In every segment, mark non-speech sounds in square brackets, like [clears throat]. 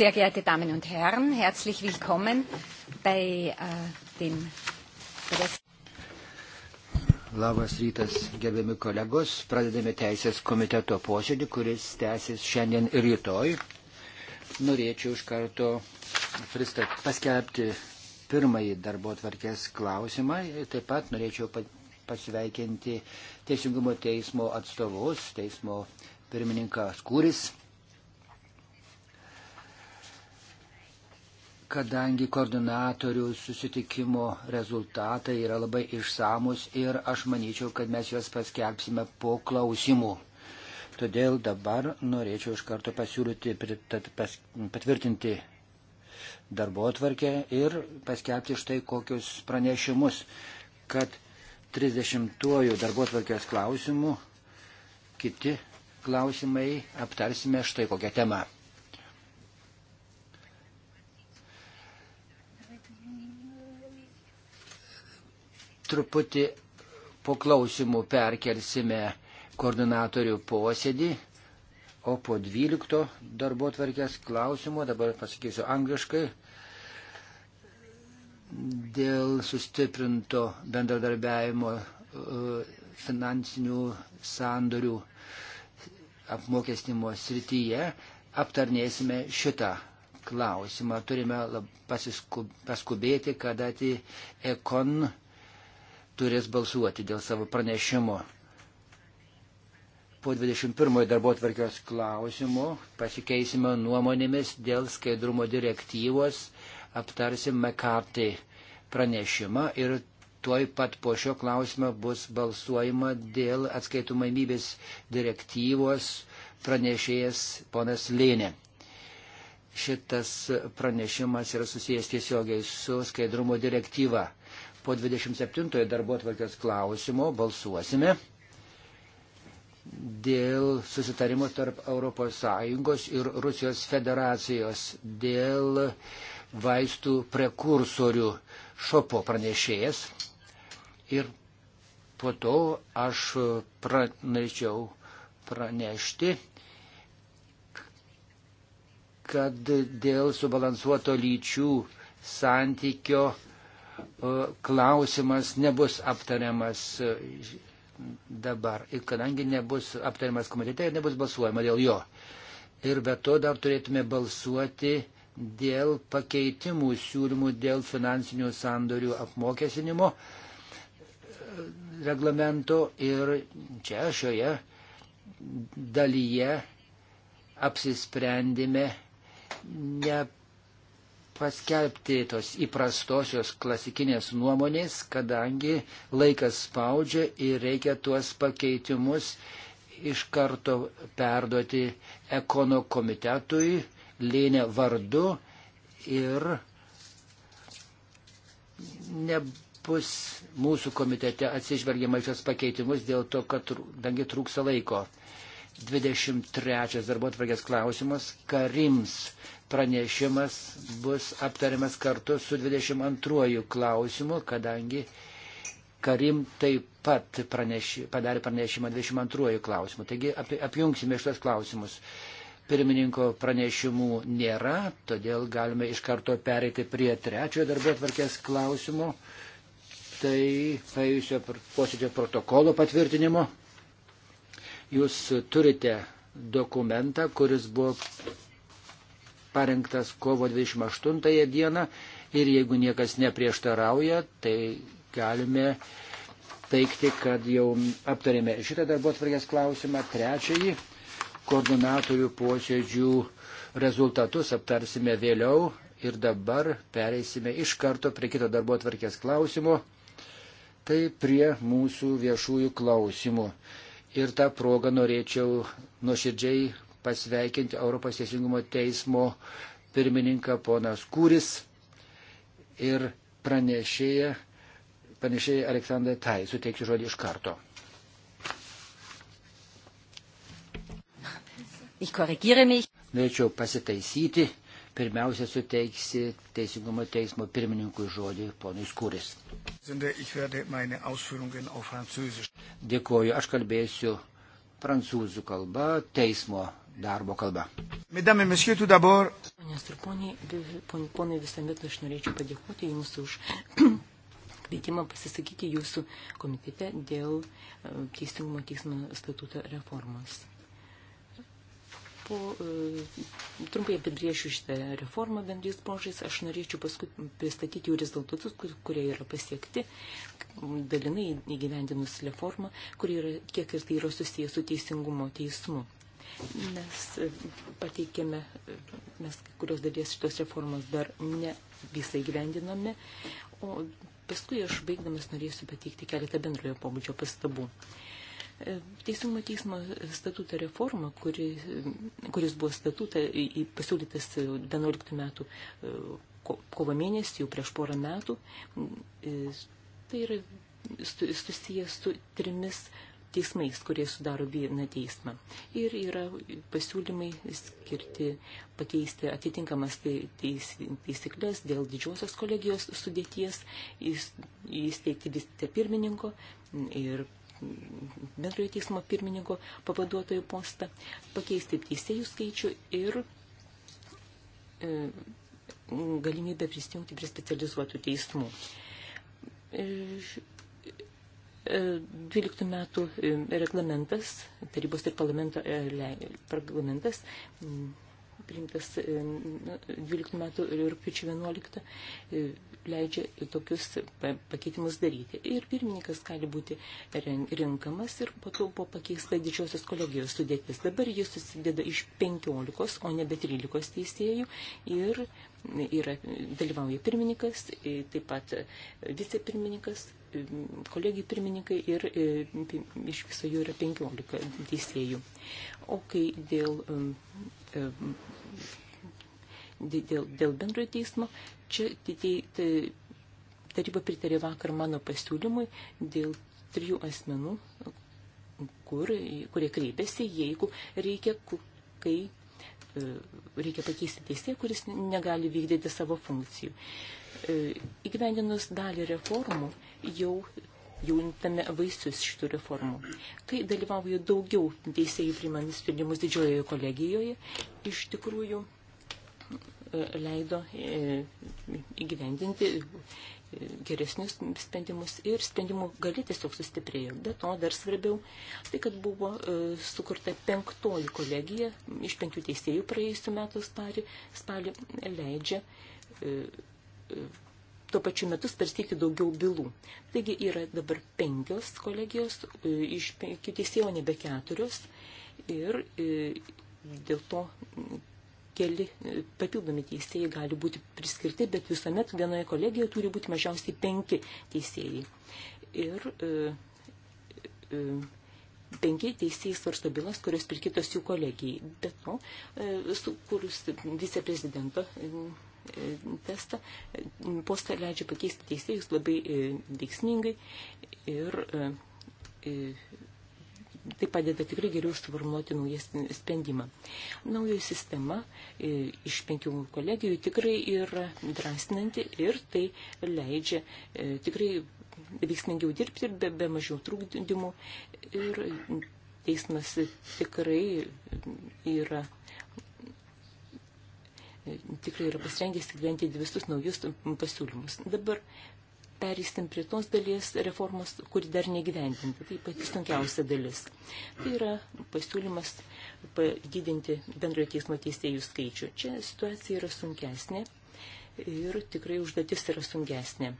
Sehr geehrte Damen und Herren, herzlich willkommen bei äh, dem Labas rytas, gerbiami kolegos. Pradedame Teisės komiteto posėdį, kuris tęsis šiandien ir rytoj. Norėčiau iš karto pristat, paskelbti pirmąjį darbo tvarkės klausimą. Taip pat norėčiau pasveikinti Teisingumo teismo atstovus, teismo pirmininkas Kūris kadangi koordinatorių susitikimo rezultatai yra labai išsamus ir aš manyčiau, kad mes juos paskelbsime po klausimų. Todėl dabar norėčiau iš karto pasiūlyti patvirtinti darbo atvarkę ir paskelbti štai kokius pranešimus, kad 30-ojų darbo atvarkės klausimų kiti klausimai aptarsime štai kokią temą. truputį po klausimų perkelsime koordinatorių posėdį, o po 12 darbo tvarkės klausimo, dabar pasakysiu angliškai, dėl sustiprinto bendradarbiavimo e, finansinių sandorių apmokestimo srityje aptarnėsime šitą klausimą. Turime paskubėti, kada tai ekon turės balsuoti dėl savo pranešimo. Po 21 darbo tvarkios klausimo pasikeisime nuomonėmis dėl skaidrumo direktyvos, aptarsim McCarthy pranešimą ir tuoj pat po šio klausimo bus balsuojama dėl atskaitomybės direktyvos pranešėjas ponas Lėnė. Šitas pranešimas yra susijęs tiesiogiai su skaidrumo direktyva po 27 darbo atvarkės klausimo balsuosime dėl susitarimo tarp ES ir Rusijos federacijos dėl vaistų prekursorių šopo pranešėjas. Ir po to aš pranešiau pranešti, kad dėl subalansuoto lyčių santykio E, klausimas nebus aptariamas e, dabar. Ir kadangi nebus aptariamas komitete, nebus balsuojama dėl jo. Ir be to dar turėtume balsuoti dėl pakeitimų siūlymų dėl finansinių sandorių apmokesinimo e, reglamento ir čia šioje dalyje apsisprendime ne paskelbti tos įprastosios klasikinės nuomonės, kadangi laikas spaudžia ir reikia tuos pakeitimus iš karto perduoti ekono komitetui, lėnė vardu ir nebus mūsų komitete atsižvelgiama šios pakeitimus dėl to, kad dangi trūksa laiko. 23 darbo atvarkės klausimas Karims pranešimas bus aptariamas kartu su 22 klausimu, kadangi Karim taip pat praneši, padarė pranešimą 22 klausimu. Taigi apie, apjungsime šios klausimus. Pirmininko pranešimų nėra, todėl galime iš karto pereiti prie trečiojo darbo atvarkės klausimo. Tai praėjusio posėdžio protokolo patvirtinimo. Jūs turite dokumentą, kuris buvo parengtas kovo 28 dieną ir jeigu niekas neprieštarauja, tai galime teikti, kad jau aptarėme šitą darbo atvarkės klausimą, trečiąjį koordinatorių posėdžių rezultatus aptarsime vėliau ir dabar pereisime iš karto prie kito darbo atvarkės klausimo, tai prie mūsų viešųjų klausimų. Ir tą progą norėčiau nuoširdžiai pasveikinti Europos teisingumo teismo pirmininką ponas Kūris ir pranešėją, pranešėją Aleksandrą Tai. Suteiksiu žodį iš karto. Norėčiau pasitaisyti. Pirmiausia, suteiksi Teisingumo teismo pirmininkui žodį, ponus Kūris. Dėkuoju, aš kalbėsiu prancūzų kalba teismo darbo kalba. Medami, meškėtų dabar. Manęs ir poniai, poniai visuomet aš norėčiau padėkoti Jums už [clears throat] kvietimą pasisakyti Jūsų komitete dėl e, teisingumo teismo statuto reformos. Po, e, trumpai apibriešiu šitą reformą bendrys požais, aš norėčiau paskui pristatyti jų rezultatus, kur, kurie yra pasiekti, dalinai įgyvendinus reformą, kur yra, kiek ir tai yra susijęs su teisingumo teismu nes e, pateikėme, e, mes kai kurios dalies šitos reformos dar ne visai gyvendiname, o paskui aš baigdamas norėsiu pateikti keletą bendrojo pobūdžio pastabų. E, Teisingumo teismo statuto reforma, kuri, kuris buvo statutą pasiūlytas 11 metų kovo mėnesį, jau prieš porą metų, tai yra susijęs su trimis teismais, kurie sudaro vieną teismą. Ir yra pasiūlymai skirti pakeisti atitinkamas teis, teisiklės dėl didžiosios kolegijos sudėties, įsteigti visite pirmininko ir bendrojo teismo pirmininko pavaduotojų postą, pakeisti teisėjų skaičių ir e, galimybę prisijungti prie specializuotų teismų. E, 12 metų reglamentas, tarybos ir parlamento e, reglamentas, priimtas 12 nu, metų rūpiučio 11, e, leidžia tokius pakeitimus daryti. Ir pirmininkas gali būti renkamas ir po to buvo pakeista didžiosios kolegijos sudėtis. Dabar jis susideda iš 15, o nebe 13 teisėjų ir yra, dalyvauja pirmininkas, taip pat e, vicepirmininkas kolegijų pirmininkai ir e, iš viso jų yra 15 teisėjų. O kai dėl, dėl, dėl bendrojo teismo, čia taryba pritarė vakar mano pasiūlymui dėl trijų asmenų, kur, kurie kreipėsi, jeigu reikia, kai e, reikia pakeisti teisėją, kuris negali vykdyti savo funkcijų. E, įgyvendinus dalį reformų, jau juntame vaisius šitų reformų. Kai dalyvauju daugiau teisėjų priimant sprendimus didžiojoje kolegijoje, iš tikrųjų e, leido e, įgyvendinti e, geresnius sprendimus ir sprendimų gali tiesiog sustiprėjo. Be to, dar svarbiau, tai kad buvo sukurta penktoji kolegija iš penkių teisėjų praėjusiu metu spalį, spalį leidžia tuo pačiu metu svarstyti daugiau bylų. Taigi yra dabar penkios kolegijos, e, iš penkių teisėjų nebe keturios ir e, dėl to keli e, papildomi teisėjai gali būti priskirti, bet visuomet vienoje kolegijoje turi būti mažiausiai penki teisėjai. Ir e, e, penki teisėjai svarsto bylas, kurios prikitos jų kolegijai. Bet to, no, e, sukūrus viceprezidento testą, postą leidžia pakeisti teisėjus labai e, veiksmingai ir e, e, tai padeda tikrai geriau suformuoti naują sprendimą. Naujoji sistema iš penkių kolegijų tikrai yra drąsinanti ir tai leidžia tikrai veiksmingiau dirbti ir be, be mažiau trūkdymų. Ir teismas tikrai yra E, tikrai yra pasirengęs įgyventi visus naujus pasiūlymus. Dabar perėsim prie tos dalies reformos, kuri dar negyvendinta. Tai pati sunkiausia dalis. Tai yra pasiūlymas padidinti bendrojo teismo teisėjų skaičių. Čia situacija yra sunkesnė ir tikrai užduotis yra sunkesnė.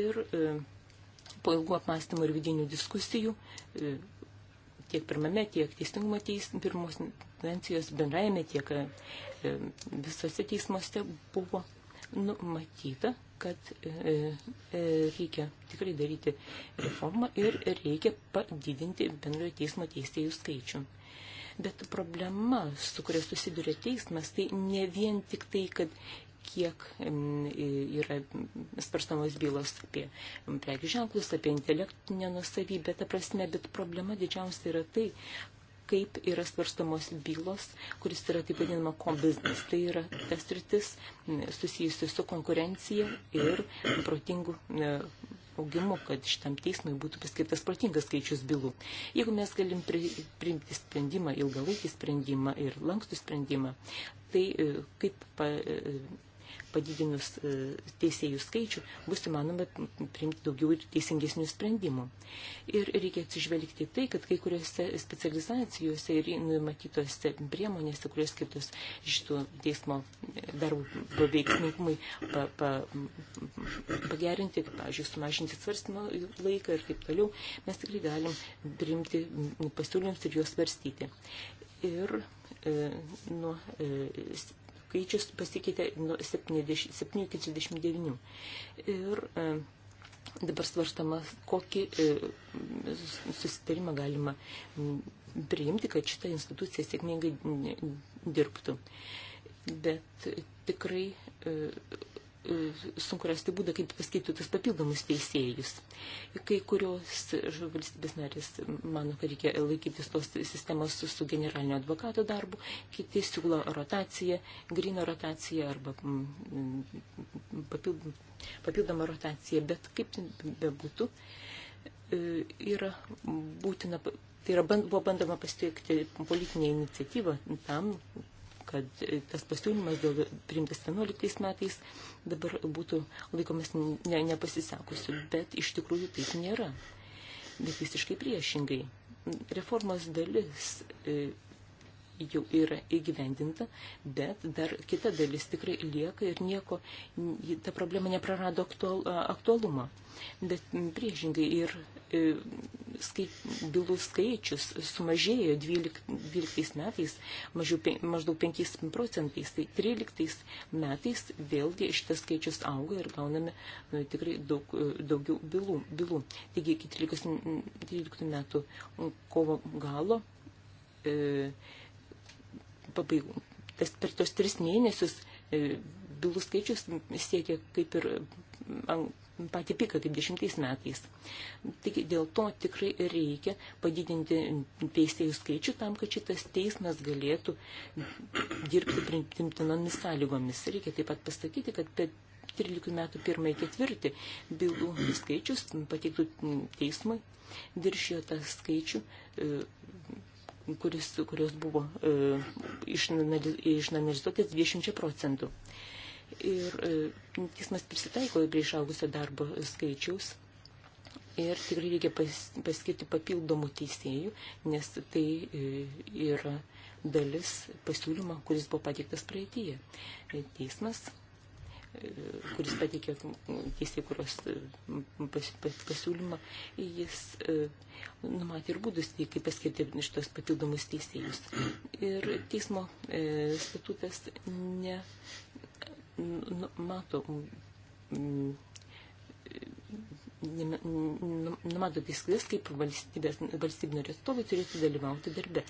Ir e, po ilgų apmąstymų ir vidinių diskusijų e, tiek pirmame, tiek teisingumo teismo, pirmos instancijos bendrajame, tiek e, visose teismuose buvo numatyta, kad e, e, reikia tikrai daryti reformą ir reikia padidinti bendrojo teismo teisėjų skaičių. Bet problema, su kuria susiduria teismas, tai ne vien tik tai, kad kiek yra sparstamos bylos apie prekių ženklus, apie intelektinę nusavybę, ta prasme, bet problema didžiausia yra tai, kaip yra svarstamos bylos, kuris yra taip vadinama kombiznis. Tai yra tas rytis susijusi su konkurencija ir protingu e, augimu, kad šitam teismui būtų paskirtas protingas skaičius bylų. Jeigu mes galim pri, priimti sprendimą, ilgalaikį sprendimą ir lankstų sprendimą, tai e, kaip pa, e, padidinus e, teisėjų skaičių, bus įmanoma priimti daugiau ir teisingesnių sprendimų. Ir reikia atsižvelgti tai, kad kai kuriuose specializacijose ir numatytose priemonėse, kurios skirtos šito teismo darbo veiksmingumui pa, pa, pagerinti, pavyzdžiui, sumažinti svarstymo laiką ir taip toliau, mes tikrai galim priimti pasiūlymus ir juos svarstyti. Ir e, nuo e, skaičius pasikeitė nuo 7 iki 39. Ir e, dabar svarstama, kokį e, susitarimą galima priimti, kad šitą instituciją sėkmingai dirbtų. Bet tikrai e, E, sunku rasti būdą, kaip paskirti tus papildomus teisėjus. Kai kurios valstybės narės mano, kad reikia laikytis tos sistemos su, su generalinio advokato darbu, kiti siūlo rotaciją, grino rotaciją arba mm, papild, papildomą rotaciją, bet kaip bebūtų, e, yra būtina, tai yra, buvo bandoma pasiekti politinę iniciatyvą tam, kad tas pasiūlymas dėl priimtas 11 metais dabar būtų laikomas ne, nepasisekusiu, bet iš tikrųjų taip nėra. Bet visiškai priešingai. Reformos dalis e, jau yra įgyvendinta, bet dar kita dalis tikrai lieka ir nieko, ta problema neprarado aktual, aktualumą. Bet priešingai ir e, skait, bylų skaičius sumažėjo 12, 12 metais mažiau, maždaug 5 procentais, tai 13 metais vėlgi šitas skaičius auga ir gauname nu, tikrai daug, e, daugiau bylų, bylų. Taigi iki 13, 13 metų kovo galo e, pabaigų. Tas per tos tris mėnesius e, bylų skaičius siekia kaip ir patį piką, kaip dešimtais metais. Taigi dėl to tikrai reikia padidinti teisėjų skaičių tam, kad šitas teismas galėtų dirbti primtinomis sąlygomis. Reikia taip pat pasakyti, kad per 13 metų pirmąjį ketvirtį bylų skaičius pateiktų teismui viršijo tą skaičių e, kuris, kurios buvo e, išanalizuotas 20 procentų. Ir e, teismas prisitaiko prie išaugusio darbo skaičiaus. Ir tikrai reikia pas, paskirti papildomų teisėjų, nes tai e, yra dalis pasiūlymo, kuris buvo pateiktas praeityje. E, teismas kuris pateikė teisėjų kurios pasiūlymą, jis e, numatė ir būdus, tai kaip paskirti šitos papildomus teisėjus. Ir teismo e, statutas ne mato numato taisyklės, kaip valstybės, valstybinio atstovai turėtų dalyvauti darbe.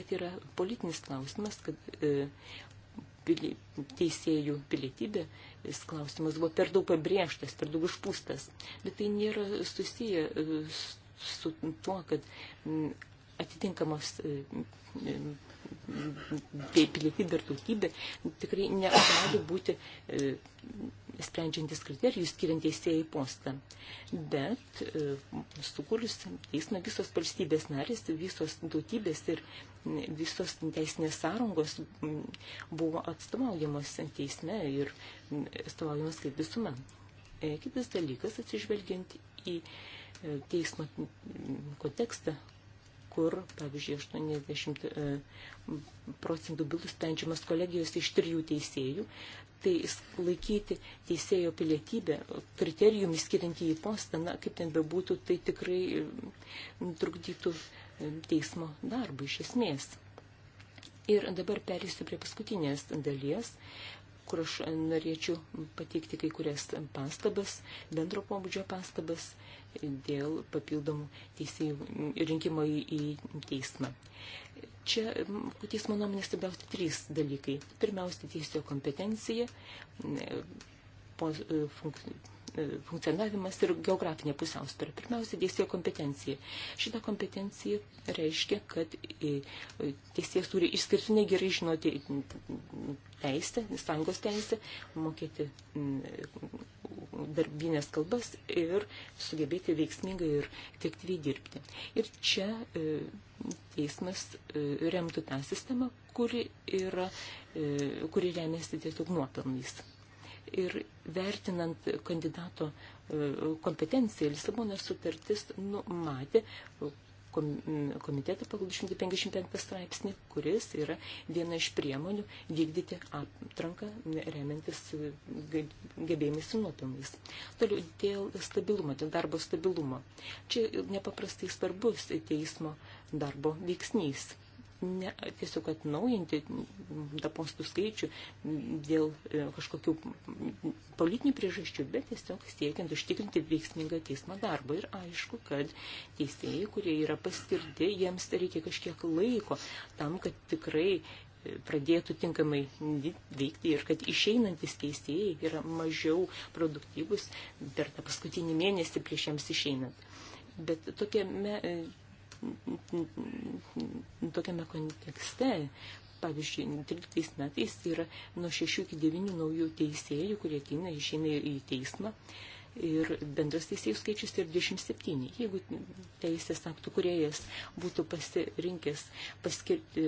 Bet yra politinis klausimas, kad e, pili, teisėjų pilietybė, jis klausimas buvo per daug pabrėžtas, per daug išpūstas. Bet tai nėra susiję e, su tuo, kad atitinkamos e, pilietybė ir tautybė tikrai negali būti e, sprendžiantis kriterijus skiriant teisėjai postą. Bet sukūrus teismą visos valstybės narės, visos tautybės ir visos teisinės sąrangos buvo atstovaujamos teisme ir atstovaujamos kaip visuma. E, kitas dalykas, atsižvelgiant į e, teismo kontekstą, kur, pavyzdžiui, 80 e, procentų bylų sprendžiamas kolegijos iš trijų teisėjų, tai laikyti teisėjo pilietybę kriterijumi skiriant į postą, na, kaip ten bebūtų, tai tikrai trukdytų teismo darbą iš esmės. Ir dabar perėsiu prie paskutinės dalies, kur aš norėčiau pateikti kai kurias pastabas, bendro pobūdžio pastabas dėl papildomų teisėjų rinkimo į, į teismą. Čia teismo nuomonės labiausiai trys dalykai. Pirmiausia, teisėjo kompetencija, po, e, funk, funkcionavimas ir geografinė pusiausvyrą. Pirmiausia, teisėjo kompetencija. Šita kompetencija reiškia, kad teisėjas turi išskirtinai gerai žinoti teisę, sąjungos teisę, mokėti darbinės kalbas ir sugebėti veiksmingai ir efektyviai dirbti. Ir čia e, teismas e, remtų tą sistemą, kuri, yra, e, kuri remiasi tiesiog nuopelnais ir vertinant kandidato e, kompetenciją, Lisabono sutartis numatė e, komitetą pagal 255 straipsnį, kuris yra viena iš priemonių vykdyti atranką remiantis e, gebėjimais ir nuopilnais. Toliau dėl stabilumo, dėl darbo stabilumo. Čia nepaprastai svarbus teismo darbo veiksnys ne, tiesiog atnaujinti tą postų skaičių dėl e, kažkokių politinių priežasčių, bet tiesiog siekiant užtikrinti veiksmingą teismo darbą. Ir aišku, kad teisėjai, kurie yra paskirti, jiems reikia kažkiek laiko tam, kad tikrai e, pradėtų tinkamai veikti ir kad išeinantis teisėjai yra mažiau produktyvus per tą paskutinį mėnesį prieš jiems išeinant. Bet tokiame e, tokiame kontekste, pavyzdžiui, 13 metais yra nuo 6 iki 9 naujų teisėjų, kurie ateina išeina į teismą. Ir bendras teisėjų skaičius yra 27. Jeigu teisės aktų kuriejas būtų pasirinkęs paskirti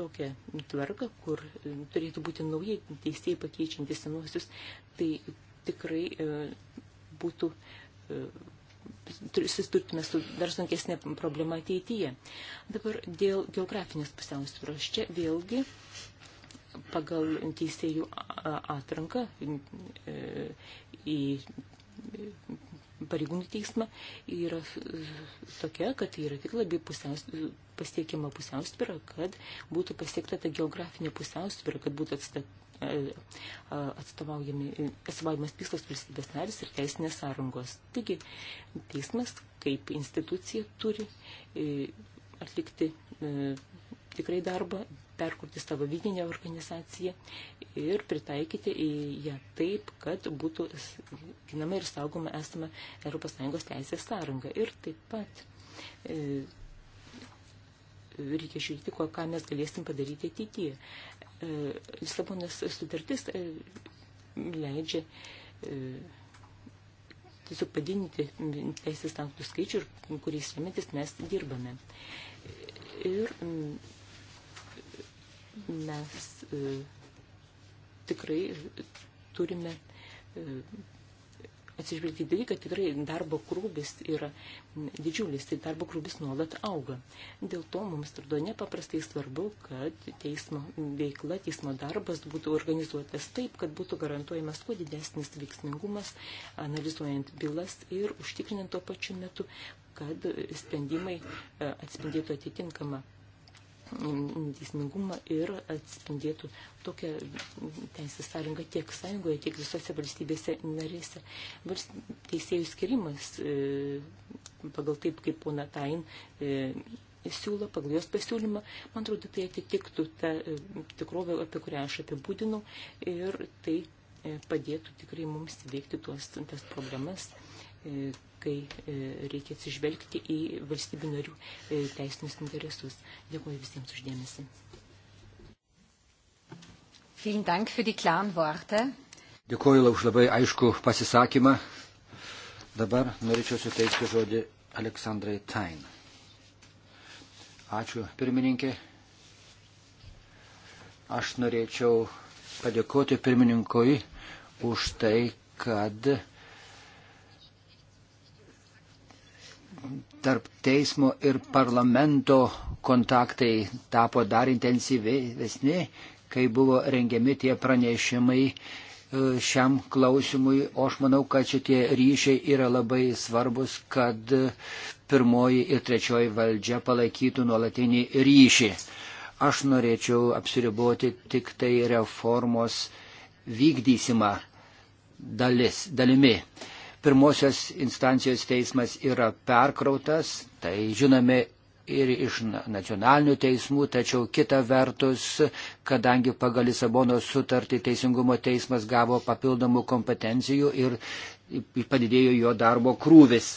tokią tvarką, kur turėtų būti naujai teisėjai pakeičiantys senuosius, tai tikrai e, būtų e, susiturtume su dar sunkesnė problema ateityje. Dabar dėl geografinės pusiausvyros. Čia vėlgi pagal teisėjų atranką e, į pareigūnų teismą yra tokia, kad tai yra tik labai pusiaus, pasiekiama pusiausvyra, kad būtų pasiekta ta geografinė pusiausvyra, kad būtų atstatyta E, e, atstovaujamas e, tikslas valstybės narys ir teisinės sąrangos. Taigi, teismas kaip institucija turi atlikti tikrai darbą, perkurti savo vidinę organizaciją ir pritaikyti ją taip, kad būtų ginama ir saugoma esama ES teisės sąranga. Ir taip pat reikia žiūrėti, ką mes galėsim padaryti ateityje. E, Lisabonas sutartis e, leidžia e, tiesiog padinti teisės aktų skaičių, kuriais remiantis mes dirbame. Ir mm, mes tikrai turime atsižvelgti į tai, kad tikrai darbo krūvis yra didžiulis, tai darbo krūvis nuolat auga. Dėl to mums atrodo nepaprastai svarbu, kad teismo veikla, teismo darbas būtų organizuotas taip, kad būtų garantuojamas kuo didesnis veiksmingumas, analizuojant bylas ir užtikrinant tuo pačiu metu, kad sprendimai e, atspindėtų atitinkamą teisingumą ir atspindėtų tokią teisės sąrangą tiek sąjungoje, tiek visose valstybėse narėse. Teisėjų skirimas e, pagal taip, kaip pona Tain e, siūlo, pagal jos pasiūlymą, man atrodo, tai atitiktų tą e, tikrovę, apie kurią aš apibūdinau ir tai padėtų tikrai mums veikti tuos, tas problemas E, kai e, reikia atsižvelgti į valstybių narių e, teisinius interesus. Dėkuoju visiems uždėmesi. Dėkuoju už labai aišku pasisakymą. Dabar norėčiau suteikti žodį Aleksandrai Tain. Ačiū, pirmininkė. Aš norėčiau padėkoti pirmininkui už tai, kad tarp teismo ir parlamento kontaktai tapo dar intensyvesni, kai buvo rengiami tie pranešimai e, šiam klausimui. O aš manau, kad šitie ryšiai yra labai svarbus, kad pirmoji ir trečioji valdžia palaikytų nuolatinį ryšį. Aš norėčiau apsiriboti tik tai reformos vykdysimą dalis, dalimi pirmosios instancijos teismas yra perkrautas, tai žinome ir iš nacionalinių teismų, tačiau kita vertus, kadangi pagal Lisabono sutartį Teisingumo teismas gavo papildomų kompetencijų ir padidėjo jo darbo krūvis.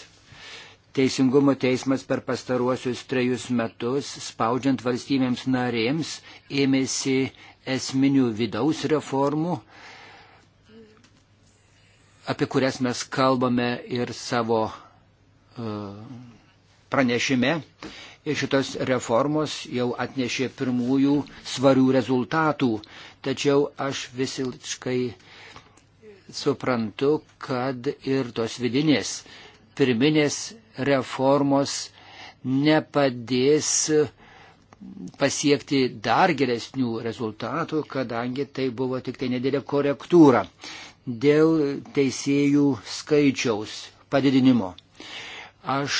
Teisingumo teismas per pastaruosius trejus metus, spaudžiant valstybėms narėms, ėmėsi esminių vidaus reformų, apie kurias mes kalbame ir savo e, pranešime. Ir šitos reformos jau atnešė pirmųjų svarių rezultatų. Tačiau aš visiškai suprantu, kad ir tos vidinės pirminės reformos nepadės pasiekti dar geresnių rezultatų, kadangi tai buvo tik tai nedėlė korektūra dėl teisėjų skaičiaus padidinimo. Aš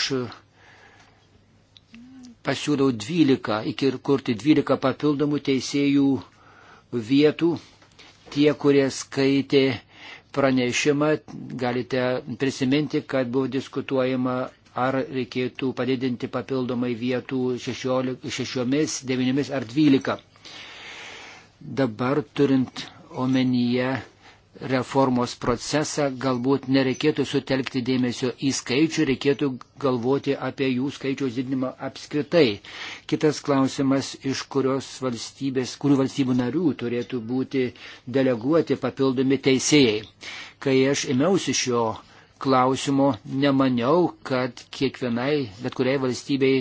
pasiūliau 12, iki kurti 12 papildomų teisėjų vietų. Tie, kurie skaitė pranešimą, galite prisiminti, kad buvo diskutuojama, ar reikėtų padidinti papildomai vietų 6, 6 9 ar 12. Dabar turint omenyje reformos procesą, galbūt nereikėtų sutelkti dėmesio į skaičių, reikėtų galvoti apie jų skaičiaus didinimą apskritai. Kitas klausimas, iš kurios valstybės, kurių valstybių narių turėtų būti deleguoti papildomi teisėjai. Kai aš ėmiausi šio klausimo, nemaniau, kad kiekvienai, bet kuriai valstybei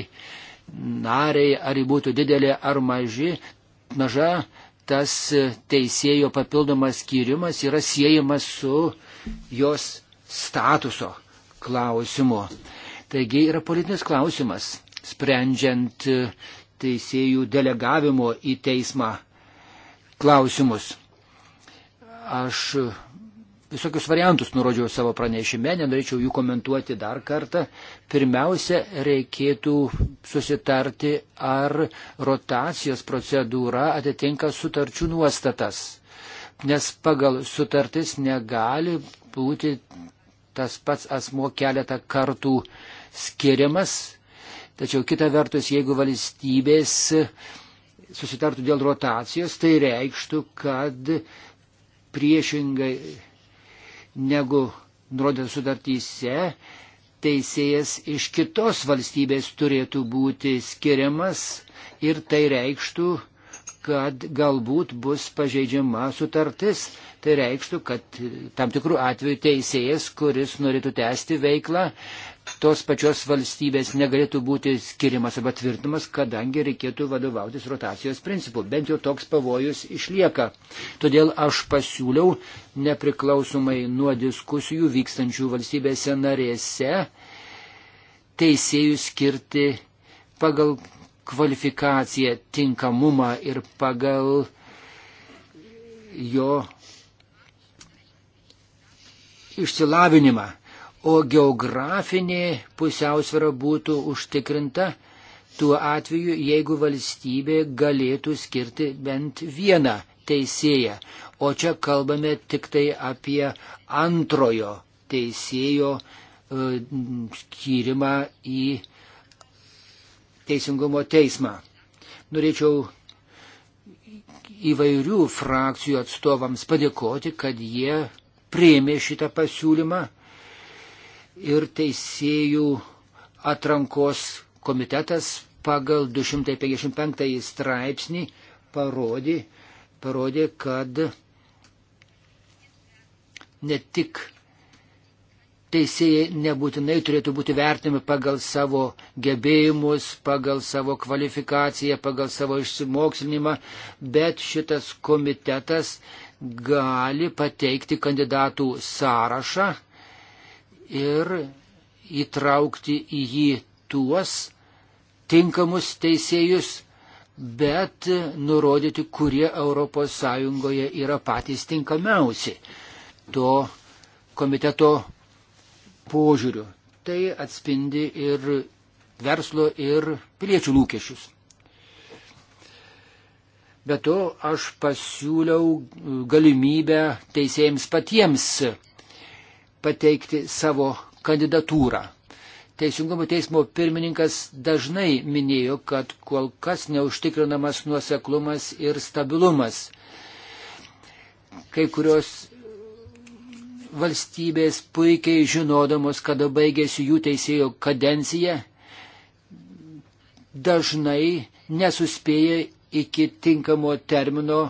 nariai, ar ji būtų didelė ar maži, maža, tas teisėjo papildomas skirimas yra siejamas su jos statuso klausimu. Taigi yra politinis klausimas, sprendžiant teisėjų delegavimo į teismą klausimus. Aš visokius variantus nurodžiau savo pranešime, nenorėčiau jų komentuoti dar kartą. Pirmiausia, reikėtų susitarti, ar rotacijos procedūra atitinka sutarčių nuostatas, nes pagal sutartis negali būti tas pats asmo keletą kartų skiriamas. Tačiau kita vertus, jeigu valstybės susitartų dėl rotacijos, tai reikštų, kad priešingai negu nurodyta sutartyse, teisėjas iš kitos valstybės turėtų būti skiriamas ir tai reikštų, kad galbūt bus pažeidžiama sutartis. Tai reikštų, kad tam tikrų atveju teisėjas, kuris norėtų tęsti veiklą, tos pačios valstybės negalėtų būti skiriamas arba tvirtinamas, kadangi reikėtų vadovautis rotacijos principu. Bent jau toks pavojus išlieka. Todėl aš pasiūliau, nepriklausomai nuo diskusijų vykstančių valstybėse narėse, teisėjų skirti pagal kvalifikaciją, tinkamumą ir pagal jo išsilavinimą o geografinė pusiausvėra būtų užtikrinta tuo atveju, jeigu valstybė galėtų skirti bent vieną teisėją. O čia kalbame tik tai apie antrojo teisėjo e, skirimą į teisingumo teismą. Norėčiau įvairių frakcijų atstovams padėkoti, kad jie priėmė šitą pasiūlymą ir teisėjų atrankos komitetas pagal 255 straipsnį parodė, parodė kad ne tik teisėjai nebūtinai turėtų būti vertinami pagal savo gebėjimus, pagal savo kvalifikaciją, pagal savo išsimokslinimą, bet šitas komitetas gali pateikti kandidatų sąrašą ir įtraukti į jį tuos tinkamus teisėjus, bet nurodyti, kurie ES yra patys tinkamiausi to komiteto požiūriu. Tai atspindi ir verslo ir piliečių lūkesčius. Be to aš pasiūliau galimybę teisėjams patiems pateikti savo kandidatūrą. Teisingumo teismo pirmininkas dažnai minėjo, kad kol kas neužtikrinamas nuoseklumas ir stabilumas. Kai kurios valstybės puikiai žinodamos, kada baigėsi jų teisėjo kadencija, dažnai nesuspėja iki tinkamo termino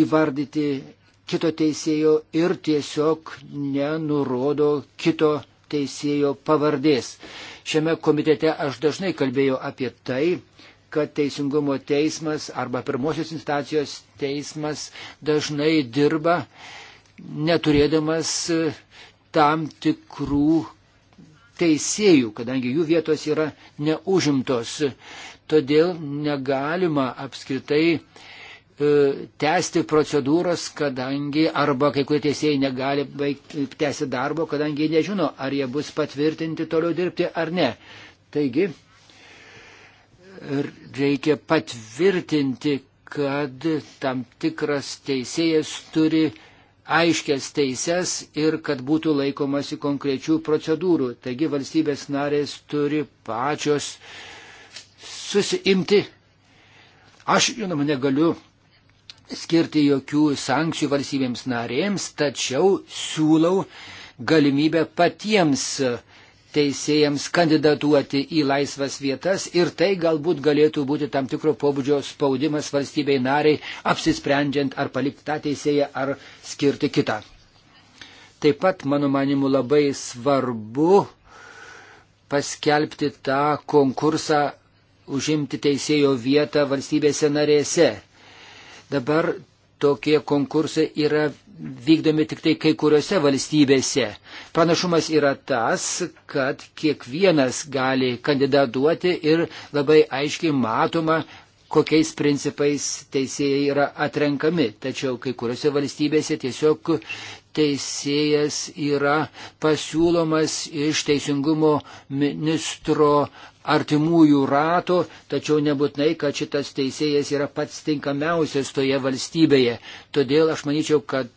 įvardyti kito teisėjo ir tiesiog nenurodo kito teisėjo pavardės. Šiame komitete aš dažnai kalbėjau apie tai, kad teisingumo teismas arba pirmosios instancijos teismas dažnai dirba neturėdamas e, tam tikrų teisėjų, kadangi jų vietos yra neužimtos. Todėl negalima apskritai uh, E, tęsti procedūras, kadangi arba kai kurie teisėjai negali tęsti darbo, kadangi jie nežino, ar jie bus patvirtinti toliau dirbti ar ne. Taigi, reikia patvirtinti, kad tam tikras teisėjas turi aiškias teises ir kad būtų laikomasi konkrečių procedūrų. Taigi valstybės narės turi pačios susiimti. Aš, žinoma, negaliu skirti jokių sankcijų valstybėms narėms, tačiau siūlau galimybę patiems teisėjams kandidatuoti į laisvas vietas ir tai galbūt galėtų būti tam tikro pobūdžio spaudimas valstybei nariai, apsisprendžiant ar palikti tą teisėją ar skirti kitą. Taip pat, mano manimu, labai svarbu paskelbti tą konkursą užimti teisėjo vietą valstybėse narėse. Dabar tokie konkursai yra vykdomi tik tai kai kuriuose valstybėse. Pranašumas yra tas, kad kiekvienas gali kandidatuoti ir labai aiškiai matoma, kokiais principais teisėjai yra atrenkami. Tačiau kai kuriuose valstybėse tiesiog teisėjas yra pasiūlomas iš teisingumo ministro artimųjų rato, tačiau nebūtinai, kad šitas teisėjas yra pats tinkamiausias toje valstybėje. Todėl aš manyčiau, kad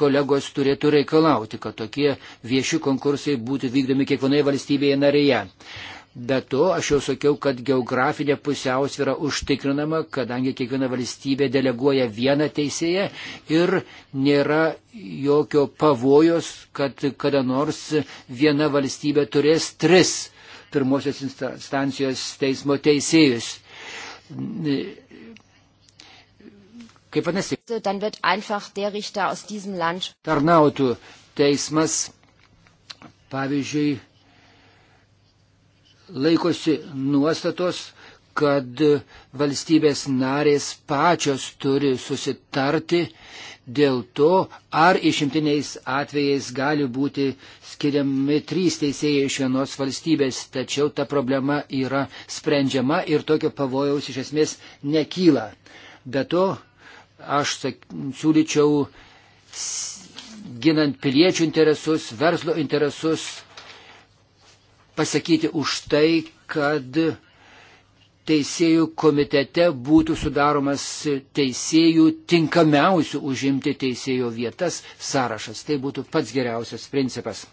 kolegos turėtų reikalauti, kad tokie vieši konkursai būtų vykdomi kiekvienoje valstybėje narėje. Be to, aš jau sakiau, kad geografinė pusiausvėra užtikrinama, kadangi kiekviena valstybė deleguoja vieną teisėją ir nėra jokio pavojos, kad kada nors viena valstybė turės tris pirmosios instancijos teismo teisėjus. Kaip vadinasi? Tarnautų teismas, pavyzdžiui, laikosi nuostatos, kad valstybės narės pačios turi susitarti dėl to, ar išimtiniais atvejais gali būti skiriami trys teisėjai iš vienos valstybės, tačiau ta problema yra sprendžiama ir tokio pavojaus iš esmės nekyla. Be to, aš sak, siūlyčiau ginant piliečių interesus, verslo interesus, pasakyti už tai, kad teisėjų komitete būtų sudaromas teisėjų tinkamiausių užimti teisėjo vietas sąrašas. Tai būtų pats geriausias principas.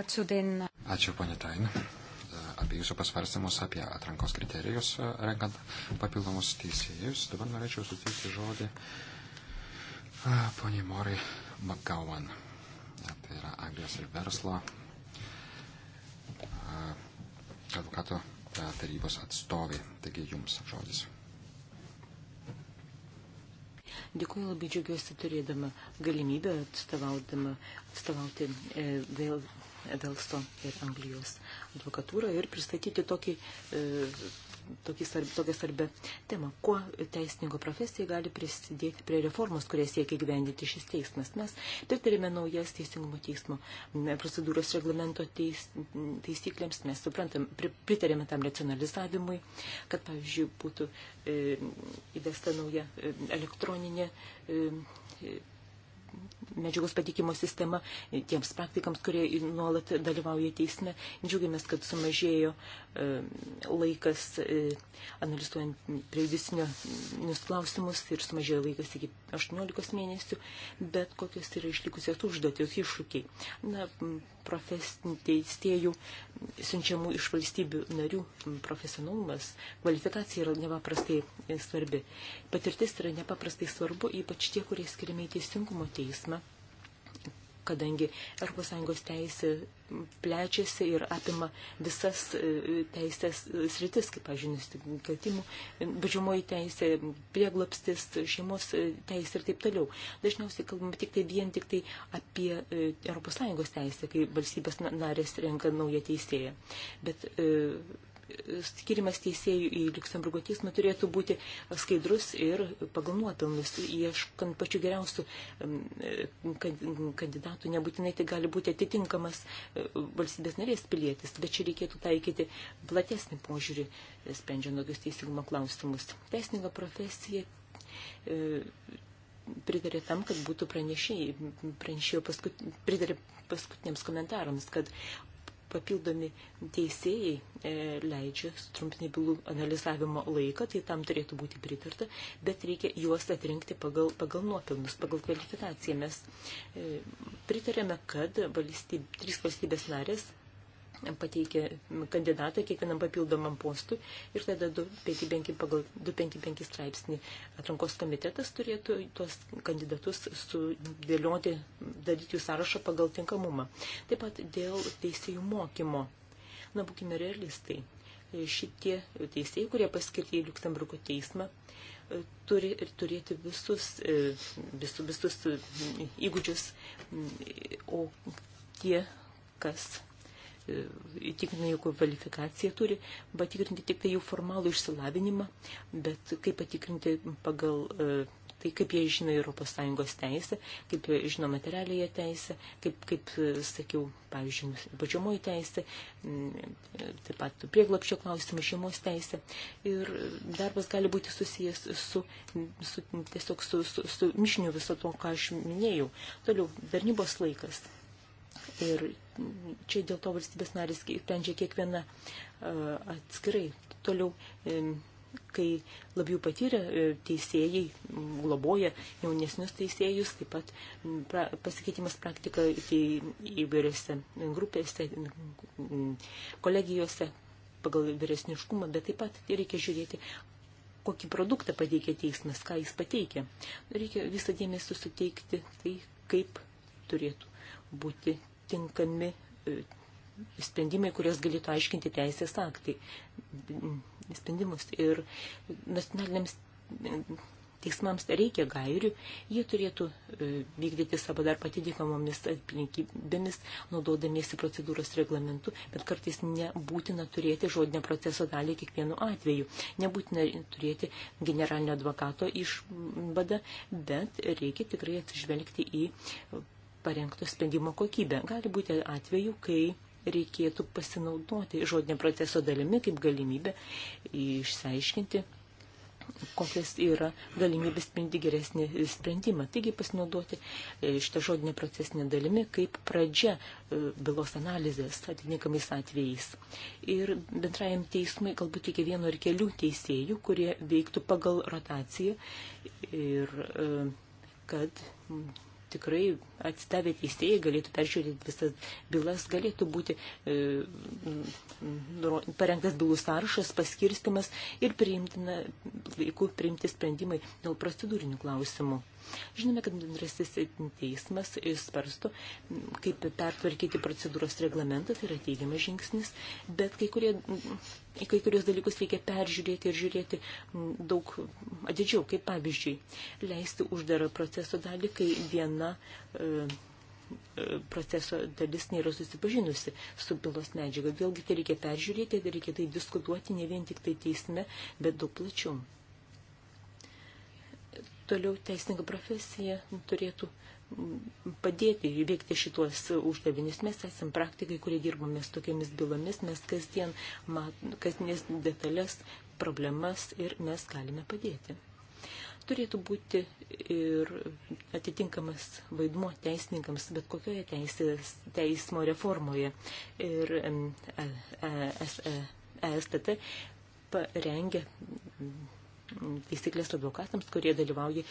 Ačiū, Dina. Ačiū, ponė Tain. Apie jūsų pasvarstymus, apie atrankos kriterijus, renkant papildomus teisėjus. Dabar norėčiau suteikti žodį poniai Morai McGowan. Tai yra Anglijos ir verslo advokato e, tarybos atstovai. Taigi jums žodis. Dėkuoju labai džiaugiuosi turėdama galimybę atstovauti e, Velsto ir Anglijos advokatūrą ir pristatyti tokį e, svarbi, tokią svarbią temą. Kuo teisininko profesija gali prisidėti prie reformos, kurie siekia gyvendyti šis teismas? Mes pritarėme naujas teisingumo teismo procedūros reglamento teis, taisyklėms, mes suprantam, pritarėme tam racionalizavimui, kad, pavyzdžiui, būtų e, įvesta nauja e, elektroninė e, medžiagos patikimo sistema tiems praktikams, kurie nuolat dalyvauja teisme. Džiugiamės, kad sumažėjo e, laikas e, analizuojant prejudicinius klausimus ir sumažėjo laikas iki 18 mėnesių, bet kokios yra išlikusios užduotis iššūkiai. Na, profesinių teistėjų siunčiamų iš valstybių narių profesionalumas, kvalifikacija yra nepaprastai e, svarbi. Patirtis yra nepaprastai svarbu, ypač tie, kurie skiriami į teisingumo teismą teismą, kadangi ES teisė plečiasi ir apima visas e, teisės sritis, kaip, pažiūrėjau, nusikaltimų, bažiumoji teisė, prieglapstis, šeimos teisė ir taip toliau. Dažniausiai kalbame tik tai vien tik tai apie e, ES teisę, kai valstybės narės renka naują teisėją. Bet e, skirimas teisėjų į Luksemburgo teismą turėtų būti skaidrus ir pagal nuopelnus, ieškant pačių geriausių kandidatų, nebūtinai tai gali būti atitinkamas e, valstybės narės pilietis, bet čia reikėtų taikyti platesnį požiūrį, e, sprendžiant tokius teisingumo klausimus. Teisininko profesija e, pritarė tam, kad būtų pranešėjai, pranešėjo paskut, pritarė paskutiniams komentarams, kad papildomi teisėjai e, leidžia trumpinį bylų analizavimo laiką, tai tam turėtų būti pritarta, bet reikia juos atrinkti pagal, pagal nuopilnus, pagal kvalifikaciją. Mes e, pritarėme, kad valstyb, trys valstybės narės pateikia kandidatą kiekvienam papildomam postui ir tada 255 pagal 255 straipsnį atrankos komitetas turėtų tuos kandidatus sudėlioti, daryti jų sąrašą pagal tinkamumą. Taip pat dėl teisėjų mokymo. Na, būkime realistai. Šitie teisėjai, kurie paskirti į Luksemburgo teismą, turi ir turėti visus, e, visus, visus e, įgūdžius, o tie, kas įtikrina jų kvalifikaciją, turi patikrinti tik tai jų formalų išsilavinimą, bet kaip patikrinti pagal e, tai, kaip jie žino Europos Sąjungos teisę, kaip jie žino materialiąją teisę, kaip, kaip e, sakiau, pavyzdžiui, baudžiamoji teisė, taip pat prieglapščio klausimai, šeimos teisė. Ir darbas gali būti susijęs su, su tiesiog su, su, su mišiniu viso to, ką aš minėjau. Toliau, tarnybos laikas. Ir čia dėl to valstybės narys sprendžia kiekvieną e, atskirai. Toliau, e, kai labiau patyrę e, teisėjai globoja jaunesnius teisėjus, taip pat pra, pasikeitimas praktika įvairiose grupėse, kolegijose pagal vyresniškumą, bet taip pat reikia žiūrėti, kokį produktą pateikia teismas, ką jis pateikia. Reikia visą dėmesį suteikti tai, kaip turėtų būti tinkami e, sprendimai, kurios galėtų aiškinti teisės aktai, sprendimus. Ir nacionaliniams teismams reikia gairių, jie turėtų e, vykdyti savo dar patidikamomis aplinkybėmis, naudodamiesi procedūros reglamentu, bet kartais nebūtina turėti žodinio proceso dalį kiekvienu atveju. Nebūtina turėti generalinio advokato išvadą, bet reikia tikrai atsižvelgti į parengto sprendimo kokybę. Gali būti atveju, kai reikėtų pasinaudoti žodinio proceso dalimi kaip galimybę išsiaiškinti kokias yra galimybės sprendti geresnį sprendimą. Taigi pasinaudoti e, šitą žodinę procesinę dalimi kaip pradžia e, bylos analizės atitinkamais atvejais. Ir bendrajam teismui galbūt reikia vieno ir kelių teisėjų, kurie veiktų pagal rotaciją ir e, kad tikrai atsidavę teisėjai galėtų peržiūrėti visas bylas, galėtų būti e, parengtas bylų sąrašas, paskirstimas ir priimtina laiku priimti sprendimai dėl procedūrinių klausimų. Žinome, kad bendrasis teismas svarsto, kaip pertvarkyti procedūros reglamentą, tai yra teigiamas žingsnis, bet kai kurie į kai kurios dalykus reikia peržiūrėti ir žiūrėti daug atidžiau, kaip pavyzdžiui, leisti uždarą proceso dalį, kai viena e, e, proceso dalis nėra susipažinusi su bylos medžiaga. Vėlgi tai reikia peržiūrėti, tai reikia tai diskutuoti ne vien tik tai teisme, bet daug plačiau. Toliau teisinga profesija turėtų uh, padėti įveikti šituos uždavinius. Mes esam praktikai, kurie dirbame su tokiamis bylomis, mes kasdien kasdienės detalės, problemas ir mes galime padėti. Turėtų būti ir atitinkamas vaidmuo teisininkams, bet kokioje teisės, teismo reformoje. Ir e, e, ESTT e, parengia taisyklės advokatams, kurie dalyvauja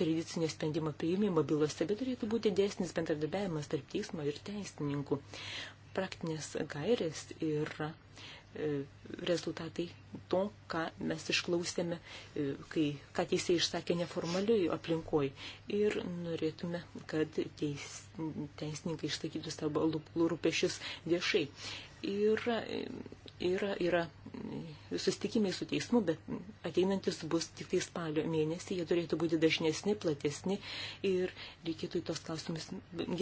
periodicinio sprendimo priimimo bylose, bet turėtų būti dėsnis bendradarbiavimas tarp teismo ir teisininkų. Praktinės gairės yra e, rezultatai to, ką mes išklausėme, e, kai, ką teisėjai išsakė neformaliui aplinkoj. Ir norėtume, kad teis, teisininkai išsakytų savo lūpešius viešai ir yra, yra susitikimai su teismu, bet ateinantis bus tik tai spalio mėnesį, jie turėtų būti dažnesni, platesni ir reikėtų į tos klausimus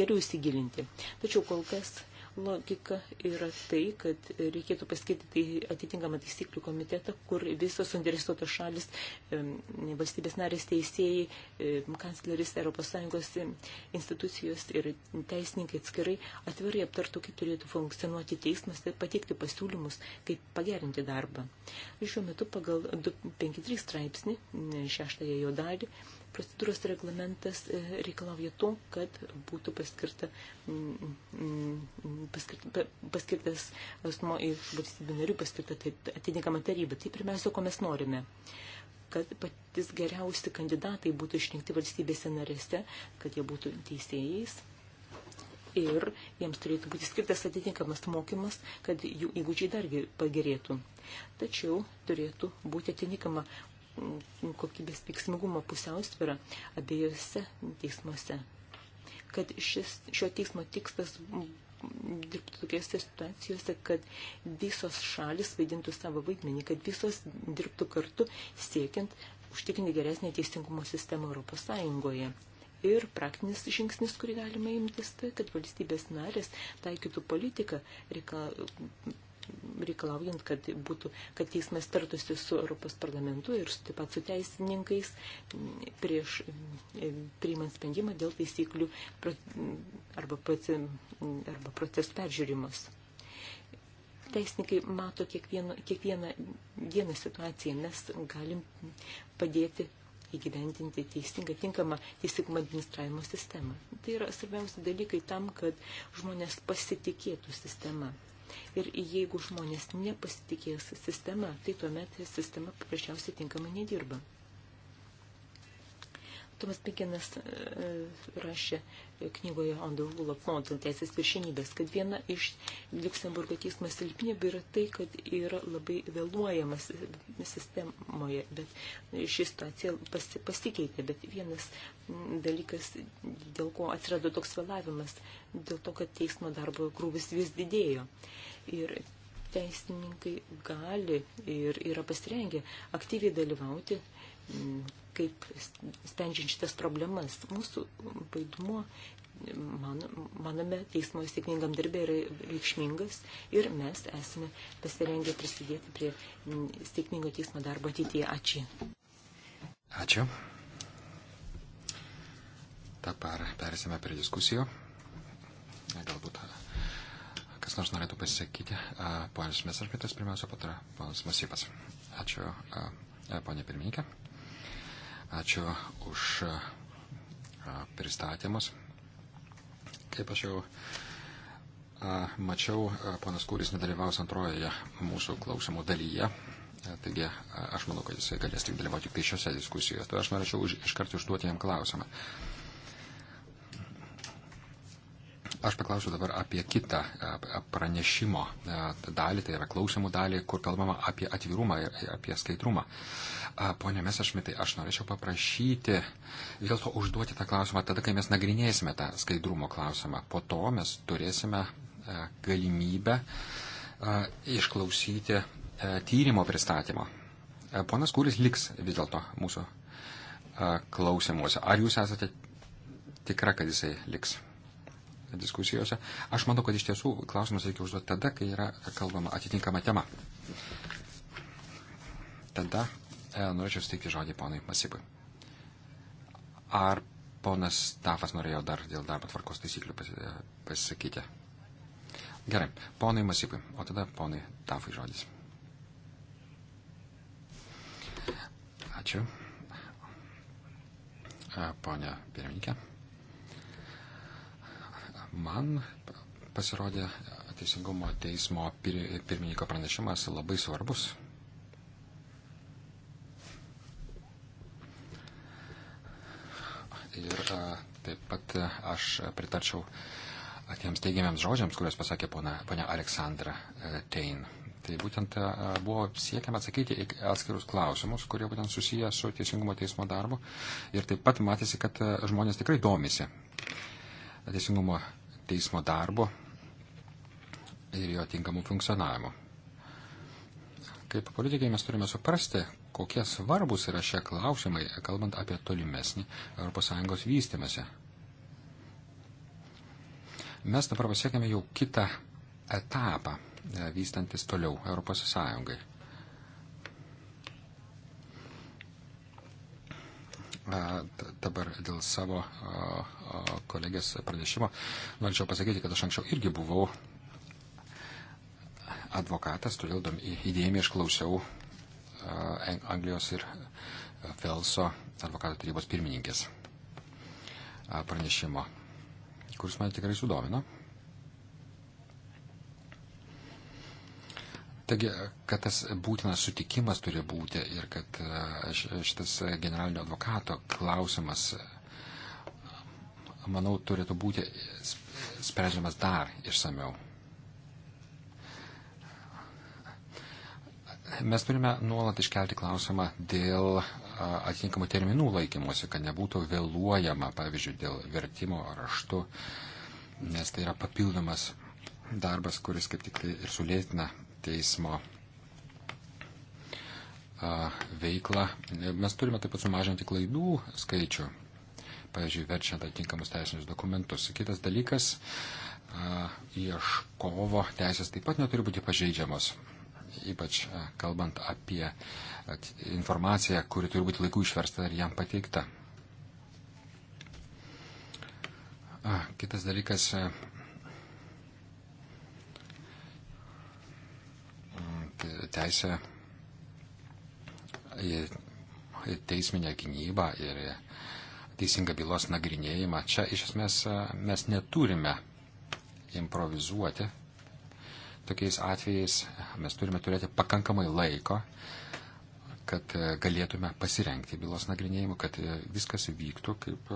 geriau įsigilinti. Tačiau kol kas logika yra tai, kad reikėtų paskirti atitinkamą taisyklių komitetą, kur visos suinteresuotos šalis, valstybės narės teisėjai, kancleris, ES institucijos ir teisininkai atskirai atvirai aptartų, kaip turėtų funkcionuoti teismas ir tai pateikti pasiūlymus, kaip pagerinti darbą. Šiuo metu pagal 253 straipsnį, šeštąją jo dalį, Procedūros reglamentas e, reikalauja to, kad būtų paskirta, paskirta, paskirtas asmo iš valstybių narių, paskirta tai atitinkama taryba. Tai pirmiausia, ko mes norime kad patys geriausi kandidatai būtų išrinkti valstybėse narėse, kad jie būtų teisėjais, ir jiems turėtų būti skirtas atitinkamas mokymas, kad jų įgūdžiai dargi pagerėtų. Tačiau turėtų būti atitinkama kokybės veiksmingumo pusiausvyrą abiejose teismuose. Kad šis, šio teismo tikslas dirbtų tokiose situacijose, kad visos šalis vaidintų savo vaidmenį, kad visos dirbtų kartu siekiant užtikrinti geresnę teisingumo sistemą Europos Sąjungoje. Ir praktinis žingsnis, kurį galima imtis, tai kad valstybės narės taikytų politiką, reikal, reikalaujant, kad, būtų, kad teismas tartusi su Europos parlamentu ir taip pat su teisininkais prieš e, priimant sprendimą dėl taisyklių arba, proces, arba procesų peržiūrimas. Teisininkai mato kiekvieną, kiekvieną dieną situaciją, mes galim padėti įgyventinti teisingą, tinkamą teisingumo administravimo sistemą. Tai yra svarbiausi dalykai tam, kad žmonės pasitikėtų sistemą Ir jeigu žmonės nepasitikės sistema, tai tuomet sistema paprasčiausiai tinkamai nedirba. Tomas Pikinas e, e, rašė knygoje On the Rule of Law, teisės viršenybės, kad viena iš Luxemburgo teismo silpnybių yra tai, kad yra labai vėluojamas sistemoje, bet ši situacija pasi, pasikeitė, bet vienas dalykas, dėl ko atsirado toks vėlavimas, dėl to, kad teismo darbo krūvis vis didėjo. Ir teisininkai gali ir yra pasirengę aktyviai dalyvauti kaip sprendžiant šitas problemas. Mūsų vaidmuo, man, manome, teismo sėkmingam darbė yra reikšmingas ir mes esame pasirengę prisidėti prie sėkmingo teismo darbo ateityje. Ačiū. Ačiū. Dabar perėsime prie diskusijų. Galbūt kas nors norėtų pasisakyti. Ponas Mesarkitas pirmiausia, patra ponas Masypas. Ačiū, ponė pirmininkė. Ačiū už pristatymus. Kaip aš jau mačiau, ponas Kūris nedalyvaus antrojoje mūsų klausimų dalyje. Taigi aš manau, kad jisai galės tik dalyvauti piešiose tai diskusijose. Tai aš norėčiau iš, iškart užduoti jam klausimą. Aš paklausiu dabar apie kitą e, pranešimo e, dalį, tai yra klausimų dalį, kur kalbama apie atvirumą ir apie skaidrumą. E, pone Mesašmitai, aš norėčiau paprašyti vėl to užduoti tą klausimą tada, kai mes nagrinėsime tą skaidrumo klausimą. Po to mes turėsime galimybę išklausyti tyrimo pristatymą. Ponas Kūris liks vis dėlto mūsų klausimuose. Ar jūs esate tikra, kad jisai liks? diskusijose. Aš manau, kad iš tiesų klausimus reikia užduoti tada, kai yra kalbama atitinkama tema. Tada e, norėčiau suteikti žodį ponai Masipui. Ar ponas Tafas norėjo dar dėl darbo tvarkos taisyklių e, pasisakyti? Gerai, ponai Masipui, o tada ponai Tafai žodis. Ačiū. E, Pone pirmininkė. Man pasirodė Teisingumo teismo pirmininko pranešimas labai svarbus. Ir taip pat aš pritarčiau tiems teigiamiams žodžiams, kuriuos pasakė ponia Aleksandra e, Tein. Tai būtent buvo siekiama atsakyti į atskirus klausimus, kurie būtent susiję su Teisingumo teismo darbu. Ir taip pat matėsi, kad žmonės tikrai domisi Teisingumo teismo darbo ir jo tinkamų funkcionavimų. Kaip politikai mes turime suprasti, kokie svarbus yra šie klausimai, kalbant apie tolimesnį ES vystimąsi. Mes dabar pasiekėme jau kitą etapą, e, vystantis toliau ES. dabar dėl savo kolegės pranešimo norėčiau pasakyti, kad aš anksčiau irgi buvau advokatas, todėl įdėmiai išklausiau Anglijos ir Velso advokatų tarybos pirmininkės pranešimo, kuris mane tikrai sudomino. Taigi, kad tas būtinas sutikimas turi būti ir kad e, šitas generalinio advokato klausimas, manau, turėtų būti sprendžiamas dar išsameu. Mes turime nuolat iškelti klausimą dėl e, atitinkamų terminų laikymosi, kad nebūtų vėluojama, pavyzdžiui, dėl vertimo raštu, nes tai yra papildomas darbas, kuris kaip tik tai ir sulėtina teismo veiklą. Mes turime taip pat sumažinti klaidų skaičių, pavyzdžiui, verčiant atitinkamus teisinius dokumentus. Kitas dalykas, ieškovo teisės taip pat neturi būti pažeidžiamos, ypač kalbant apie informaciją, kuri turi būti laiku išversta ir jam pateikta. Kitas dalykas, teisę į teisminę gynybą ir teisingą bylos nagrinėjimą. Čia iš esmės e, mes neturime improvizuoti. Tokiais atvejais mes turime turėti pakankamai laiko, kad e, galėtume pasirengti bylos nagrinėjimu, kad e, viskas vyktų kaip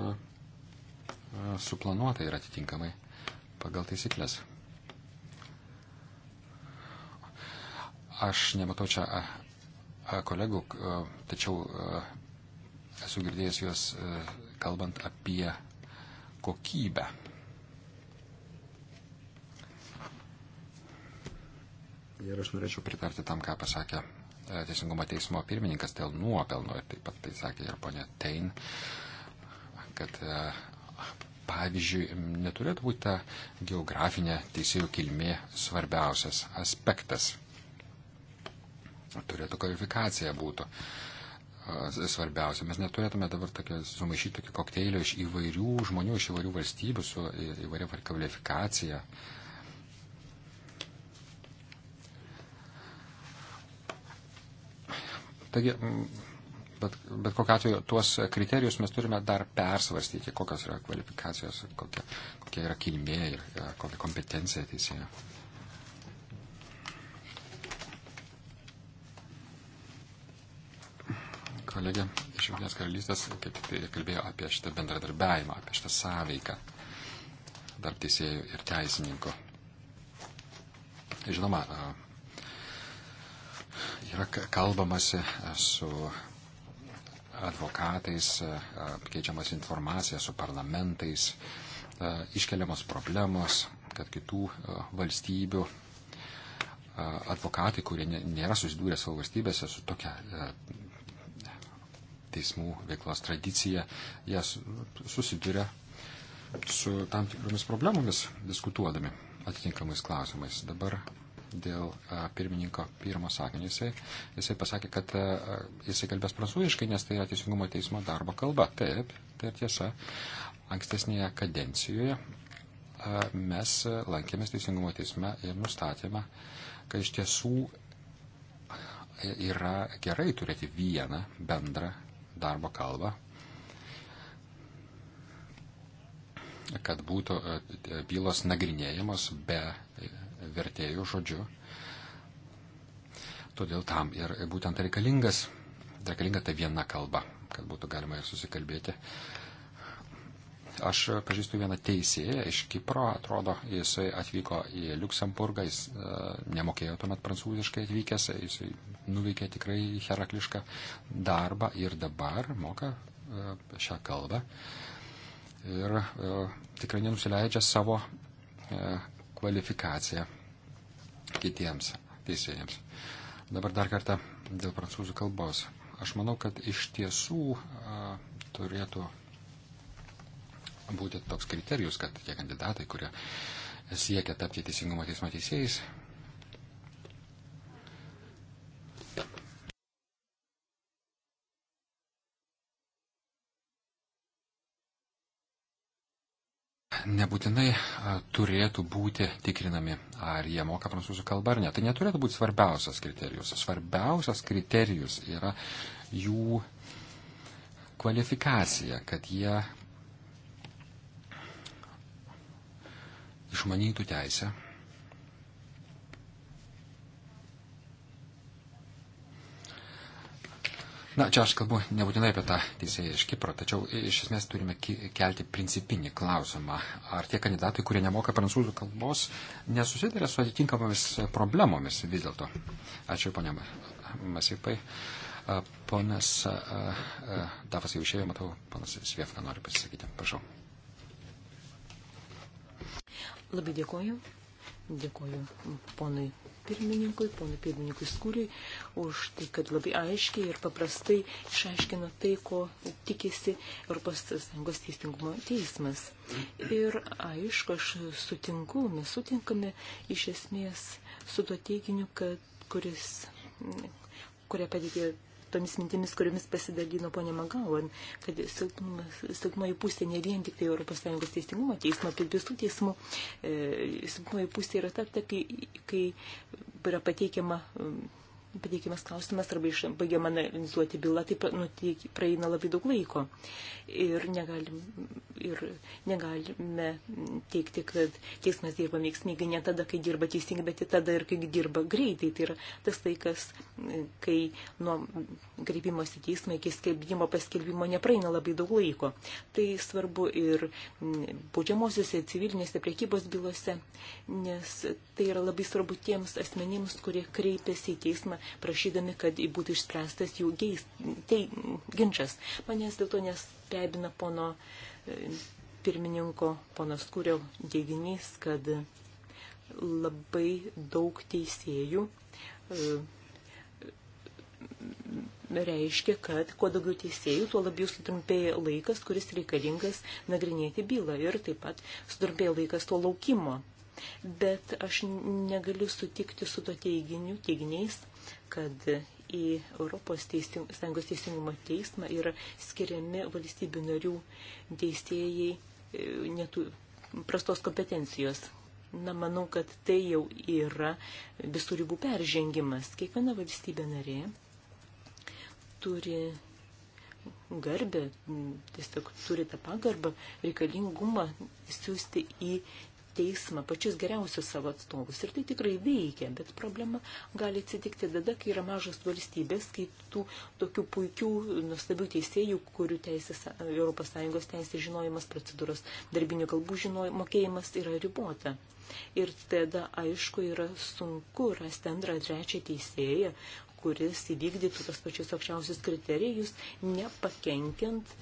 suplanuota ir atitinkamai pagal taisyklės. Aš nematau čia kolegų, tačiau esu girdėjęs juos kalbant apie kokybę. Ir aš norėčiau pritarti tam, ką pasakė e, Teisingumo teismo pirmininkas dėl nuopelno, ir taip pat tai sakė ir ponė Tein, kad e, pavyzdžiui neturėtų būti ta geografinė teisėjų kilmė svarbiausias aspektas turėtų kvalifikacija būtų svarbiausia. Mes neturėtume dabar tokia, sumaišyti tokį kokteilį iš įvairių žmonių, iš įvairių valstybių su įvairia kvalifikacija. Taigi, bet, bet kokiu atveju tuos kriterijus mes turime dar persvarstyti, kokios yra kvalifikacijos, kokia, kokia yra kilmė ir kokia kompetencija teisėjo. kolegė iš Jungtinės karalystės kaip tik tai kalbėjo apie šitą bendradarbiavimą, apie šitą sąveiką tarp teisėjų ir teisininko. Žinoma, yra kalbamasi su advokatais, keičiamas informacija su parlamentais, iškeliamos problemos, kad kitų valstybių advokatai, kurie nėra susidūrę savo valstybėse su tokia teismų veiklos tradicija, jie susiduria su tam tikromis problemomis diskutuodami atitinkamais klausimais. Dabar dėl a, pirmininko pirmo sakinio. Jisai, jisai pasakė, kad a, jisai kalbės prancūziškai, nes tai yra teisingumo teismo darbo kalba. Taip, tai tiesa. Ankstesnėje kadencijoje a, mes lankėmės teisingumo teisme ir nustatėme, kad iš tiesų yra gerai turėti vieną bendrą darbo kalbą, kad būtų e, e, bylos nagrinėjamos be e, vertėjų žodžių. Todėl tam ir būtent reikalingas, reikalinga ta viena kalba, kad būtų galima ir susikalbėti Aš pažįstu vieną teisėją iš Kipro, atrodo, jisai atvyko į Luksemburgą, jis e, nemokėjo tuomet prancūziškai atvykęs, jisai nuveikė tikrai heraklišką darbą ir dabar moka e, šią kalbą ir e, tikrai nenusileidžia savo e, kvalifikaciją kitiems teisėjams. Dabar dar kartą dėl prancūzų kalbos. Aš manau, kad iš tiesų a, e, turėtų būti toks kriterijus, kad tie kandidatai, kurie siekia tapti teisingumo teismo teisėjais, nebūtinai turėtų būti tikrinami, ar jie moka prancūzų kalbą ar ne. Tai neturėtų būti svarbiausias kriterijus. Svarbiausias kriterijus yra jų kvalifikacija, kad jie išmanytų teisę. Na, čia aš kalbu nebūtinai apie tą teisėją iš Kipro, tačiau iš esmės turime kelti principinį klausimą. Ar tie kandidatai, kurie nemoka prancūzų kalbos, nesusiduria su atitinkamomis problemomis vis dėlto? Ačiū, ponia Masipai. Ponas Davas jau išėjo, matau, ponas Sviefka nori pasisakyti. Prašau. Labai dėkoju. Dėkoju ponui pirmininkui, ponui pirmininkui Skūriui, už tai, kad labai aiškiai ir paprastai išaiškino tai, ko tikėsi ES teisingumo teismas. Ir aišku, aš sutinku, mes sutinkame iš esmės su tuo teiginiu, kad, kuris, kurią patikė tomis mintimis, kuriomis pasidalino ponė Magalan, kad silpnoji pusė ne vien tik tai ES teisingumo teismo, bet visų teismų e, silpnoji pusė yra ta, kai, kai yra pateikiama pateikimas klausimas arba baigiama analizuoti bylą, taip nu, tai praeina labai daug laiko. Ir, negalim, ir negalime teikti, kad teismas dirba veiksmingai ne tada, kai dirba teisingai, bet tada ir kai dirba greitai. Tai yra tas laikas, kai nuo greipimosi teismą iki skelbimo paskelbimo nepraeina labai daug laiko. Tai svarbu ir baudžiamosiuose, civilinėse priekybos bylose, nes tai yra labai svarbu tiems asmenims, kurie kreipiasi į teismą prašydami, kad būtų išspręstas jų geis, tei, ginčas. Manęs dėl to nestebina pono e, pirmininko, ponas Kūrio teiginys, kad labai daug teisėjų e, reiškia, kad kuo daugiau teisėjų, tuo labiau sutrumpėja laikas, kuris reikalingas nagrinėti bylą ir taip pat sutrumpėja laikas to laukimo. Bet aš negaliu sutikti su to teiginiu, teiginiais, kad į Europos teising, Sąjungos teisingumo teismą yra skiriami valstybių narių teisėjai e, netų prastos kompetencijos. Na, manau, kad tai jau yra visų ribų peržengimas. Kiekviena valstybė narė turi garbę, tiesiog turi tą pagarbą, reikalingumą siūsti į teismą pačius geriausius savo atstovus. Ir tai tikrai veikia, bet problema gali atsitikti tada, kai yra mažos valstybės, kai tų tokių puikių, nustabių teisėjų, kurių teisės, ES teisės žinojimas, procedūros darbinių kalbų žinoj, mokėjimas yra ribota. Ir tada, aišku, yra sunku rasti antrą, trečią teisėją, kuris įvykdytų tos pačius aukščiausius kriterijus, nepakenkiant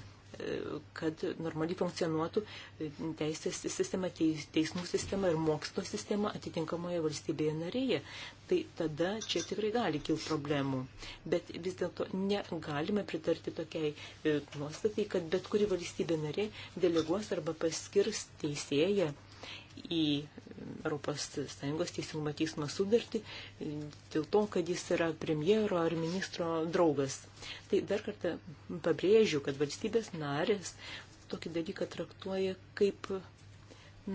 kad normaliai funkcionuotų teisės sistema, teismų sistema ir mokslo sistema atitinkamoje valstybėje narėje. Tai tada čia tikrai gali kilti problemų. Bet vis dėlto negalime pritarti tokiai e, nuostatai, kad bet kuri valstybė narė deleguos arba paskirs teisėją į Europos Sąjungos teisingumo teismo sudartį dėl to, kad jis yra premjero ar ministro draugas. Tai dar kartą pabrėžiu, kad valstybės narės tokį dalyką traktuoja kaip,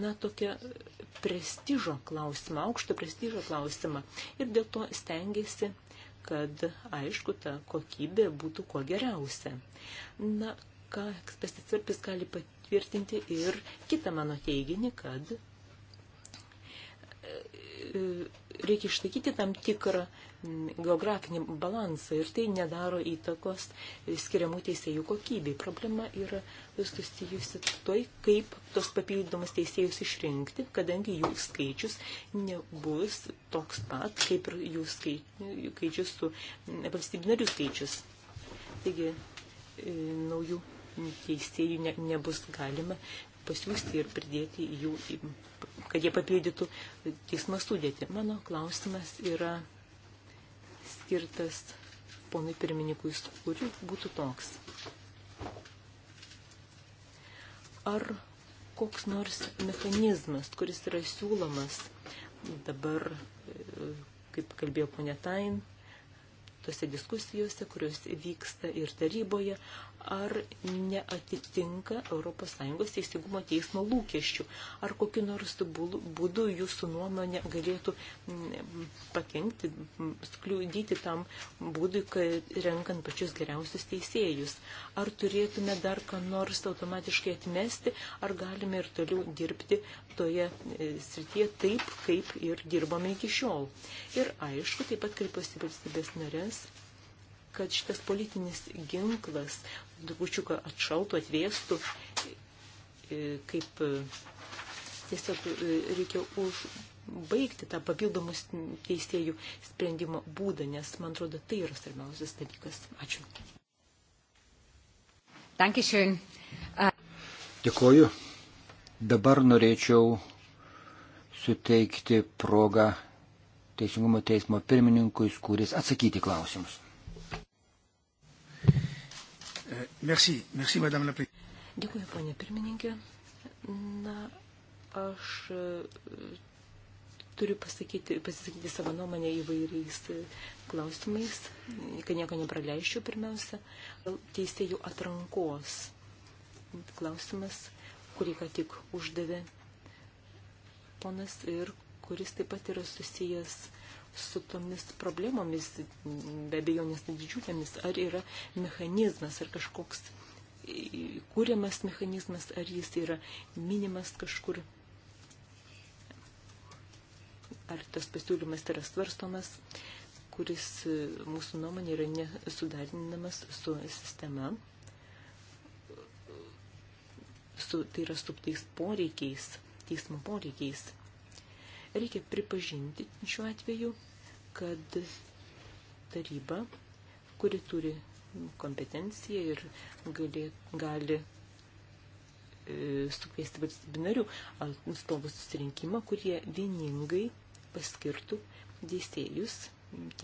na, tokia prestižo klausimą, aukšto prestižo klausimą. Ir dėl to stengiasi kad, aišku, ta kokybė būtų kuo geriausia. Na, ką ekspertas gali patvirtinti ir kitą mano teiginį, kad reikia išlaikyti tam tikrą geografinį balansą ir tai nedaro įtakos skiriamų teisėjų kokybei. Problema yra susijusi toj, kaip tos papildomus teisėjus išrinkti, kadangi jų skaičius nebus toks pat, kaip ir jų skaičius su valstybinarių skaičius. Taigi, e, naujų teisėjų ne, nebus galima pasiūsti ir pridėti jų kad jie papildytų teismo sudėti. Mano klausimas yra skirtas ponui pirmininkui Skūriui, būtų toks. Ar koks nors mechanizmas, kuris yra siūlomas dabar, e, kaip kalbėjo ponė Tain, tose diskusijose, kurios vyksta ir taryboje, ar neatitinka ES teisingumo teismo lūkesčių, ar kokiu nors būdu jūsų nuomonė galėtų mm, pakengti, mm, skliūdyti tam būdui, kad renkant pačius geriausius teisėjus. Ar turėtume dar ką nors automatiškai atmesti, ar galime ir toliau dirbti toje e, srityje taip, kaip ir dirbame iki šiol. Ir aišku, taip pat kreipiuosi valstybės narės kad šitas politinis ginklas trupučiuką atšaltų, atvėstų, e, kaip e, tiesiog e, reikia užbaigti tą papildomus teisėjų sprendimo būdą, nes, man atrodo, tai yra svarbiausias dalykas. Ačiū. Dankišin. Äh, Dėkuoju. Dabar norėčiau suteikti progą Teisingumo teismo pirmininkui, kuris atsakyti klausimus. Eh, merci, merci, madame la prezidentė. Dėkuoju, ponė pirmininkė. Na, aš e, turiu pasakyti, pasisakyti savo nuomonę įvairiais e, klausimais, kad nieko nepraleisčiau pirmiausia. Teisėjų atrankos klausimas, kurį ką tik uždavė ponas ir kuris taip pat yra susijęs su tomis problemomis, be abejonės didžiulėmis, ar yra mechanizmas, ar kažkoks kūriamas mechanizmas, ar jis yra minimas kažkur, ar tas pasiūlymas yra svarstomas, kuris mūsų nuomonė yra nesudarinamas su sistema, su, tai yra su tais poreikiais, teismo poreikiais. Reikia pripažinti šiuo atveju, kad taryba, kuri turi kompetenciją ir gali, gali e, sukviesti valstybių narių atstovų susirinkimą, kurie vieningai paskirtų teisėjus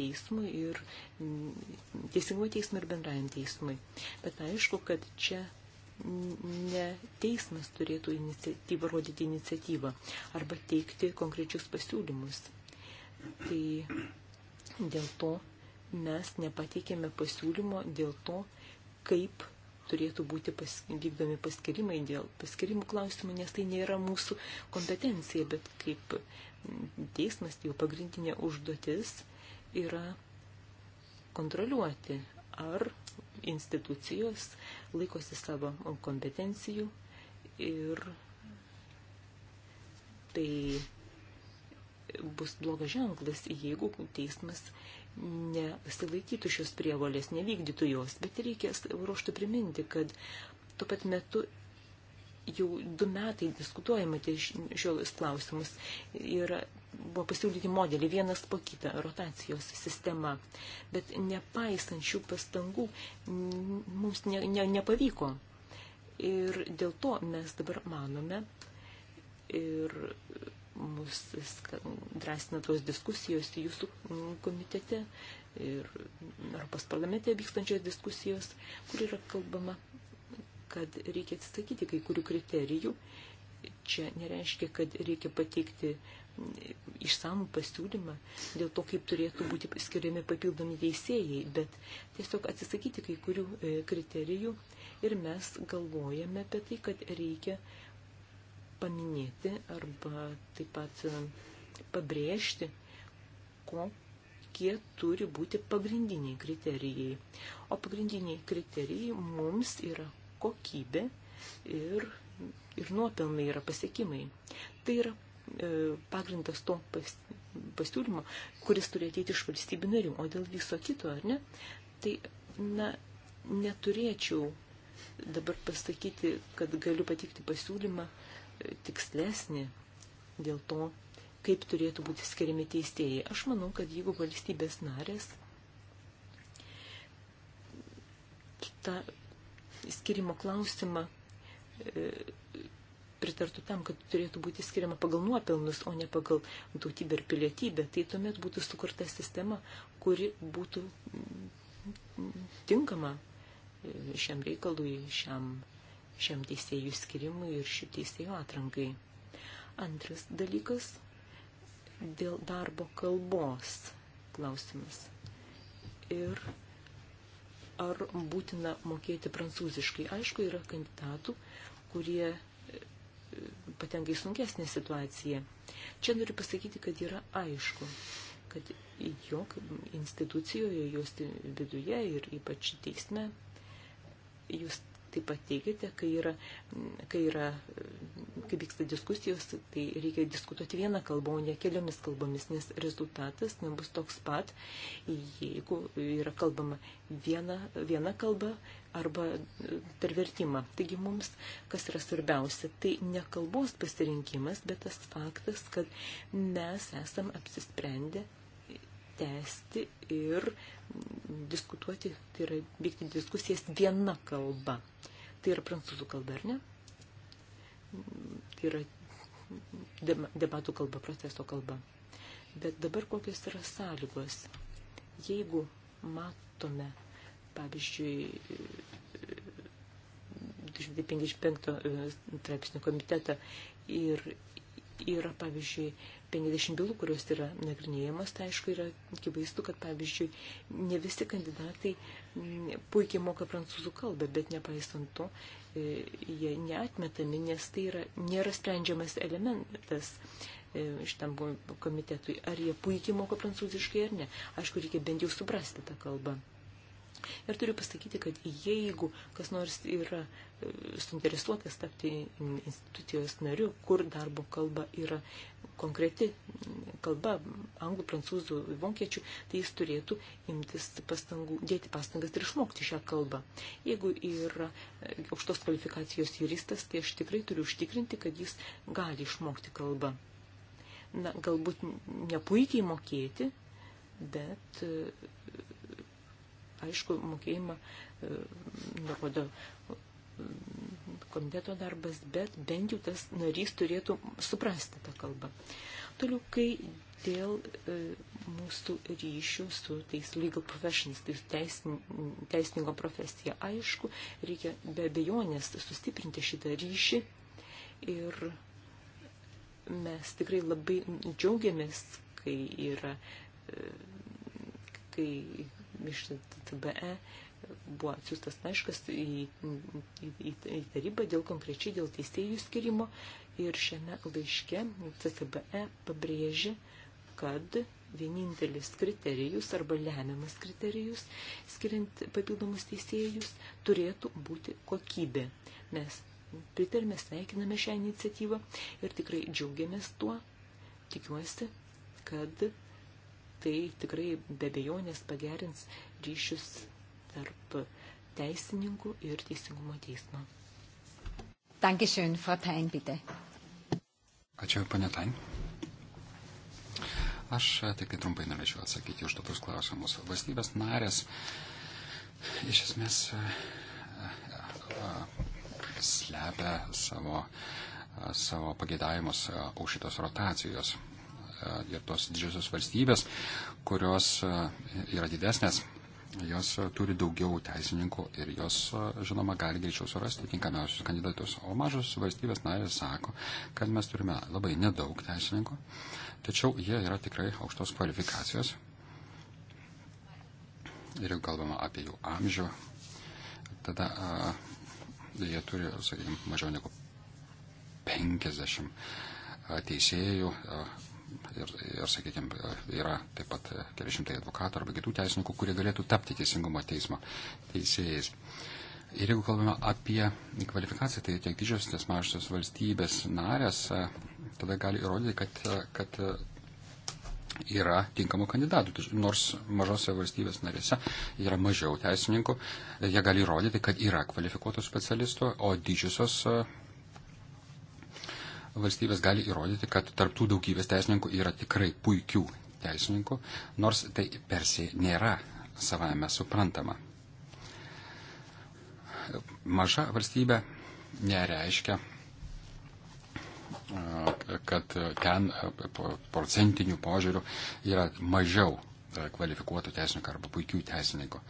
teismui ir teisingumo teismui ir bendrajam teismui. Bet aišku, kad čia ne teismas turėtų iniciatyvą, rodyti iniciatyvą arba teikti konkrečius pasiūlymus. Tai dėl to mes nepateikėme pasiūlymo dėl to, kaip turėtų būti pas, vykdomi paskirimai dėl paskirimų klausimų, nes tai nėra mūsų kompetencija, bet kaip teismas, tai jo pagrindinė užduotis yra kontroliuoti, ar institucijos laikosi savo kompetencijų ir tai bus blogas ženklas, jeigu teismas nesilaikytų šios prievolės, nevykdytų jos, bet reikia ruoštų priminti, kad tuo pat metu jau du metai diskutuojama šiolus klausimus ir buvo pasiūlyti modelį vienas po kitą, rotacijos sistema. Bet nepaisant šių pastangų mums ne, ne, nepavyko. Ir dėl to mes dabar manome ir mus drąsina tos diskusijos jūsų komitete ir Europos parlamente vykstančios diskusijos, kur yra kalbama kad reikia atsisakyti kai kurių kriterijų. Čia nereiškia, kad reikia pateikti išsamų pasiūlymą dėl to, kaip turėtų būti skiriami papildomi teisėjai, bet tiesiog atsisakyti kai kurių e, kriterijų ir mes galvojame apie tai, kad reikia paminėti arba taip pat e, pabrėžti, kokie turi būti pagrindiniai kriterijai. O pagrindiniai kriterijai mums yra kokybė ir, ir nuopelnai yra pasiekimai. Tai yra e, pagrindas to pas, pasiūlymo, kuris turi ateiti iš valstybių narių, o dėl viso kito, ar ne, tai na, neturėčiau dabar pasakyti, kad galiu patikti pasiūlymą e, tikslesnį dėl to, kaip turėtų būti skiriami teistėjai. Aš manau, kad jeigu valstybės narės tą skirimo klausimą e, pritartų tam, kad turėtų būti skiriama pagal nuopelnus, o ne pagal tautybę ir pilietybę, tai tuomet būtų sukurta sistema, kuri būtų mm, mm, tinkama e, šiam reikalui, šiam, šiam teisėjų skirimui ir šių teisėjų atrankai. Antras dalykas – dėl darbo kalbos klausimas. Ir ar būtina mokėti prancūziškai. Aišku, yra kandidatų, kurie e, patenka į sunkesnę situaciją. Čia noriu pasakyti, kad yra aišku, kad jo institucijoje, jos viduje ir ypač teisme, jūs taip pat teigiate, kai, yra, kai, yra, kai vyksta diskusijos, tai reikia diskutuoti vieną kalbą, o ne keliomis kalbomis, nes rezultatas nebus toks pat, jeigu yra kalbama viena, viena kalba arba per vertimą. Taigi mums, kas yra svarbiausia, tai ne kalbos pasirinkimas, bet tas faktas, kad mes esam apsisprendę tęsti ir diskutuoti, tai yra vykti diskusijas viena kalba. Tai yra prancūzų kalba, ar ne? Tai yra debatų kalba, proceso kalba. Bet dabar kokios yra sąlygos? Jeigu matome, pavyzdžiui, 255 e, straipsnių komitetą ir yra, pavyzdžiui, 50 bylų, kurios yra nagrinėjamas, tai aišku yra akivaizdu, kad pavyzdžiui, ne visi kandidatai mm, puikiai moka prancūzų kalbą, bet nepaisant to, e, jie neatmetami, nes tai yra, nėra sprendžiamas elementas e, šitam komitetui, ar jie puikiai moka prancūziškai ar ne. Aišku, reikia bent jau suprasti tą kalbą. Ir turiu pasakyti, kad jeigu kas nors yra e, suinteresuotas tapti institucijos nariu, kur darbo kalba yra konkreti kalba anglų, prancūzų, vokiečių, tai jis turėtų imtis pastangų, dėti pastangas ir išmokti šią kalbą. Jeigu yra e, aukštos kvalifikacijos juristas, tai aš tikrai turiu užtikrinti, kad jis gali išmokti kalbą. Na, galbūt nepuikiai mokėti, bet e, aišku, mokėjimą e, nurodo e, komiteto darbas, bet bent jau tas narys turėtų suprasti tą kalbą. Toliau, kai dėl e, mūsų ryšių su tais legal professions, tai teisin, teisingo profesija, aišku, reikia be abejonės sustiprinti šitą ryšį ir mes tikrai labai džiaugiamės, kai yra, e, kai iš TBE buvo atsiųstas laiškas į, į, į, į tarybą dėl konkrečiai dėl teisėjų skirimo ir šiame laiške CCBE pabrėžė, kad vienintelis kriterijus arba lemiamas kriterijus skiriant papildomus teisėjus turėtų būti kokybė. Mes pritarime, sveikiname šią iniciatyvą ir tikrai džiaugiamės tuo. Tikiuosi, kad tai tikrai be bejonės pagerins ryšius tarp teisininkų ir teisingumo teismo. Dankeschön, Frau Tain, bitte. Ačiū, panė Tain. Aš tik tai trumpai norėčiau atsakyti už tokius klausimus. Valstybės narės iš esmės e, e, e, slepia savo, savo pagėdavimus už šitos rotacijos ir tos didžiosios valstybės, kurios e, yra didesnės, jos e, turi daugiau teisininkų ir jos, e, žinoma, gali greičiau surasti tinkamiausius kandidatus. O mažos valstybės narės sako, kad mes turime labai nedaug teisininkų, tačiau jie yra tikrai aukštos kvalifikacijos. Ir jau kalbama apie jų amžių, tada a, jie turi, sakykime, mažiau negu 50 teisėjų, ir, ir sakykime, yra taip pat e, keli šimtai advokatų arba kitų teisininkų, kurie galėtų tapti teisingumo teismo teisėjais. Ir jeigu kalbame apie kvalifikaciją, tai tiek didžiosios, tiek mažosios valstybės narės e, tada gali įrodyti, kad, e, kad yra tinkamų kandidatų. Nors mažose valstybės narėse yra mažiau teisininkų, jie gali įrodyti, kad yra kvalifikuotų specialistų, o didžiosios valstybės gali įrodyti, kad tarptų daugybės teisininkų yra tikrai puikių teisininkų, nors tai persiai nėra savame suprantama. Maža valstybė nereiškia, e, kad ten e, procentinių požiūrių yra mažiau e, kvalifikuotų teisininkų arba puikių teisininkų.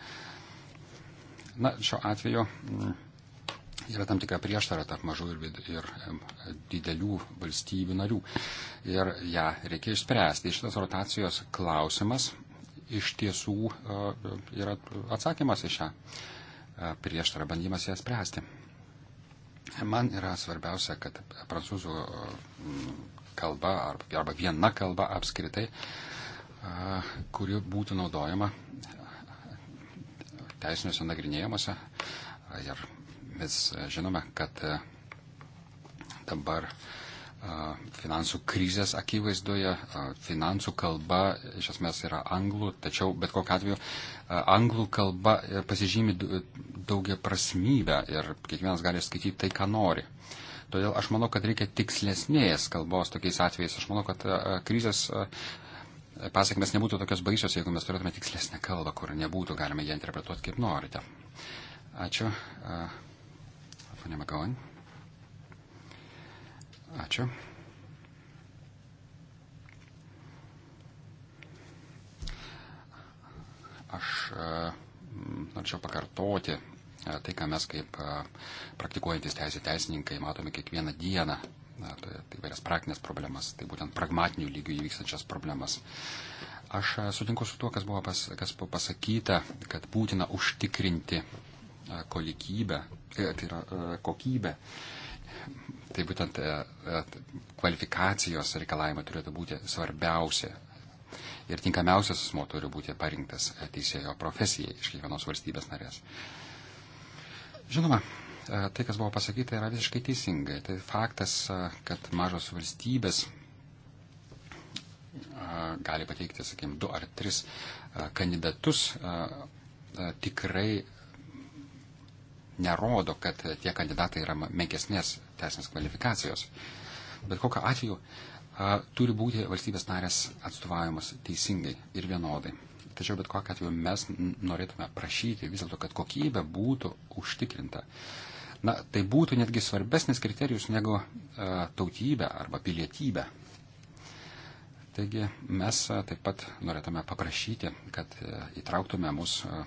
Na, šiuo atveju mm, yra tam tikra prieštara tarp mažų ir, ir didelių valstybių narių. Ir ją reikia išspręsti. Šitas rotacijos klausimas iš tiesų e, yra atsakymas į šią e, prieštarą, bandymas ją spręsti. Man yra svarbiausia, kad prancūzų e, kalba arba viena kalba apskritai, kuri būtų naudojama teisiniuose nagrinėjimuose ir Mes e, žinome, kad e, dabar e, finansų krizės akivaizdoje, finansų kalba iš esmės yra anglų, tačiau bet kokiu atveju anglų kalba pasižymi daugia prasmybę ir kiekvienas gali skaityti tai, ką nori. Todėl aš manau, kad reikia tikslesnės kalbos tokiais atvejais. Aš manau, kad krizės pasiekmes nebūtų tokios baisios, jeigu mes turėtume tikslesnę kalbą, kur nebūtų galima ją interpretuoti kaip norite. Ačiū. Pane Makalai. Ačiū. Aš e, norėčiau pakartoti e, tai, ką mes kaip e, praktikuojantis teisė teisininkai matome kiekvieną dieną, tai, tai vairias praktinės problemas, tai būtent pragmatinių lygių įvykstančias problemas. Aš sutinku su tuo, kas buvo pas, kas buvo pasakyta, kad būtina užtikrinti uh, kolikybę, e, tai yra e, kokybę. Tai būtent e, kvalifikacijos reikalavimai turėtų būti svarbiausia. Ir tinkamiausias asmo turi būti parinktas teisėjo profesijai iš kiekvienos valstybės narės. Žinoma, tai, kas buvo pasakyta, yra visiškai teisingai. Tai faktas, kad mažos valstybės gali pateikti, sakykime, du ar tris kandidatus, tikrai nerodo, kad tie kandidatai yra menkesnės teisinės kvalifikacijos. Bet kokiu atveju a, turi būti valstybės narės atstovavimas teisingai ir vienodai. Tačiau bet kokiu atveju mes norėtume prašyti vis dėlto, kad kokybė būtų užtikrinta. Na, tai būtų netgi svarbesnis kriterijus negu a, tautybė arba pilietybė. Taigi mes a, taip pat norėtume paprašyti, kad a, įtrauktume mus a,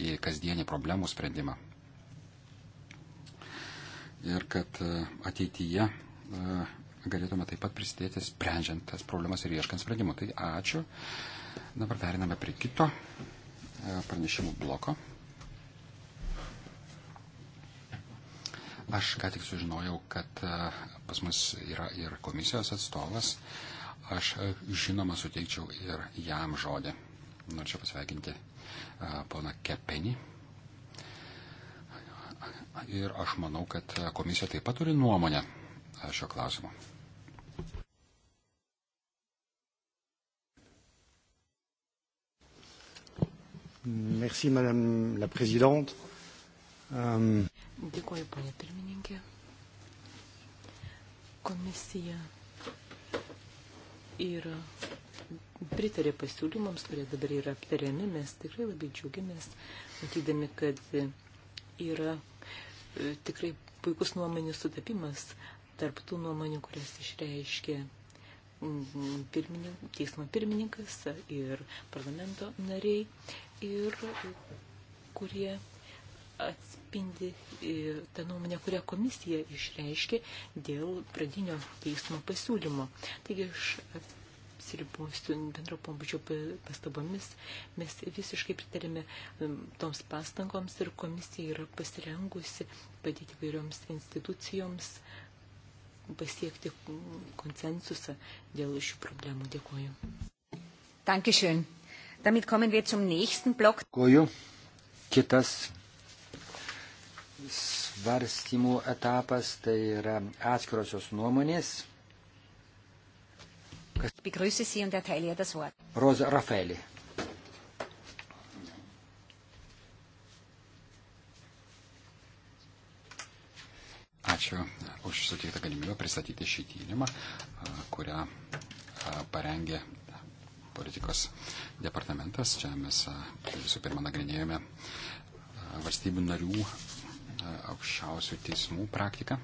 į kasdienį problemų sprendimą ir kad e, ateityje e, galėtume taip pat prisidėti sprendžiant tas problemas ir ieškant sprendimų. Tai ačiū. Dabar periname prie kito e, pranešimų bloko. Aš ką tik sužinojau, kad pas mus yra ir komisijos atstovas. Aš žinoma suteikčiau ir jam žodį. Norėčiau pasveikinti poną Kepenį ir aš manau, kad komisija taip pat turi nuomonę šio klausimo. Merci, madame la présidente. Um... Dėkuoju, ponė pirmininkė. Komisija ir pritarė pasiūlymams, kurie dabar yra aptariami. Mes tikrai labai džiaugiamės, matydami, kad yra uh, E, tikrai puikus nuomonių sutapimas tarp tų nuomonių, kurias išreiškė mm, pirmininkų, teismo pirmininkas ir parlamento nariai, ir kurie atspindi e, tą nuomonę, kurią komisija išreiškė dėl pradinio teismo pasiūlymo. Taigi aš apsiribosiu bendro pombūdžio pastabomis. Mes visiškai pritarėme um, toms pastangoms ir komisija yra pasirengusi padėti vairioms institucijoms pasiekti konsensusą dėl šių problemų. Dėkuoju. Dankeschön. Damit kommen wir zum nächsten Block. Dėkuoju. Kitas svarstymų etapas tai yra atskirosios nuomonės. Kas... Roza Rafaelį. Ačiū už suteiktą galimybę pristatyti šį tyrimą, kurią parengė politikos departamentas. Čia mes visų pirma nagrinėjome valstybių narių aukščiausių teismų praktiką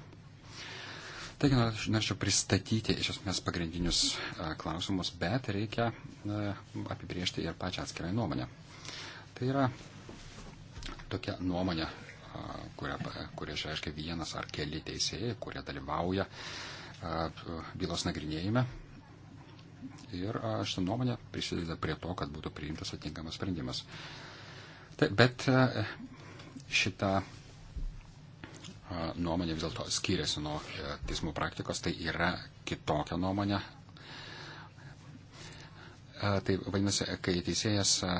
Taigi, aš norėčiau pristatyti iš esmės pagrindinius e, klausimus, bet reikia e, apibriežti ir pačią atskirą nuomonę. Tai yra tokia nuomonė, kurią, kurią išreiškia vienas ar keli teisėjai, kurie dalyvauja bylos nagrinėjime. Ir šitą nuomonę prisideda prie to, kad būtų priimtas atitinkamas sprendimas. Ta, bet e, šitą nuomonė vis dėlto skiriasi nuo e, teismų praktikos, tai yra kitokia nuomonė. E, tai vadinasi, kai teisėjas e,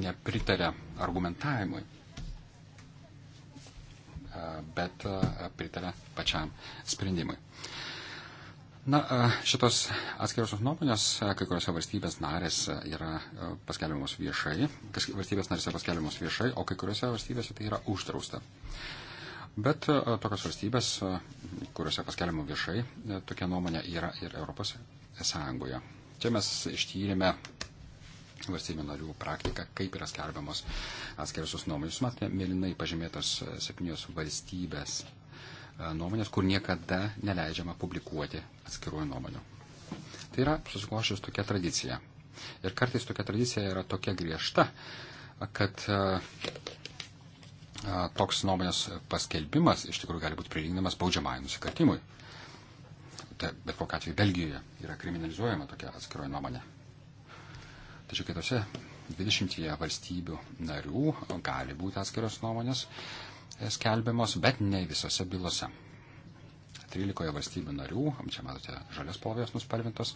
nepritarė argumentavimui, bet pritarė pačiam sprendimui. Na, šitos atskirosios nuomonės, kai kuriuose valstybės narės yra paskelbiamos viešai, valstybės narės yra paskelbiamos viešai, o kai kuriuose valstybėse tai yra uždrausta. Bet tokios valstybės, kuriuose paskelbiama viešai, tokia nuomonė yra ir Europos Sąjungoje. Čia mes ištyrėme valstybių narių praktiką, kaip yra skelbiamos atskiriosios nuomonės. Jūs matėte, mėlynai pažymėtos septynios valstybės E, nuomonės, kur niekada neleidžiama publikuoti atskirųjų nuomonių. Tai yra susiklošius tokia tradicija. Ir kartais tokia tradicija yra tokia griežta, kad e, e, toks nuomonės paskelbimas iš tikrųjų gali būti prilyginamas baudžiamajam nusikaltimui. Ta, bet kokia atveju Belgijoje yra kriminalizuojama tokia atskiroji nuomonė. Tačiau kitose 20 valstybių narių gali būti atskiros nuomonės E, skelbiamos, bet ne visose bylose. 13 valstybių narių, čia matote žalios spalvės nuspalvintos,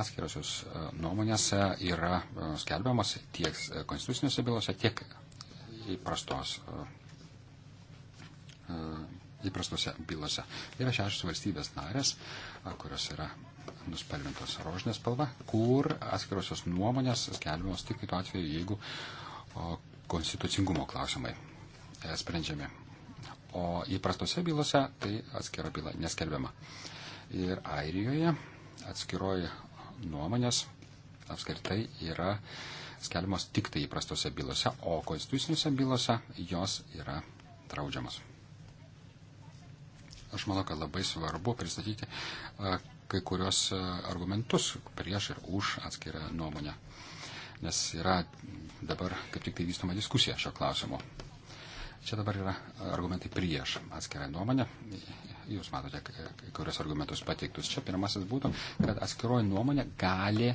atskirosios e, nuomonės yra e, skelbiamos tiek konstitucinėse bylose, tiek įprastos, įprastose bylose. Yra šešios valstybės narės, kurios yra nuspalvintos rožinė spalva, kur atskirosios nuomonės skelbiamos tik tuo atveju, jeigu konstitucingumo klausimai E, sprendžiami. O įprastose bylose tai atskira byla neskelbiama. Ir Airijoje atskiroji nuomonės apskritai yra skelbiamos tik tai įprastose bylose, o konstitucinėse bylose jos yra draudžiamos. Aš manau, kad labai svarbu pristatyti e, kai kurios e, argumentus prieš ir už atskirą nuomonę, nes yra dabar kaip tik tai vystoma diskusija šio klausimo. Čia dabar yra argumentai prieš atskirą nuomonę. Jūs matote, kurios argumentus pateiktus. Čia pirmasis būtų, kad atskiroji nuomonė gali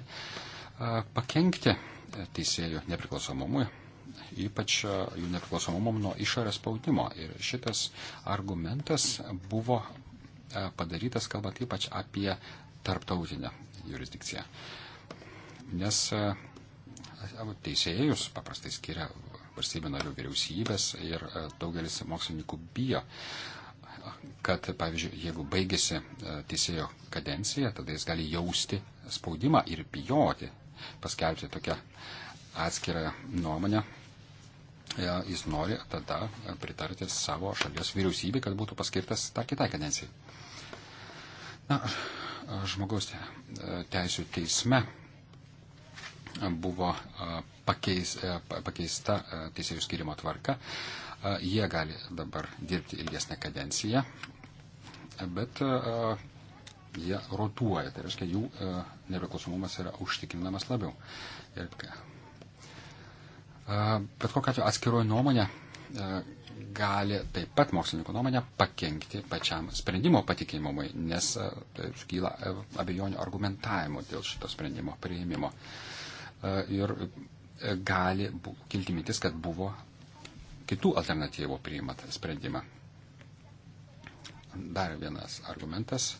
pakenkti teisėjų nepriklausomumui, ypač jų nepriklausomumam nuo išorės spaudimo. Ir šitas argumentas buvo padarytas, kalbant ypač apie tarptautinę jurisdikciją. Nes teisėjus paprastai skiria valstybių narių vyriausybės ir e, daugelis mokslininkų bijo, kad, pavyzdžiui, jeigu baigėsi e, teisėjo kadencija, tada jis gali jausti spaudimą ir bijoti paskelbti tokią atskirą nuomonę. E, jis nori tada pritarti savo šalies vyriausybei, kad būtų paskirtas dar kitai kadencijai. Na, žmogaus teisų teisme buvo pakeis, pakeista teisėjų skirimo tvarka. Jie gali dabar dirbti ilgesnę kadenciją, bet jie rotuoja, tai reiškia jų nepriklausomumas yra užtikrinamas labiau. Ir, bet kokia atveju atskiroji nuomonė gali taip pat mokslininkų nuomonė pakengti pačiam sprendimo patikimumui, nes tai iškyla e, abejonių argumentavimo dėl šito sprendimo prieimimo. Uh, E, ir e, gali kilti mintis, kad buvo kitų alternatyvų priimant sprendimą. Dar vienas argumentas e,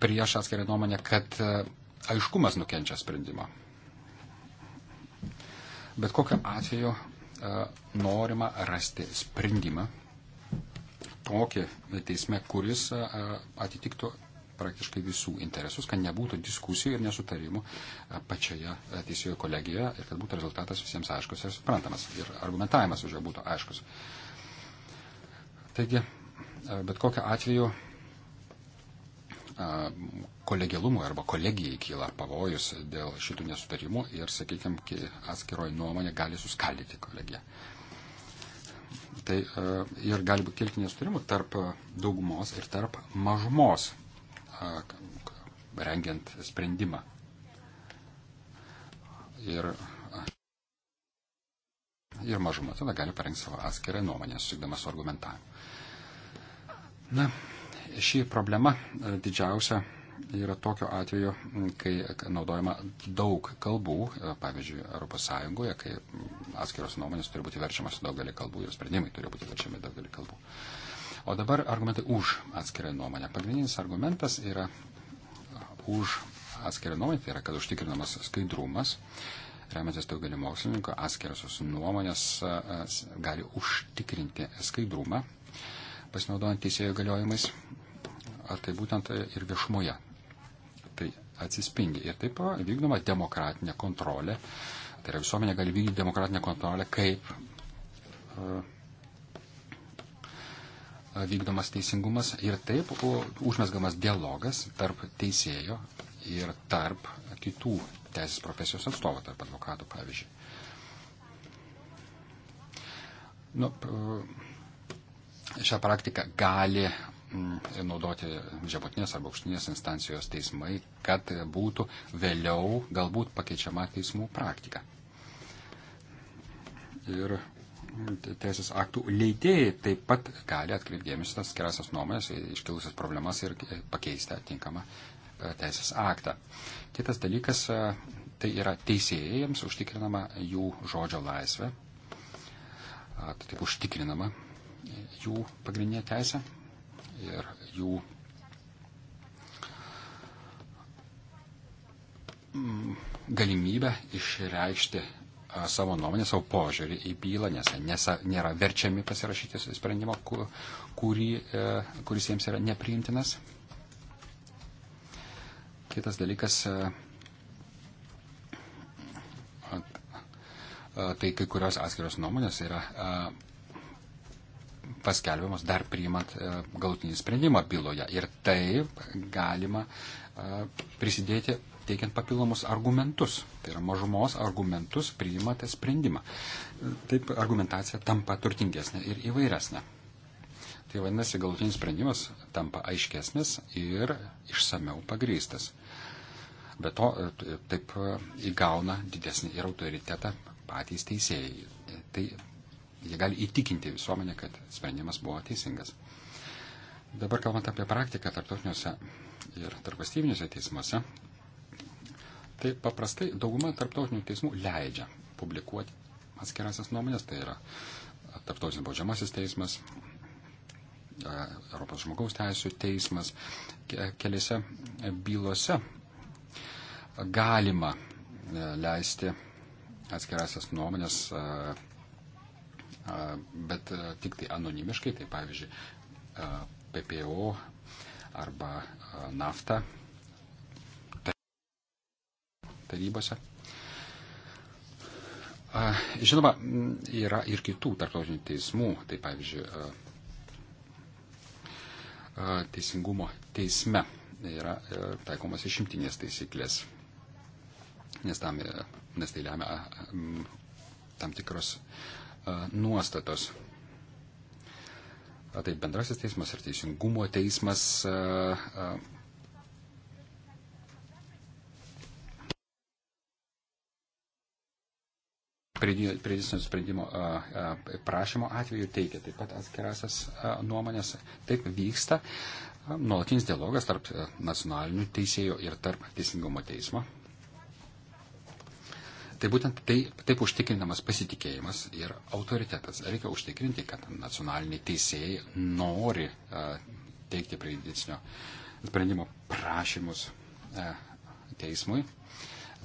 prieš atskirą nuomonę, kad aiškumas nukenčia sprendimą. Bet kokiu atveju norima rasti sprendimą tokį teisme, kuris atitiktų praktiškai visų interesus, kad nebūtų diskusijų ir nesutarimų pačioje teisėjų kolegijoje ir kad būtų rezultatas visiems aiškus ir suprantamas ir argumentavimas už jo būtų aiškus. Taigi, bet kokiu atveju kolegialumui arba kolegijai kyla pavojus dėl šitų nesutarimų ir, sakykime, atskiroji nuomonė gali suskaldyti kolegiją. Tai ir gali būti kilti nesutarimų tarp daugumos ir tarp mažumos rengiant sprendimą. Ir, ir mažuma tada gali parengti savo atskirą nuomonę, susikdama su argumentavimu. Na, ši problema e, didžiausia yra tokio atveju, kai naudojama daug kalbų, e, pavyzdžiui, ES, kai atskiros nuomonės turi būti verčiamas daugelį kalbų ir sprendimai turi būti verčiami daugelį kalbų. Uh, O dabar argumentai už atskirą nuomonę. Pagrindinis argumentas yra už atskirą nuomonę, tai yra, kad užtikrinamas skaidrumas, remiantis daugelį mokslininkų, atskirosios nuomonės gali užtikrinti skaidrumą, pasinaudojant teisėjo galiojimais, ar tai būtent e, ir viešumoje. Tai atsispindi. Ir taip vykdoma demokratinė kontrolė. Tai yra visuomenė gali vykdyti demokratinę kontrolę, kaip e, vykdomas teisingumas ir taip užmesgamas dialogas tarp teisėjo ir tarp kitų teisės profesijos atstovų, tarp advokatų pavyzdžiui. Nu, šią praktiką gali mm, naudoti žemutinės arba aukštinės instancijos teismai, kad būtų vėliau galbūt pakeičiama teismų praktika. Ir teisės aktų leidėjai taip pat gali atkreipdėmės tas gerasias nuomonės, iškilusias problemas ir e, pakeisti atinkamą e, teisės aktą. Kitas dalykas, e, tai yra teisėjams užtikrinama jų žodžio laisvė, tai taip užtikrinama jų pagrindinė teisė ir jų mm, galimybę išreikšti savo nuomonę, savo požiūrį į bylą, nes nesa, nėra verčiami pasirašyti sprendimo, kurį, e, kuris jiems yra nepriimtinas. Kitas dalykas, e, tai kai kurios atskiros nuomonės yra e, paskelbiamos dar priimant galutinį sprendimą byloje. Ir taip galima prisidėti teikiant papildomus argumentus, tai yra mažumos argumentus priimate sprendimą. Taip argumentacija tampa turtingesnė ir įvairesnė. Tai vadinasi, galutinis sprendimas tampa aiškesnis ir išsameu pagrystas. Be to, taip įgauna didesnį ir autoritetą patys teisėjai. Tai jie gali įtikinti visuomenę, kad sprendimas buvo teisingas. Dabar kalbant apie praktiką tarptautiniuose ir tarpvalstybiniuose teismuose, Tai paprastai dauguma tarptautinių teismų leidžia publikuoti atskirasias nuomonės, tai yra tarptautinis baudžiamasis teismas, e, Europos žmogaus teisų teismas keliose bylose galima e, leisti atskirasias nuomonės, e, bet tik tai anonimiškai, tai pavyzdžiui PPO arba NAFTA tarybose. Žinoma, yra ir kitų tarptautinių teismų, tai pavyzdžiui, teisingumo teisme yra e, taikomas išimtinės taisyklės, nes, tam, e, nes tai lemia tam tikros nuostatos. Tai bendrasis teismas ir teisingumo teismas pridėsnio sprendimo prašymo atveju teikia taip pat atskirasias nuomonės. Taip vyksta nuolatinis dialogas tarp nacionalinių teisėjų ir tarp teisingumo teismo. Tai būtent tai, taip užtikrinamas pasitikėjimas ir autoritetas. Reikia užtikrinti, kad nacionaliniai teisėjai nori a, teikti prejudicinio sprendimo prašymus a, teismui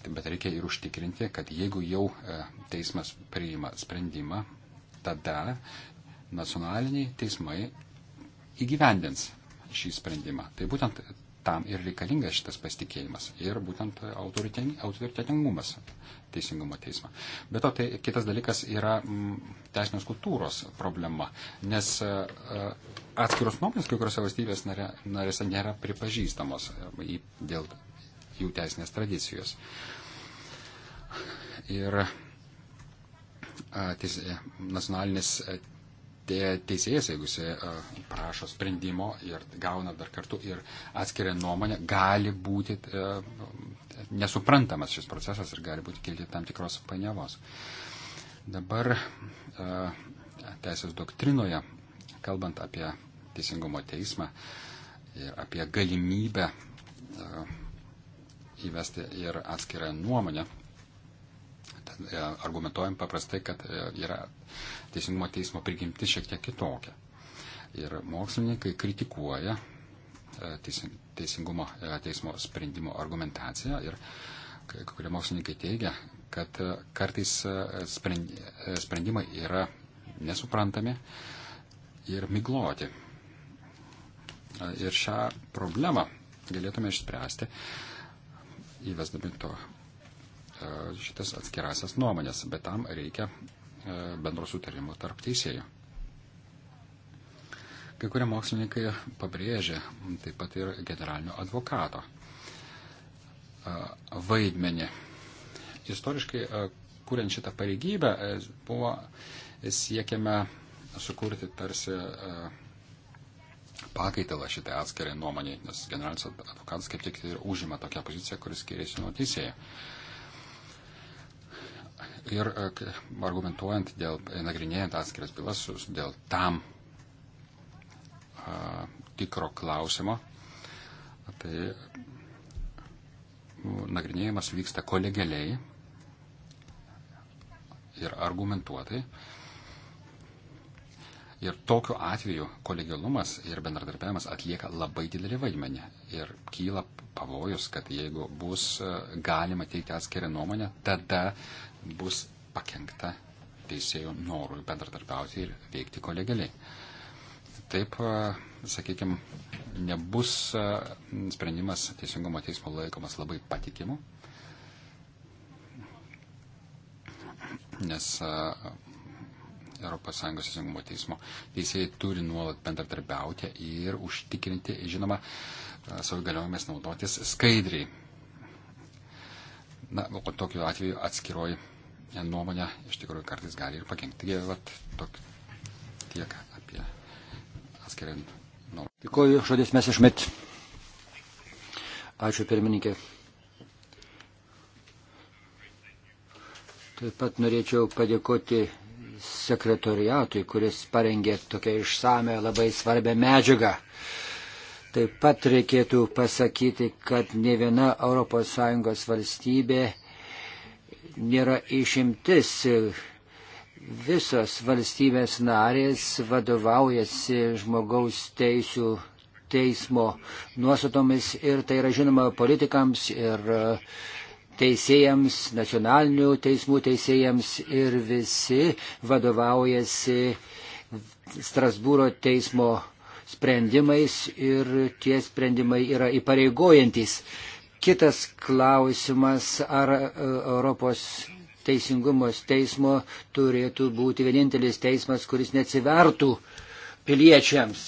bet reikia ir užtikrinti, kad jeigu jau e, teismas priima sprendimą, tada nacionaliniai teismai įgyvendins šį sprendimą. Tai būtent tam ir reikalingas šitas pasitikėjimas ir būtent autoritetingumas teisingumo teismo. Bet to tai kitas dalykas yra m, mm, teisinės kultūros problema, nes a, e, e, atskiros nuomonės kai kuriuose valstybės narė, narėse nėra pripažįstamos dėl jų teisinės tradicijos. Ir teis, e, nacionalinis e, te, teisėjas, jeigu jis prašo sprendimo ir gauna dar kartu ir atskiria nuomonę, gali būti e, nesuprantamas šis procesas ir gali būti kilti tam tikros painiavos. Dabar teisės doktrinoje, kalbant apie teisingumo teismą ir apie galimybę įvesti ir atskirą nuomonę. Tad e, argumentuojam paprastai, kad e, yra teisingumo teismo prigimti šiek tiek kitokia. Ir mokslininkai kritikuoja e, teisingumo teismo sprendimo argumentaciją ir kai kurie mokslininkai teigia, kad kartais sprendimai yra nesuprantami ir migloti. Ir šią problemą galėtume išspręsti įvesdami to, e, šitas atskirasias nuomonės, bet tam reikia e, bendro sutarimo tarp teisėjų. Kai kurie mokslininkai pabrėžia taip pat ir generalinio advokato e, vaidmenį. Istoriškai, kuriant šitą pareigybę, buvo siekiame sukurti tarsi pakaitalą šitai atskirai nuomoniai, nes generalinis advokatas kaip tik ir užima tokią poziciją, kuris skiriasi nuo teisėjo. Ir e, argumentuojant dėl, nagrinėjant atskiras bylas dėl tam a, tikro klausimo, tai nagrinėjimas vyksta kolegialiai ir argumentuotai. A, Ir tokiu atveju kolegialumas ir bendradarbiavimas atlieka labai didelį vaidmenį. Ir kyla pavojus, kad jeigu bus e, galima teikti atskirą nuomonę, tada bus pakengta teisėjų norui bendradarbiauti ir veikti kolegialiai. Taip, e, sakykime, nebus e, sprendimas teisingumo teismo laikomas labai patikimu, nes ES teisingumo teismo teisėjai turi nuolat bendradarbiauti ir užtikrinti, žinoma, e, savo galiojimais naudotis skaidriai. Na, o tokiu atveju atskiroji nuomonė iš tikrųjų kartais gali ir pakengti. Taigi, vat, tok, tiek apie atskiriant nuomonę. Dėkuoju, žodis mes išmet. Ačiū pirmininkė. Taip pat norėčiau padėkoti sekretoriatui, kuris parengė tokią išsame labai svarbę medžiagą. Taip pat reikėtų pasakyti, kad ne viena ES valstybė nėra išimtis. Visos valstybės narės vadovaujasi žmogaus teisų teismo nuostatomis ir tai yra žinoma politikams ir uh, teisėjams, nacionalinių teismų teisėjams ir visi vadovaujasi Strasbūro teismo sprendimais ir tie sprendimai yra įpareigojantis. Kitas klausimas, ar e, Europos teisingumos teismo turėtų būti vienintelis teismas, kuris neatsivertų piliečiams.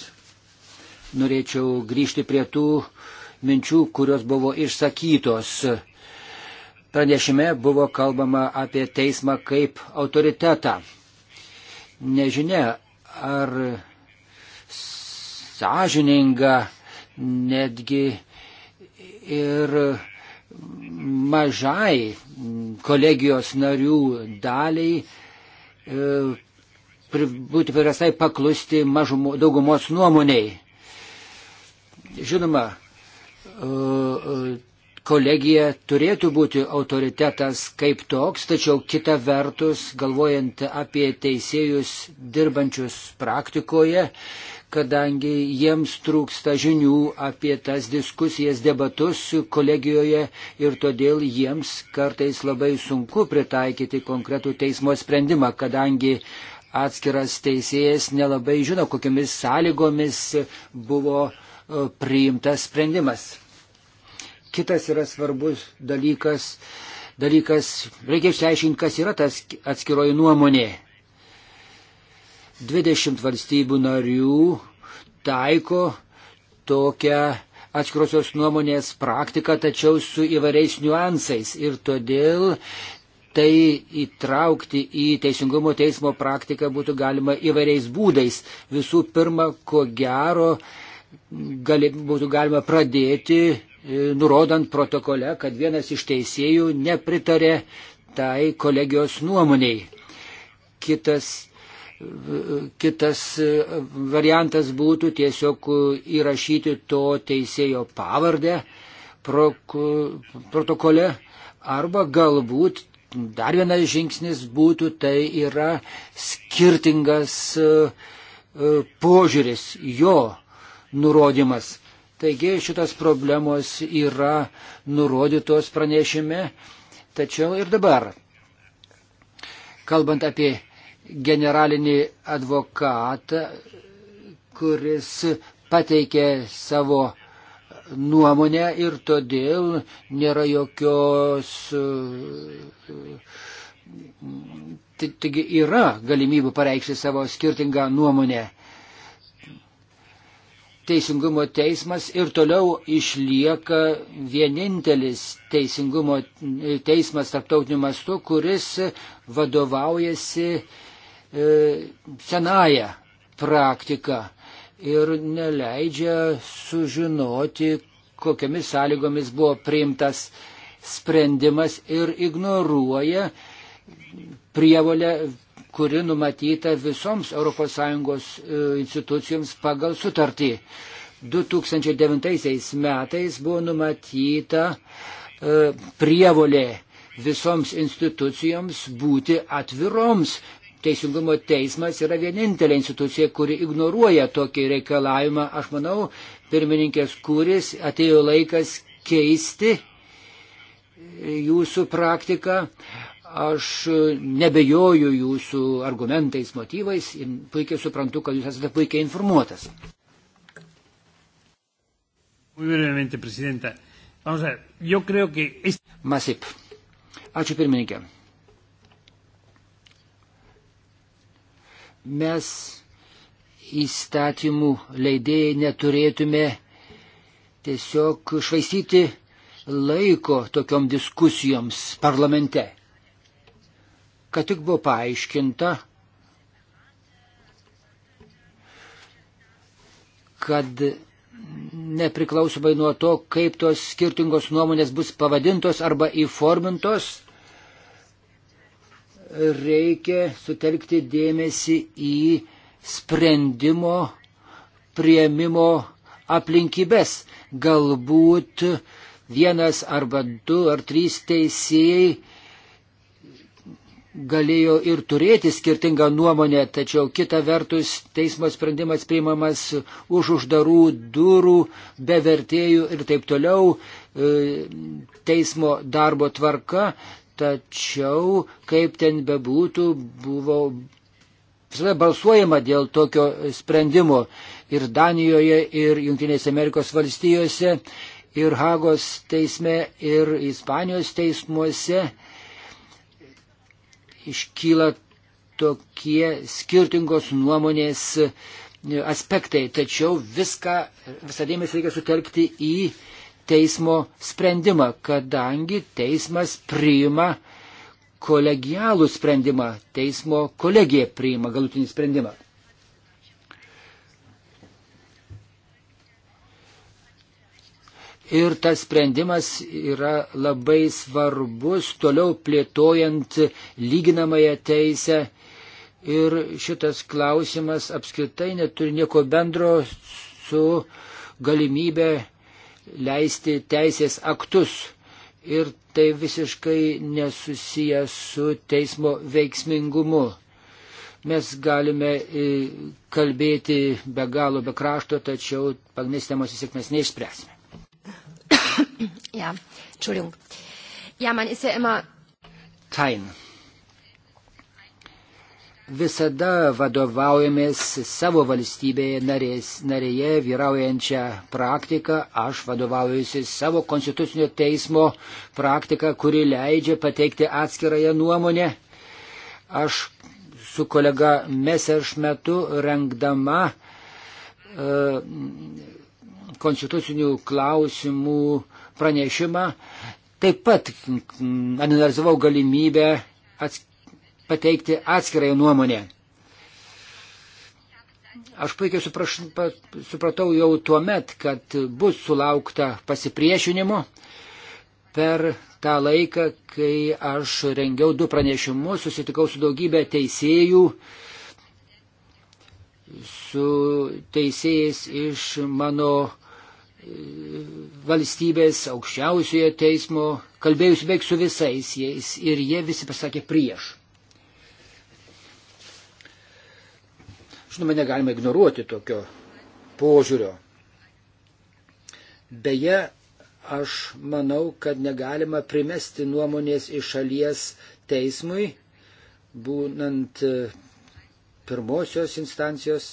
Norėčiau grįžti prie tų minčių, kurios buvo išsakytos Pranešime buvo kalbama apie teismą kaip autoritetą. Nežinia, ar sąžininga netgi ir mažai kolegijos narių daliai e, būti priversai paklusti mažumo, daugumos nuomoniai. Žinoma, e, e, kolegija turėtų būti autoritetas kaip toks, tačiau kita vertus, galvojant apie teisėjus dirbančius praktikoje, kadangi jiems trūksta žinių apie tas diskusijas, debatus kolegijoje ir todėl jiems kartais labai sunku pritaikyti konkretų teismo sprendimą, kadangi atskiras teisėjas nelabai žino, kokiamis sąlygomis buvo e, priimtas sprendimas kitas yra svarbus dalykas, dalykas reikia išsiaiškinti, kas yra tas atskiroji nuomonė. 20 valstybių narių taiko tokią atskirosios nuomonės praktiką, tačiau su įvairiais niuansais. Ir todėl tai įtraukti į Teisingumo teismo praktiką būtų galima įvairiais būdais. Visų pirma, ko gero, gali, būtų galima pradėti E, nurodant protokole, kad vienas iš teisėjų nepritarė tai kolegijos nuomoniai. Kitas, kitas e, variantas būtų tiesiog įrašyti to teisėjo pavardę proku, protokole arba galbūt dar vienas žingsnis būtų tai yra skirtingas e, požiūris, jo nurodymas. Taigi šitas problemos yra nurodytos pranešime, tačiau ir dabar, kalbant apie generalinį advokatą, kuris pateikė savo nuomonę ir todėl nėra jokios. Taigi yra galimybių pareikšti savo skirtingą nuomonę. Teisingumo teismas ir toliau išlieka vienintelis teisingumo teismas tarptautiniu mastu, kuris vadovaujasi e, senaja praktika ir neleidžia sužinoti, kokiamis sąlygomis buvo priimtas sprendimas ir ignoruoja prievolę kuri numatyta visoms ES e, institucijoms pagal sutartį. 2009 metais buvo numatyta e, prievolė visoms institucijoms būti atviroms. Teisingumo teismas yra vienintelė institucija, kuri ignoruoja tokį reikalavimą. Aš manau, pirmininkės kūris atėjo laikas keisti jūsų praktiką. Aš nebejoju jūsų argumentais, motyvais ir puikiai suprantu, kad jūs esate puikiai informuotas. Masip. Ačiū pirmininkė. Mes įstatymų leidėjai neturėtume tiesiog švaistyti laiko tokiom diskusijoms parlamente kad tik buvo paaiškinta, kad nepriklausomai nuo to, kaip tos skirtingos nuomonės bus pavadintos arba įformintos, reikia sutelkti dėmesį į sprendimo prieimimo aplinkybės. Galbūt vienas arba du ar trys teisėjai galėjo ir turėti skirtingą nuomonę, tačiau kita vertus teismo sprendimas priimamas už uždarų durų, be vertėjų ir taip toliau, e, teismo darbo tvarka, tačiau kaip ten bebūtų, buvo visada balsuojama dėl tokio sprendimo ir Danijoje, ir Junktinėse Amerikos valstijose, ir Hagos teisme, ir Ispanijos teismuose iškyla tokie skirtingos nuomonės aspektai, tačiau viską, visą dėmesį reikia sutelkti į teismo sprendimą, kadangi teismas priima kolegialų sprendimą, teismo kolegija priima galutinį sprendimą. Ir tas sprendimas yra labai svarbus toliau plėtojant lyginamąją teisę. Ir šitas klausimas apskritai neturi nieko bendro su galimybė leisti teisės aktus. Ir tai visiškai nesusiję su teismo veiksmingumu. Mes galime e, kalbėti be galo, be krašto, tačiau pagrindinės temos įsikmės neišspręsime. [coughs] ja, Entschuldigung. Ja, man ist ja immer. Tain. Visada vadovaujamės savo valstybėje narės, narėje vyraujančią praktiką. Aš vadovaujusi savo konstitucinio teismo praktiką, kuri leidžia pateikti atskirąją nuomonę. Aš su kolega Messeršmetu rengdama uh, konstitucinių klausimų pranešimą, taip pat analizavau galimybę ats pateikti atskirąją nuomonę. Aš puikiai supraš, pa, supratau jau tuo met, kad bus sulaukta pasipriešinimo per tą laiką, kai aš rengiau du pranešimus, susitikau su daugybė teisėjų, su teisėjais iš mano valstybės aukščiausiojo teismo, kalbėjusi beveik su visais jais ir jie visi pasakė prieš. Žinoma, negalima ignoruoti tokio požiūrio. Beje, aš manau, kad negalima primesti nuomonės iš šalies teismui, būnant e, pirmosios instancijos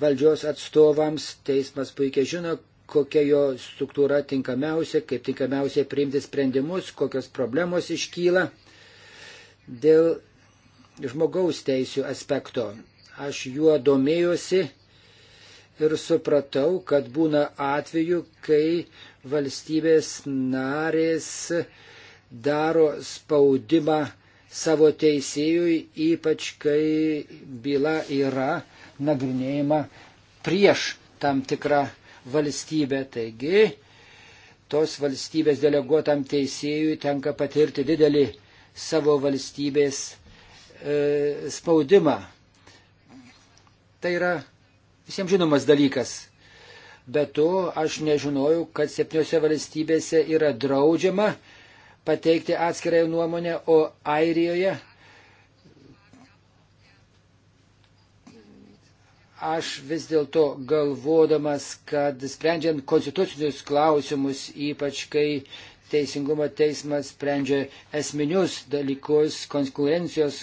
valdžios atstovams. Teismas puikiai žino, kokia jo struktūra tinkamiausia, kaip tinkamiausiai priimti sprendimus, kokios problemos iškyla dėl žmogaus teisų aspekto. Aš juo domėjosi ir supratau, kad būna atveju, kai valstybės narės daro spaudimą savo teisėjui, ypač kai byla yra nagrinėjama prieš tam tikrą valstybę. Taigi, tos valstybės deleguotam teisėjui tenka patirti didelį savo valstybės e, spaudimą. Tai yra visiems žinomas dalykas. Be to, aš nežinojau, kad septyniose valstybėse yra draudžiama pateikti atskirąją nuomonę, o Airijoje aš vis dėlto galvodamas, kad sprendžiant konstitucinius klausimus, ypač kai Teisingumo teismas sprendžia esminius dalykus, konkurencijos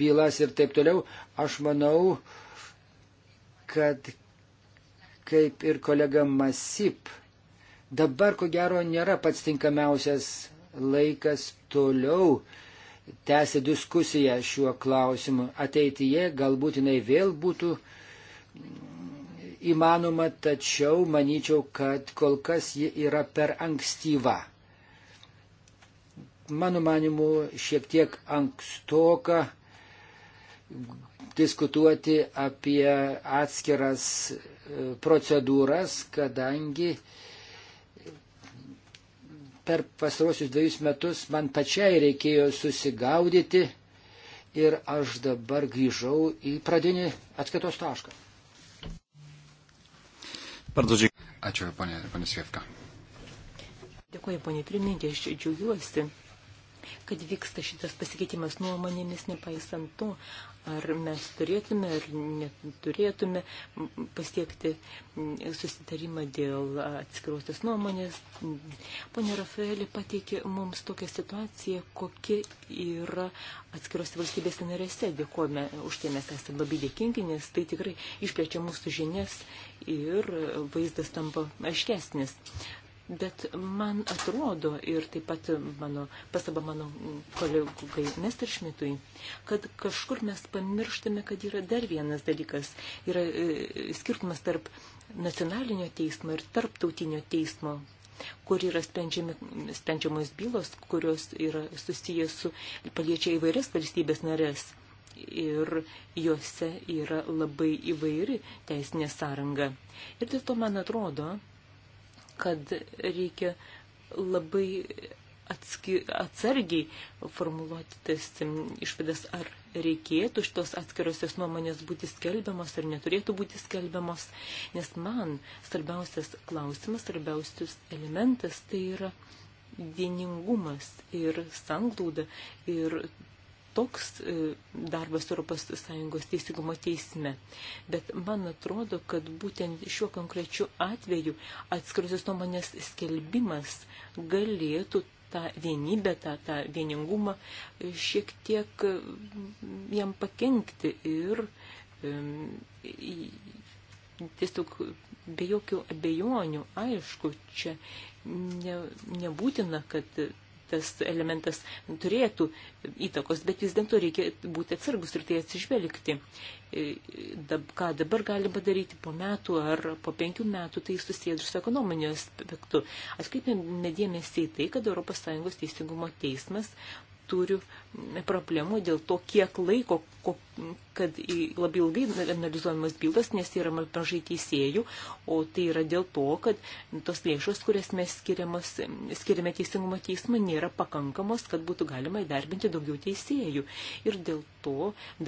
bylas ir taip toliau, aš manau, kad kaip ir kolega Masip, dabar ko gero nėra pats tinkamiausias laikas toliau tęsti diskusiją šiuo klausimu. Ateityje galbūt jinai vėl būtų įmanoma, tačiau manyčiau, kad kol kas ji yra per ankstyva. Mano manimu, šiek tiek ankstoka diskutuoti apie atskiras e, procedūras, kadangi uh, per pastarosius dviejus metus man pačiai reikėjo susigaudyti ir aš dabar grįžau į pradinį atskaitos tašką. Ačiū, ponė, ponė Svievka. Dėkuoju, ponė pirmininkė, aš džiaugiuosi, kad vyksta šitas pasikeitimas nuomonėmis, nepaisant to, ar mes turėtume ar neturėtume pasiekti mm, susitarimą dėl atskirausios nuomonės. Pone Rafaelį pateikė mums tokią situaciją, kokia yra atskiros valstybės narėse. Dėkojame už tai, mes esame labai dėkingi, nes tai tikrai išplečia mūsų žinias ir vaizdas tampa aiškesnis. Bet man atrodo, ir taip pat mano, pasaba mano kolegai Mester Šmitui, kad kažkur mes pamirštame, kad yra dar vienas dalykas. Yra e, skirtumas tarp nacionalinio teismo ir tarptautinio teismo kur yra sprendžiamos bylos, kurios yra susijęs su paliečia įvairias valstybės narės. Ir juose yra labai įvairi teisinė sąranga. Ir dėl to, man atrodo, kad reikia labai atski, atsargiai formuluoti tas išvadas, ar reikėtų šitos atskirosios nuomonės būti skelbiamos ar neturėtų būti skelbiamos, nes man svarbiausias klausimas, svarbiausias elementas tai yra vieningumas ir sanglauda ir toks e, darbas Europos Sąjungos teisingumo teisme. Bet man atrodo, kad būtent šiuo konkrečiu atveju atskirusios nuomonės skelbimas galėtų tą vienybę, tą, tą vieningumą e, šiek tiek e, jam pakenkti ir tiesiog be jokių abejonių, aišku, čia ne, nebūtina, kad tas elementas turėtų įtakos, bet vis dėlto reikia būti atsargus ir tai atsižvelgti. E, ką dabar galima daryti po metų ar po penkių metų, tai susijęs su ekonominiu aspektu. Atkreipėme dėmesį į tai, kad ES teisingumo teismas turiu problemų dėl to, kiek laiko, kad labai ilgai analizuojamas bylas, nes yra mažai teisėjų, o tai yra dėl to, kad tos lėšos, kurias mes skiriame teisingumo teismą, nėra pakankamos, kad būtų galima įdarbinti daugiau teisėjų. Ir dėl to,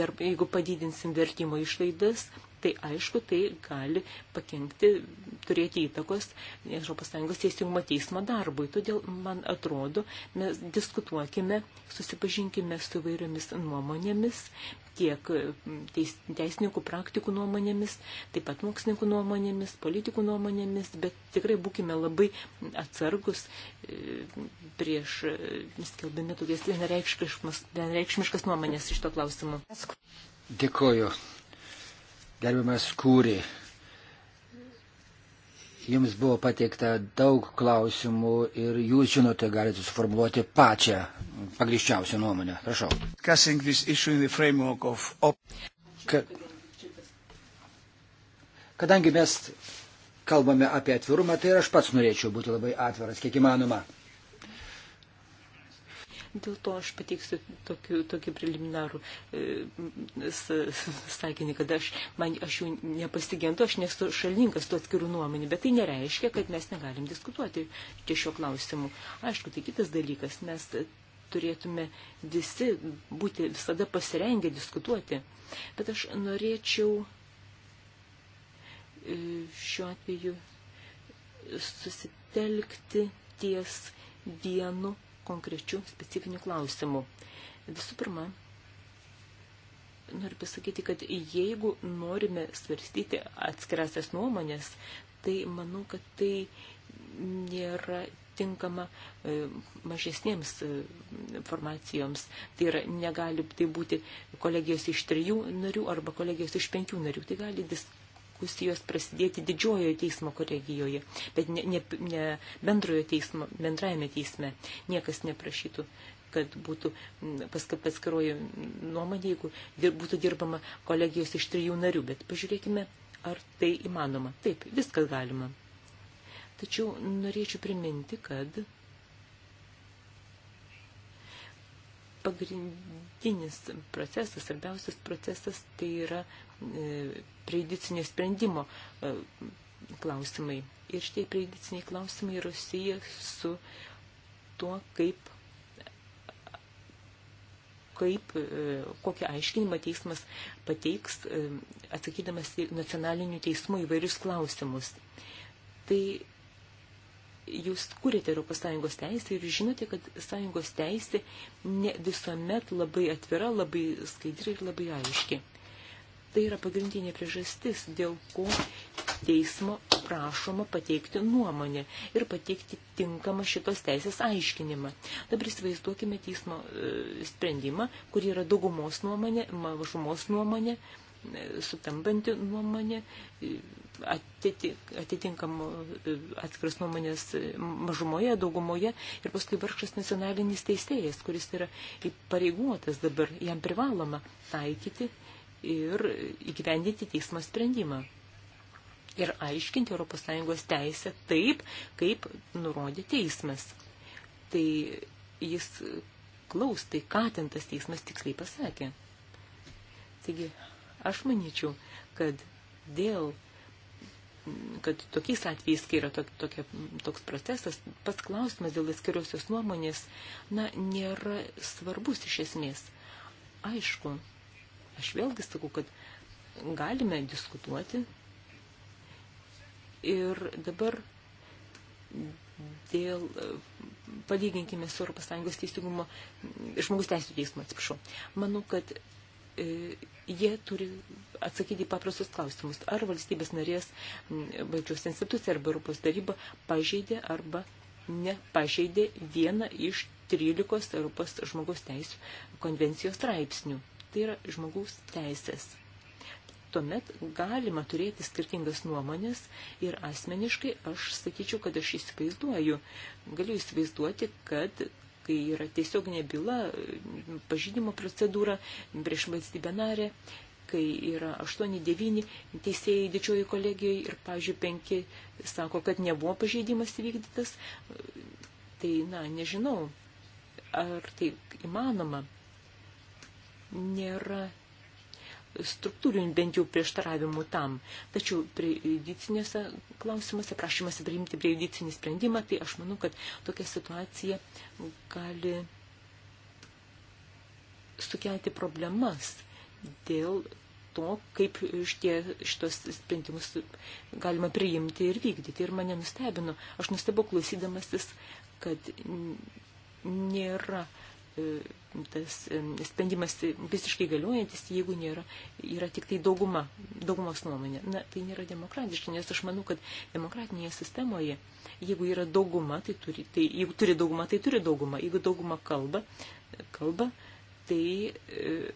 dar, jeigu padidinsim vertimo išlaidas, tai aišku, tai gali pakengti, turėti įtakos ES teisingumo teismo darbui. Todėl, man atrodo, mes diskutuokime, susipažinkime su įvairiomis nuomonėmis, tiek mm, teis, teisininkų praktikų nuomonėmis, taip pat mokslininkų nuomonėmis, politikų nuomonėmis, bet tikrai būkime labai atsargus e, prieš e, skelbime tokias vienareikšmiškas nuomonės iš to klausimu. Dėkoju. Gerbiamas Kūri, jums buvo pateikta daug klausimų ir jūs žinote, galite suformuoluoti pačią pagriščiausią nuomonę. Prašau. Kad, kadangi mes kalbame apie atvirumą, tai ir aš pats norėčiau būti labai atviras, kiek įmanoma. Dėl to aš pateiksiu tokį, tokį preliminarų e, sakinį, kad aš, man, aš jų nepasigendu, aš nesu šalininkas tų atskirų nuomonį, bet tai nereiškia, kad mes negalim diskutuoti čia šio klausimu. Aišku, tai kitas dalykas, mes turėtume visi būti visada pasirengę diskutuoti, bet aš norėčiau e, šiuo atveju susitelkti ties vienu konkrečių specifinių klausimų. Visų pirma, noriu pasakyti, kad jeigu norime svarstyti atskirasias nuomonės, tai manau, kad tai nėra tinkama e, mažesnėms e, formacijoms. Tai yra, negali tai būti kolegijos iš trijų narių arba kolegijos iš penkių narių. Tai gali dis, diskusijos prasidėti didžiojoje teismo kolegijoje, bet ne, ne, ne bendrojo teismo, bendrajame teisme. Niekas neprašytų kad būtų paskat atskiroji nuomonė, jeigu dir, būtų dirbama kolegijos iš trijų narių, bet pažiūrėkime, ar tai įmanoma. Taip, viskas galima. Tačiau norėčiau priminti, kad pagrindinis procesas, svarbiausias procesas, tai yra prejudicinio e, sprendimo e, klausimai. Ir štai prejudiciniai klausimai yra susiję su tuo, kaip, kaip e, kokią aiškinimą teismas pateiks, atsakydamas į nacionalinių teismų įvairius klausimus. Tai jūs kūrėte Europos Sąjungos teisę ir žinote, kad Sąjungos teisė ne visuomet labai atvira, labai skaidri ir labai aiški. Tai yra pagrindinė priežastis, dėl ko teismo prašoma pateikti nuomonę ir pateikti tinkamą šitos teisės aiškinimą. Dabar įsivaizduokime teismo e, sprendimą, kur yra daugumos nuomonė, mažumos nuomonė, e, sutambanti nuomonė, e, atitinkam e, atskiras nuomonės e, mažumoje, daugumoje ir paskui vargšas nacionalinis teisėjas, kuris yra pareiguotas dabar, jam privaloma taikyti ir įgyvendinti teismo sprendimą. Ir aiškinti ES teisę taip, kaip nurodė teismas. Tai jis klaus, tai ką ten tas teismas tiksliai pasakė. Taigi, aš manyčiau, kad dėl kad tokiais atvejais, kai yra to, tokia, toks procesas, pats klausimas dėl atskiriosios nuomonės, na, nėra svarbus iš esmės. Aišku, aš vėlgi sakau, kad galime diskutuoti. Ir dabar dėl, palyginkime su Europos Sąjungos teisingumo, žmogus teisų teismo, atsiprašau. Manau, kad E, jie turi atsakyti į paprastus klausimus. Ar valstybės narės valdžios institucija arba Europos taryba pažeidė arba nepažeidė vieną iš 13 Europos žmogaus teisų konvencijos straipsnių. Tai yra žmogaus teisės. Tuomet galima turėti skirtingas nuomonės ir asmeniškai aš sakyčiau, kad aš įsivaizduoju, galiu įsivaizduoti, kad kai yra tiesioginė byla, pažydimo procedūra prieš valstybę narę, kai yra 8-9 teisėjai didžioji kolegijoje ir, pažiūrėjau, 5 sako, kad nebuvo pažeidimas įvykdytas, tai, na, nežinau, ar tai įmanoma. Nėra struktūrinių bent jau prieštaravimų tam. Tačiau prejudicinėse klausimuose prašymas priimti prejudicinį sprendimą, tai aš manau, kad tokia situacija gali sukelti problemas dėl to, kaip šitie, šitos sprendimus galima priimti ir vykdyti. Ir mane nustebino, aš nustebau klausydamasis, kad nėra uh, E, tas e, sprendimas visiškai galiojantis, jeigu nėra, yra tik tai dauguma, daugumos nuomonė. Na, tai nėra demokratiška, nes aš manau, kad demokratinėje sistemoje, jeigu yra dauguma, tai turi, tai, jeigu turi dauguma, tai turi dauguma. Jeigu dauguma kalba, kalba tai e,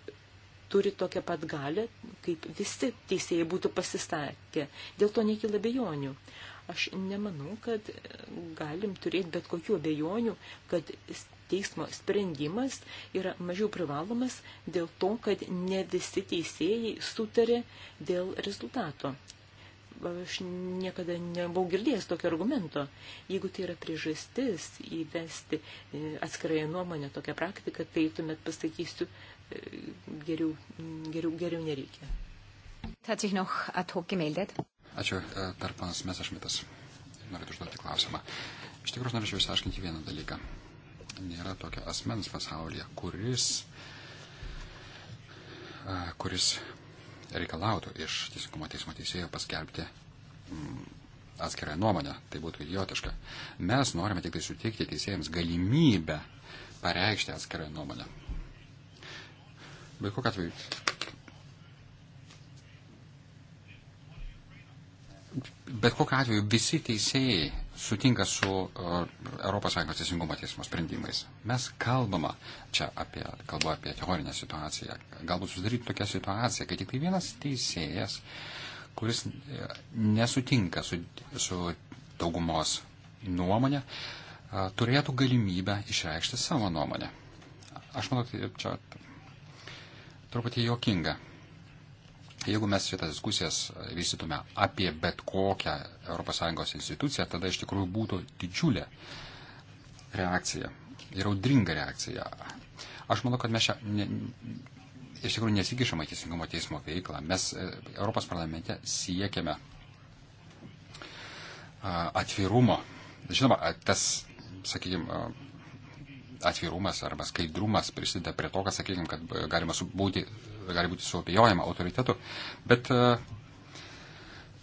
turi tokią pat galę, kaip visi teisėjai būtų pasistatę. Dėl to nekyla bejonių. E, Aš nemanau, kad galim turėti bet kokių abejonių, kad teismo sprendimas yra mažiau privalomas dėl to, kad ne visi teisėjai sutarė dėl rezultato. Aš niekada nebuvau girdėjęs tokio argumento. Jeigu tai yra priežastis įvesti e, atskirąją nuomonę tokią praktiką, tai tuomet pasakysiu, e, geriau, geriau, geriau nereikia. Hat sich noch ad hoc gemeldet? Ačiū, e, dar panas Mesašmitas. Norėtų užduoti klausimą. Iš tikrųjų, norėčiau išsiaiškinti vieną dalyką. Nėra tokio asmens pasaulyje, kuris, e, kuris reikalautų iš teisingumo teismo teisėjo paskelbti mm, atskirą nuomonę. Tai būtų idiotiška. Mes norime tik tai suteikti teisėjams galimybę pareikšti atskirą nuomonę. Bet kokia atveju bet kokiu atveju visi teisėjai sutinka su uh, ES teisingumo teismo sprendimais. Mes kalbama čia apie, kalbu apie teorinę situaciją. Galbūt susidaryti tokią situaciją, kai tik tai vienas teisėjas, kuris uh, nesutinka su, su daugumos nuomonė, uh, turėtų galimybę išreikšti savo nuomonę. Aš manau, tai čia truputį jokinga Jeigu mes šitas diskusijas vystytume apie bet kokią ES instituciją, tada iš tikrųjų būtų didžiulė reakcija ir audringa reakcija. Aš manau, kad mes čia ne, iš tikrųjų nesigišame į teisingumo teismo veiklą. Mes e, Europos parlamente siekiame atvirumo. Žinoma, tas, sakykime, atvirumas arba skaidrumas prisideda prie to, kad, sakykime, kad galima būti, gali būti suopijojama autoritetu. Bet, e,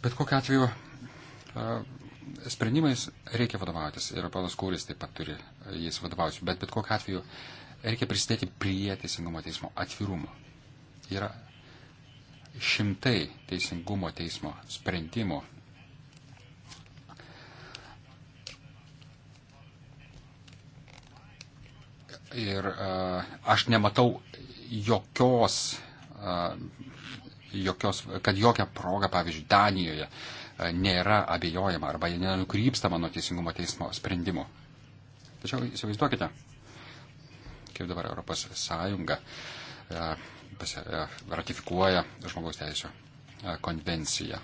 bet kokiu atveju e, sprendimais reikia vadovautis ir panas Kūris taip pat turi e, jais vadovautis. Bet bet kokiu atveju reikia prisidėti prie teisingumo teismo atvirumo. Yra šimtai teisingumo teismo sprendimų Ir e, aš nematau jokios, e, jokios kad jokia proga, pavyzdžiui, Danijoje e, nėra abejojama arba jie nenukrypstama nuo teisingumo teismo sprendimo. Tačiau įsivaizduokite, kaip dabar Europos Sąjunga ratifikuoja žmogaus teisų konvenciją.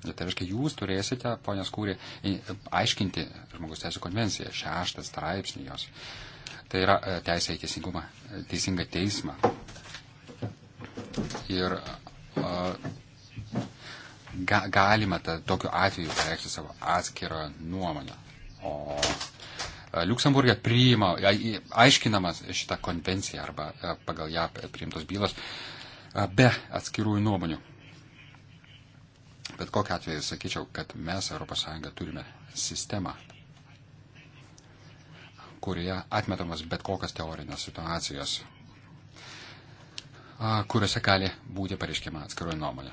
Tai reiškia, jūs turėsite, ponės Kūrė, aiškinti žmogus teisų konvenciją, šeštą straipsnį jos. Uh, Tai yra e, teisė į teisingumą, e, teisingą teismą. Ir ga, galima ta, tokiu atveju pareikšti savo atskirą nuomonę. O e, Luksemburgė priima, aiškinamas šitą konvenciją arba pagal ją priimtos bylos be atskirųjų nuomonių. Bet kokiu atveju sakyčiau, kad mes ES turime sistemą kurioje atmetamos bet kokios teorinės situacijos, kuriuose gali būti pareiškima atskiroji nuomonė.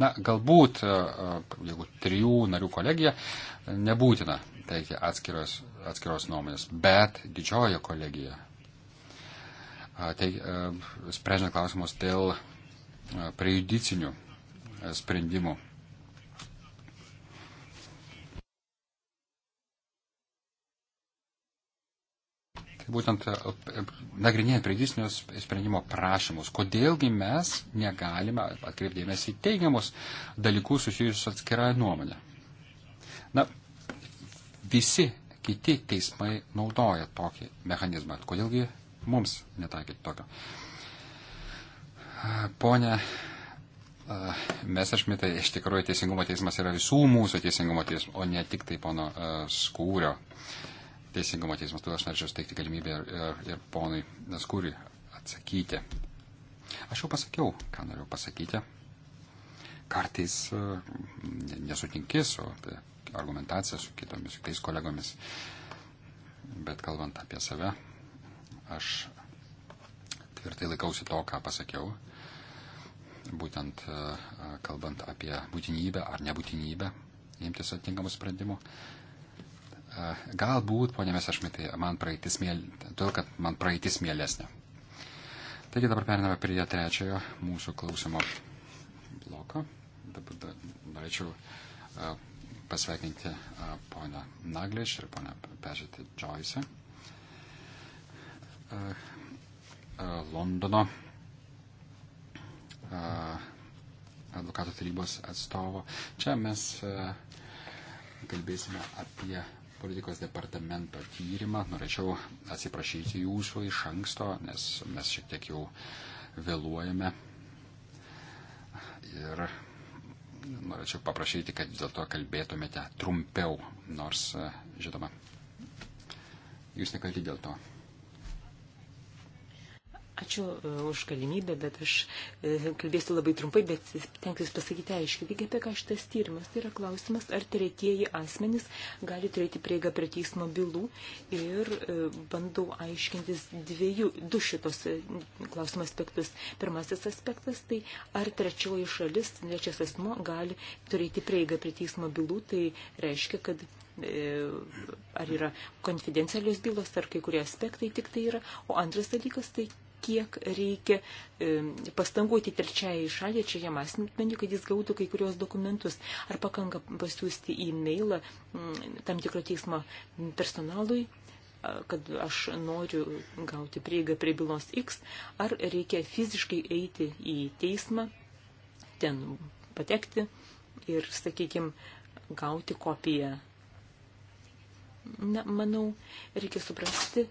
Na, galbūt, jeigu trijų narių kolegija, nebūtina teikti atskiros, atskiros nuomonės, bet didžioji kolegija, tai sprendžia klausimus dėl prejudicinių sprendimų būtent e, nagrinėjant pridisnio sprendimo prašymus, kodėlgi mes negalime atkreipdėmėsi į teigiamus dalykus susijusius atskirą nuomonę. Na, visi kiti teismai naudoja tokį mechanizmą. Kodėlgi mums netaikyti tokio? Pone Mesešmitai, iš tikrųjų teisingumo teismas yra visų mūsų teisingumo teismas, o ne tik tai pono Skūrio. Uh, Teisingumo teismas, todėl aš norėčiau steigti galimybę ir, ir, ir ponui Naskūriui atsakyti. Aš jau pasakiau, ką norėjau pasakyti. Kartais e, nesutinki su argumentacija, su kitomis, su kitais kolegomis, bet kalbant apie save, aš tvirtai laikausi to, ką pasakiau, būtent e, kalbant apie būtinybę ar nebūtinybę imtis atitinkamų sprendimų. Galbūt, ponė Mesašmitai, man praeitis mėl... todėl, kad man praeitis mėlesnė. Taigi dabar periname prie trečiojo mūsų klausimo bloko. Dabar da, norėčiau uh, pasveikinti uh, ponę Nagliš ir ponę Pežitį Džoisę. Uh, uh, Londono uh, advokatų tarybos atstovo. Čia mes uh, kalbėsime apie politikos departamento tyrimą. Norėčiau atsiprašyti jūsų iš anksto, nes mes šiek tiek jau vėluojame. Ir norėčiau paprašyti, kad vis dėlto kalbėtumėte trumpiau, nors, žinoma, jūs nekalti dėl to. Ačiū e, už galimybę, bet aš e, kalbėsiu labai trumpai, bet tenksiu pasakyti aiškiai. Taigi apie ką šitas tyrimas? Tai yra klausimas, ar tretieji asmenys gali turėti prieigą prie teismo bylų ir e, bandau aiškintis dviejų, du šitos klausimo aspektus. Pirmasis aspektas, tai ar trečioji šalis, trečias asmo gali turėti prieigą prie teismo bylų, tai reiškia, kad ar yra konfidencialios bylos, ar kai kurie aspektai tik tai yra. O antras dalykas, tai kiek reikia e, pastanguoti trečiajai šaliai, čia jam asmeniu, kad jis gautų kai kurios dokumentus. Ar pakanka pasiūsti e-mailą mm, tam tikro teismo personalui, kad aš noriu gauti prieigą prie bylos X, ar reikia fiziškai eiti į teismą, ten patekti ir, sakykime, gauti kopiją. Na, manau, reikia suprasti,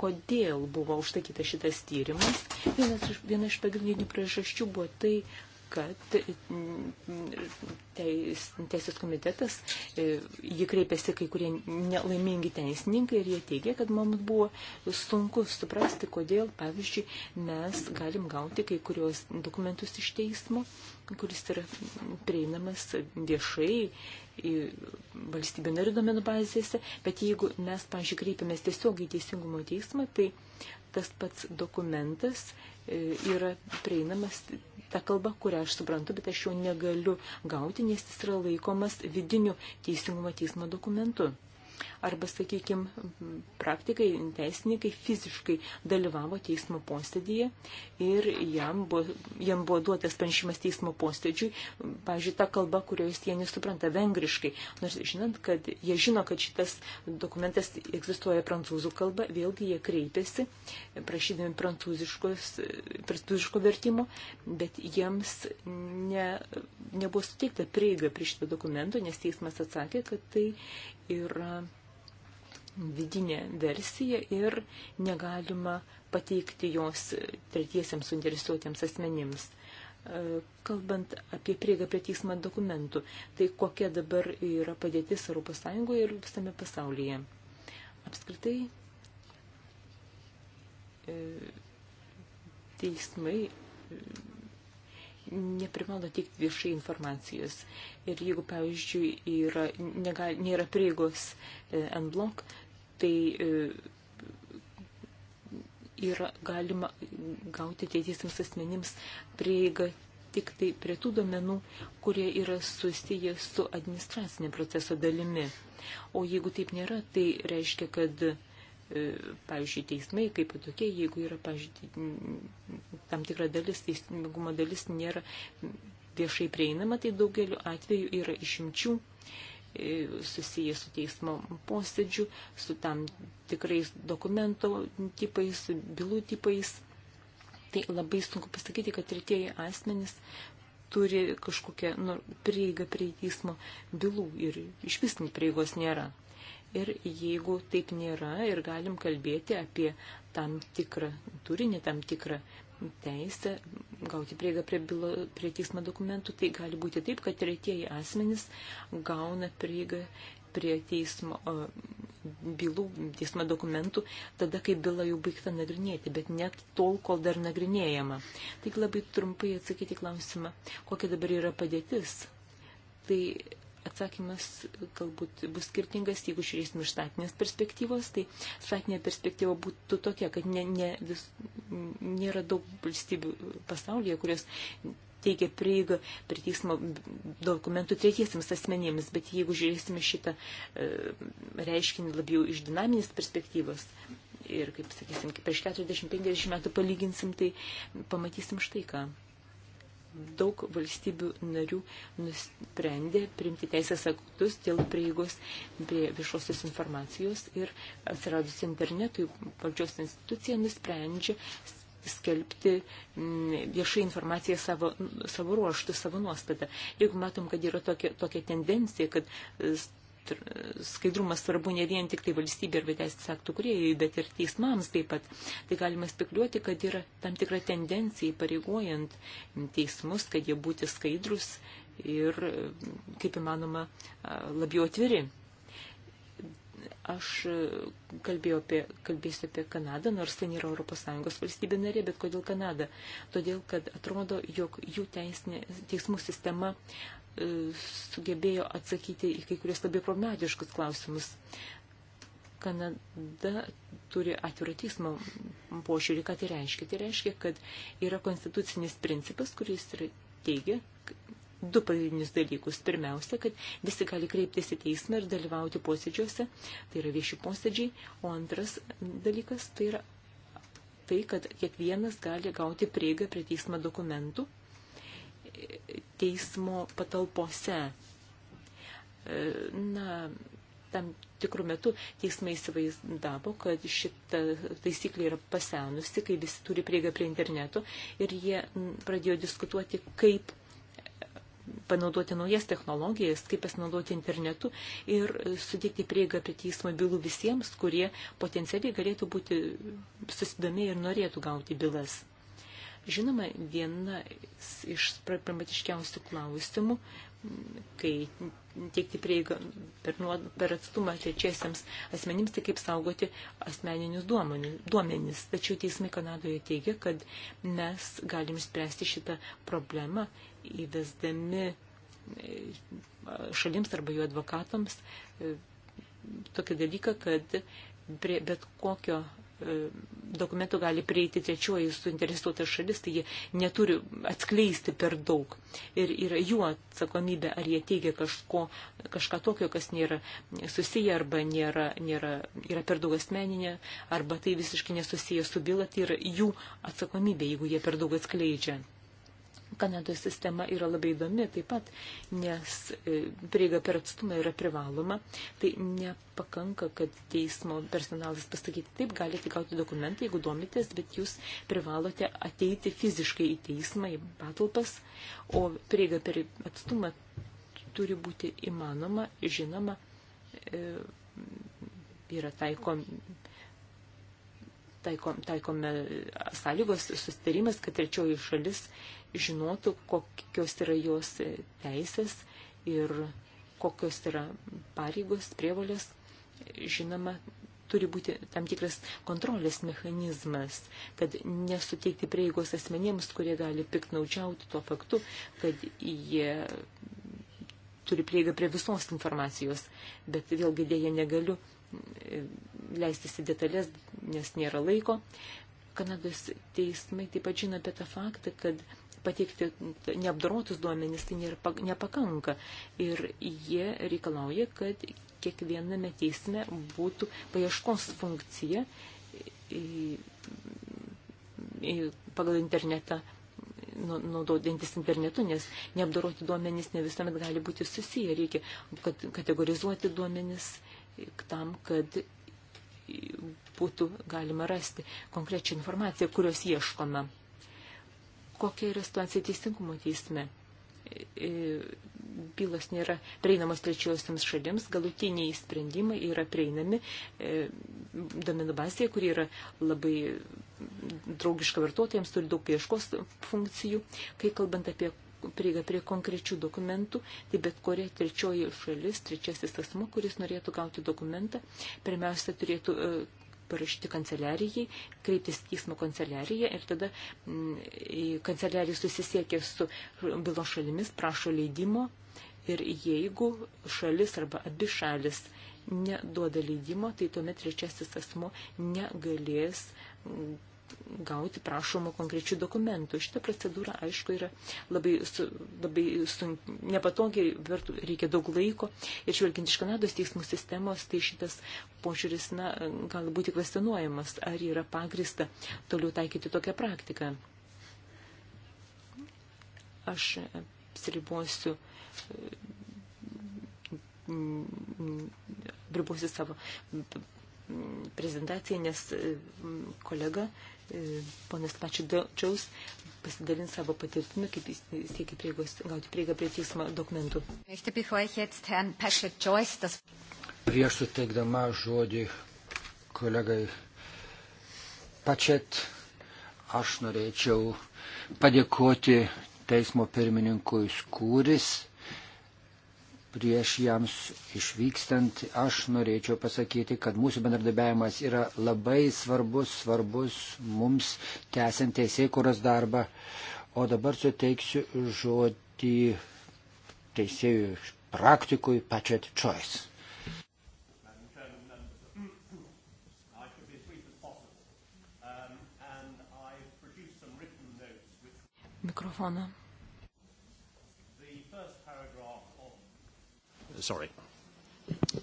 kodėl buvo užsakytas šitas tyrimas. Vienas iš, viena iš pagrindinių priežasčių buvo tai, kad mm, teis, teisės komitetas, e, jį kreipėsi kai kurie nelaimingi teisininkai ir jie teigia, kad mums buvo sunku suprasti, kodėl, pavyzdžiui, mes galim gauti kai kurios dokumentus iš teismo kuris yra prieinamas viešai valstybė narių domenų bazėse, bet jeigu mes, pažiūrėjau, kreipiamės tiesiog į Teisingumo teismą, tai tas pats dokumentas e, yra prieinamas ta kalba, kurią aš suprantu, bet aš jo negaliu gauti, nes jis yra laikomas vidiniu Teisingumo teismo dokumentu arba, sakykime, praktikai, teisininkai fiziškai dalyvavo teismo posėdėje ir jam buvo, jam buvo duotas pranešimas teismo posėdžiui, pažiūrėjau, ta kalba, kurios jie nesupranta vengriškai, nors žinant, kad jie žino, kad šitas dokumentas egzistuoja prancūzų kalba, vėlgi jie kreipėsi, prašydami prancūziško vertimo, bet jiems ne, nebuvo suteikta prieiga prie šito dokumento, nes teismas atsakė, kad tai yra e, vidinė versija ir negalima pateikti jos tretiesiams suinteresuotiems asmenims. E, kalbant apie prieigą prie teismo dokumentų, tai kokia dabar yra padėtis Europos Sąjungoje ir visame pasaulyje? Apskritai, e, teismai neprivalo teikti viešai informacijos. Ir jeigu, pavyzdžiui, yra, nega, nėra prieigos e, NBLOK, tai e, yra galima gauti teisėms asmenims prieigą tik tai prie tų domenų, kurie yra susiję su administracinė proceso dalimi. O jeigu taip nėra, tai reiškia, kad pavyzdžiui, teismai kaip tokie, jeigu yra, pavyzdžiui, tam tikra dalis, teisingumo dalis nėra viešai prieinama, tai daugeliu atveju yra išimčių e, susijęs su teismo posėdžiu, su tam tikrais dokumento tipais, bylų tipais. Tai labai sunku pasakyti, kad tretieji asmenys turi kažkokią nu, prieigą prie teismo bylų ir iš vis prieigos nėra. Ir jeigu taip nėra ir galim kalbėti apie tam tikrą turinį, tam tikrą teisę gauti prieigą prie, bylo, prie teismo dokumentų, tai gali būti taip, kad tretieji asmenys gauna prieigą prie teismo bylų, teismo dokumentų, tada, kai byla jau baigta nagrinėti, bet net tol, kol dar nagrinėjama. Tik labai trumpai atsakyti klausimą, kokia dabar yra padėtis. Tai atsakymas galbūt bus skirtingas, jeigu žiūrėsim iš statinės perspektyvos, tai statinė perspektyva būtų tokia, kad ne, ne, vis, nėra daug valstybių pasaulyje, kurios teikia prieigą prie teismo dokumentų tretiesiams asmenėms, bet jeigu žiūrėsime šitą e, reiškinį labiau iš dinaminės perspektyvos ir, kaip sakysim, kaip prieš 40-50 metų palyginsim, tai pamatysim štai ką daug valstybių narių nusprendė priimti teisės aktus dėl prieigos prie viešosios informacijos ir atsiradus internetui valdžios institucija nusprendžia skelbti mm, viešą informaciją savo, savo ruoštų, savo nuostatą. Jeigu matom, kad yra tokia, tokia tendencija, kad skaidrumas svarbu ne vien tik tai valstybė arba teisės aktų kuriejai, bet ir teismams taip pat. Tai galima spekuliuoti, kad yra tam tikra tendencija pareigojant teismus, kad jie būti skaidrus ir, kaip įmanoma, labiau atviri. Aš e, kalbėjau apie, kalbėsiu apie Kanadą, nors ten yra ES valstybė narė, bet kodėl Kanada? Todėl, kad atrodo, jog jų teisinė, teismų sistema uh, E, sugebėjo atsakyti į kai kurios labai problematiškus klausimus. Kanada turi atvirą teismo požiūrį. Ką tai reiškia? Tai reiškia, kad yra konstitucinis principas, kuris yra teigia du pagrindinius dalykus. Pirmiausia, kad visi gali kreiptis į teismą ir dalyvauti posėdžiuose, tai yra vieši posėdžiai. O antras dalykas tai yra tai, kad kiekvienas gali gauti prieigą prie teismo dokumentų teismo patalpose. E, na, tam tikrų metų teismai įsivaizdavo, kad šita taisyklė yra pasenusi, kai visi turi prieigą prie interneto ir jie pradėjo diskutuoti, kaip panaudoti naujas technologijas, kaip pasinaudoti internetu ir sudėti prieigą prie teismo bylų visiems, kurie potencialiai galėtų būti susidomėję ir norėtų gauti bylas. Žinoma, viena iš problematiškiausių klausimų, kai teikti prieigą per, nuo, per atstumą trečiesiams asmenims, tai kaip saugoti asmeninius duomenis. Tačiau teismai Kanadoje teigia, kad mes galim spręsti šitą problemą įvesdami e, šalims arba jų advokatams e, tokį dalyką, kad prie bet kokio dokumentų gali prieiti trečioji suinteresuota šalis, tai jie neturi atskleisti per daug. Ir yra jų atsakomybė, ar jie teigia kažko, kažką tokio, kas nėra susiję arba nėra, nėra, yra per daug asmeninė, arba tai visiškai nesusiję su byla, tai yra jų atsakomybė, jeigu jie per daug atskleidžia. Kanados sistema yra labai įdomi taip pat, nes e, prieiga per atstumą yra privaloma. Tai nepakanka, kad teismo personalas pasakyti taip, galite gauti dokumentą, jeigu domitės, bet jūs privalote ateiti fiziškai į teismą, į patalpas, o prieiga per atstumą turi būti įmanoma, žinoma, e, yra taikom taikome taikom sąlygos sustarimas, kad trečioji šalis žinotų, kokios yra jos teisės ir kokios yra pareigos, prievalės. Žinoma, turi būti tam tikras kontrolės mechanizmas, kad nesuteikti prieigos asmenėms, kurie gali piknaudžiauti tuo faktu, kad jie turi prieigą prie visos informacijos, bet vėlgi dėja negaliu e, leistis į detalės, nes nėra laiko. Kanados teismai taip pat žino apie tą faktą, kad pateikti neapdorotus duomenys, tai nėra, nepakanka. Ir jie reikalauja, kad kiekviename teisme būtų paieškos funkcija pagal internetą nu, naudodantis internetu, nes neapdoroti duomenys ne visuomet gali būti susiję. Reikia kad kategorizuoti duomenys tam, kad būtų galima rasti konkrečią informaciją, kurios ieškome kokia yra situacija teisingumo teisme. E, bylos nėra prieinamos trečiosiams šalims, galutiniai sprendimai yra prieinami e, domenų bazėje, kuri yra labai draugiška vartotojams, turi daug paieškos funkcijų. Kai kalbant apie prieiga prie konkrečių dokumentų, tai bet kuria trečioji šalis, trečiasis asmo, kuris norėtų gauti dokumentą, pirmiausia turėtų e, parašyti kanceliarijai, kreiptis teismo kanceliariją ir tada mm, kanceliarija susisiekia su bylo šalimis, prašo leidimo ir jeigu šalis arba abi šalis neduoda leidimo, tai tuomet trečiasis asmo negalės mm, gauti prašomų konkrečių dokumentų. Šita procedūra, aišku, yra labai, su, labai sunk, nepatogiai, reikia daug laiko. Ir žvelgiant iš Kanados teismų sistemos, tai šitas požiūris na, gali būti kvestionuojamas, ar yra pagrista toliau taikyti tokią praktiką. Aš apsiribuosiu apribuosiu savo prezentaciją, nes kolega E, ponas Pačiu Džiaus pasidalins savo patirtimi, kaip jis siekia prieigos, gauti prieigą prie teismo dokumentų. Prieš suteikdama žodį kolegai Pačet, aš norėčiau padėkoti teismo pirmininkui Skūris prieš jiems išvykstant, aš norėčiau pasakyti, kad mūsų bendradarbiavimas yra labai svarbus, svarbus mums tęsiant teisėkuros darbą. O dabar suteiksiu žodį teisėjų praktikui Patriot Choice. Mikrofoną. sorry.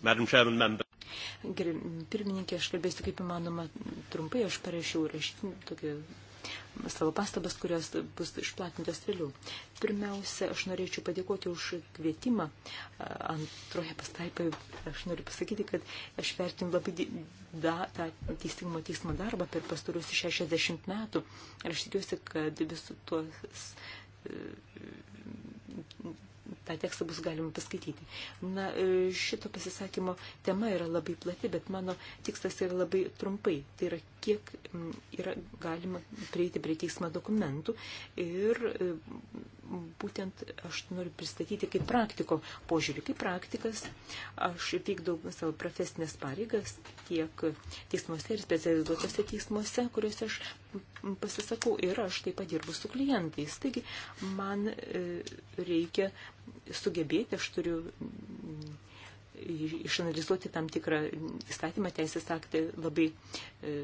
Madam Chairman, member. Pirmininkė, aš kalbėsiu kaip įmanoma trumpai, aš parašiau rašytinį tokį savo pastabas, kurios bus išplatintas vėliau. Pirmiausia, aš norėčiau padėkoti už kvietimą. Antroje pastaipai aš noriu pasakyti, kad aš vertinu labai da, tą teisingumo teismo darbą per pastarusius 60 metų. Ir aš tikiuosi, kad visų tuos e, tą tekstą bus galima paskaityti. Na, e, šito pasisakymo tema yra labai plati, bet mano tikslas yra labai trumpai. Tai yra, kiek yra galima prieiti prie teismo dokumentų ir e, būtent aš noriu pristatyti kaip praktiko požiūrį. Kaip praktikas aš vykdau savo profesinės pareigas tiek teismuose ir specializuotose teismuose, kuriuose aš pasisakau ir aš taip pat dirbu su klientais. Taigi man e, reikia sugebėti, aš turiu mm, išanalizuoti tam tikrą įstatymą teisės aktą labai, e,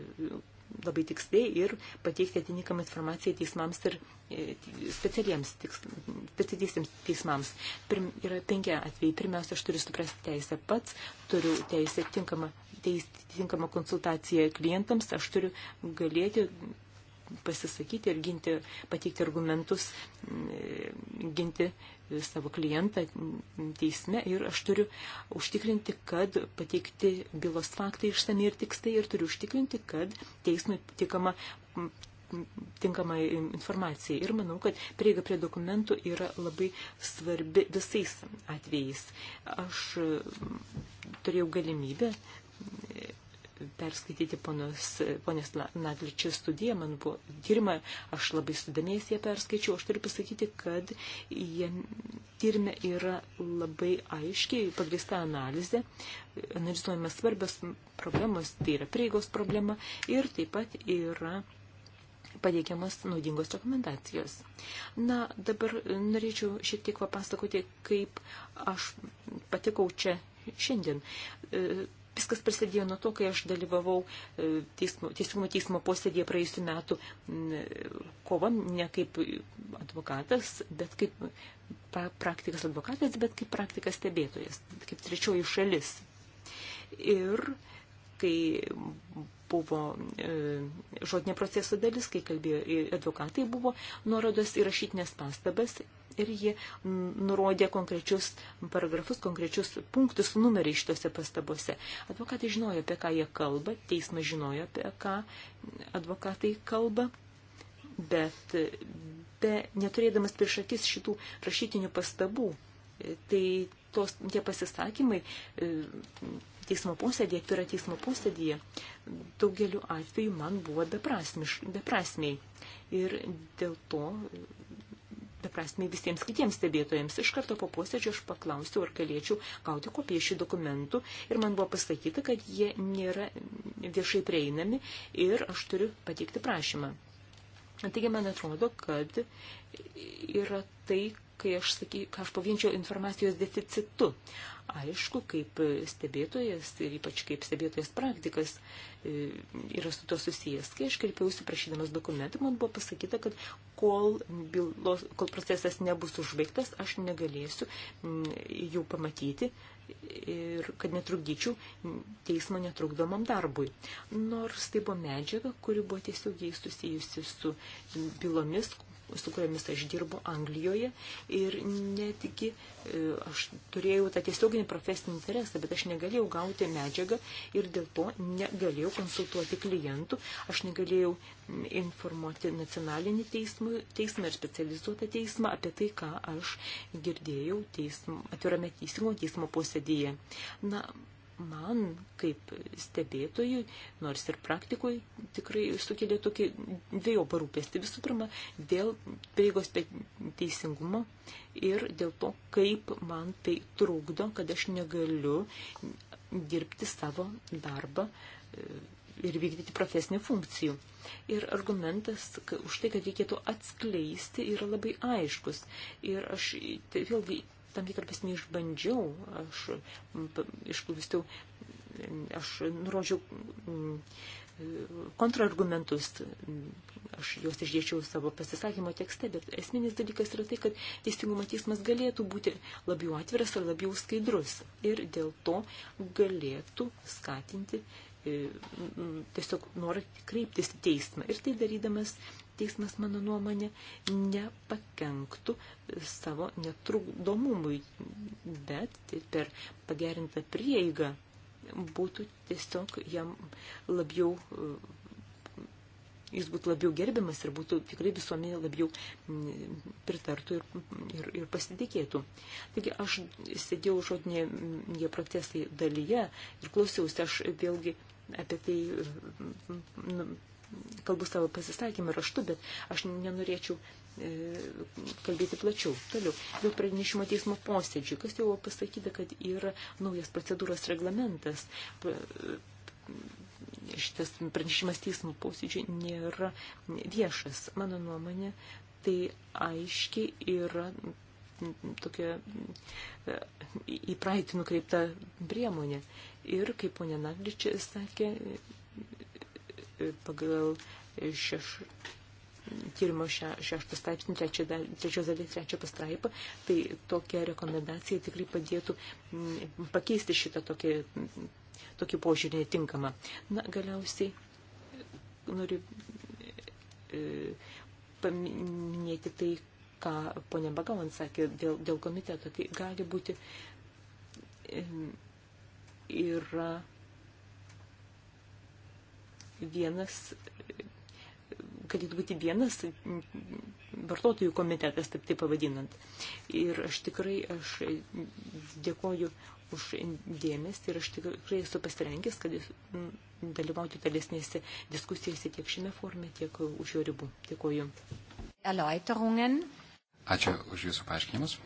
labai tiksliai ir pateikti atininkamą informaciją teismams ir e, specialiems specialistiems teismams. Pirm, yra penki atvejai. Pirmiausia, aš turiu suprasti teisę pats, turiu teisę tinkamą, teis, tinkamą konsultaciją klientams, aš turiu galėti pasisakyti ir ginti, pateikti argumentus, ginti savo klientą teisme ir aš turiu užtikrinti, kad pateikti bylos faktai išsami ir tikstai ir turiu užtikrinti, kad teismui tikama tinkamą informaciją. Ir manau, kad prieiga prie dokumentų yra labai svarbi visais atvejais. Aš turėjau galimybę perskaityti ponos, ponės Nagličių studiją, man buvo tyrimą, aš labai sudomėjęs ją perskaičiau, aš turiu pasakyti, kad jie tyrimė yra labai aiškiai pagrįsta analizė, analizuojamas svarbios problemos, tai yra prieigos problema ir taip pat yra pateikiamas naudingos rekomendacijos. Na, dabar norėčiau šiek tiek papasakoti, kaip aš patekau čia šiandien. E, Viskas prasidėjo nuo to, kai aš dalyvavau e, teismo, teisingumo teismo posėdėje praėjusiu metu kovą, ne kaip advokatas, bet kaip pra, praktikas advokatas, bet kaip praktikas stebėtojas, kaip trečioji šalis. Ir kai buvo e, žodinė proceso dalis, kai kalbėjo e, advokatai, buvo nuorodos įrašytinės pastabas ir jie nurodė konkrečius paragrafus, konkrečius punktus, numerį šitose pastabose. Advokatai žinojo, apie ką jie kalba, teismas žinojo, apie ką advokatai kalba, bet be, neturėdamas prieš akis šitų rašytinių pastabų, tai tos, tie pasisakymai e, teismo posėdėje, atvira teismo posėdėje, daugeliu atveju man buvo beprasmiai. Ir dėl to prasme visiems kitiems stebėtojams. Iš karto po posėdžio aš paklausiau, ar galėčiau gauti kopiją šių dokumentų ir man buvo pasakyta, kad jie nėra viešai prieinami ir aš turiu pateikti prašymą. Taigi, man atrodo, kad yra tai, kai aš, saky, kai aš pavienčiau informacijos deficitu. Aišku, kaip stebėtojas ir ypač kaip stebėtojas praktikas e, yra su to susijęs. Kai aš kreipiausi prašydamas dokumentų, man buvo pasakyta, kad kol, bylos, kol procesas nebus užbaigtas, aš negalėsiu mm, jų pamatyti ir kad netrukdyčiau teismo netrukdomam darbui. Nors tai buvo medžiaga, kuri buvo tiesiogiai susijusi su bylomis, su kuriomis aš dirbu Anglijoje ir netgi e, aš turėjau tą tiesioginį profesinį interesą, bet aš negalėjau gauti medžiagą ir dėl to negalėjau konsultuoti klientų, aš negalėjau informuoti nacionalinį teismą, teismą ir specializuotą teismą apie tai, ką aš girdėjau teism, atvirame teisingo teismo posėdėje. Na, man, kaip stebėtojui, nors ir praktikui, tikrai sukelia tokį dviejopą rūpestį. Visų pirma, dėl prieigos teisingumo ir dėl to, kaip man tai trukdo, kad aš negaliu dirbti savo darbą e, ir vykdyti profesinių funkcijų. Ir argumentas už tai, kad reikėtų atskleisti, yra labai aiškus. Ir aš vėlgi tam tikrą prasme išbandžiau, aš išklausiau, aš nurodžiau kontrargumentus, aš juos išdėčiau savo pasisakymo tekste, bet esminis dalykas yra tai, kad teisingumo teismas galėtų būti labiau atviras ir labiau skaidrus ir dėl to galėtų skatinti e, tiesiog norą kreiptis į teismą ir tai darydamas teismas, mano nuomonė, nepakenktų savo netrukdomumui, bet tai per pagerintą prieigą būtų tiesiog jam labiau, jis būtų labiau gerbiamas ir būtų tikrai visuomenė labiau pritartų ir, ir, ir pasitikėtų. Taigi aš sėdėjau žodinėje protestai dalyje ir klausiausi, aš vėlgi apie tai nu, kalbu savo pasisakymą raštu, bet aš nenorėčiau e, kalbėti plačiau. Toliau, dėl pranešimo teismo posėdžių, kas jau buvo pasakyta, kad yra naujas procedūros reglamentas. E, šitas pranešimas teismo posėdžių nėra viešas. Mano nuomonė, tai aiškiai yra tokia e, į praeitį nukreipta priemonė. Ir kaip ponė Nagličia sakė, pagal šeš, tyrimo še, šeštą straipsnį, trečios dalies trečią pastraipą, tai tokia rekomendacija tikrai padėtų mm, pakeisti šitą tokį, tokį požiūrį netinkamą. Na, galiausiai noriu e, paminėti tai, ką ponė Bagalan sakė dėl, dėl komiteto. Tai gali būti e, yra. E, vienas galėtų būti vienas vartotojų komitetas, taip tai pavadinant. Ir aš tikrai, aš dėkoju už dėmesį ir aš tikrai esu pasirengęs, kad dalyvauti talesnėse diskusijose tiek šiame forme, tiek už jo ribų. Dėkoju. Ačiū už Jūsų paaiškinimus.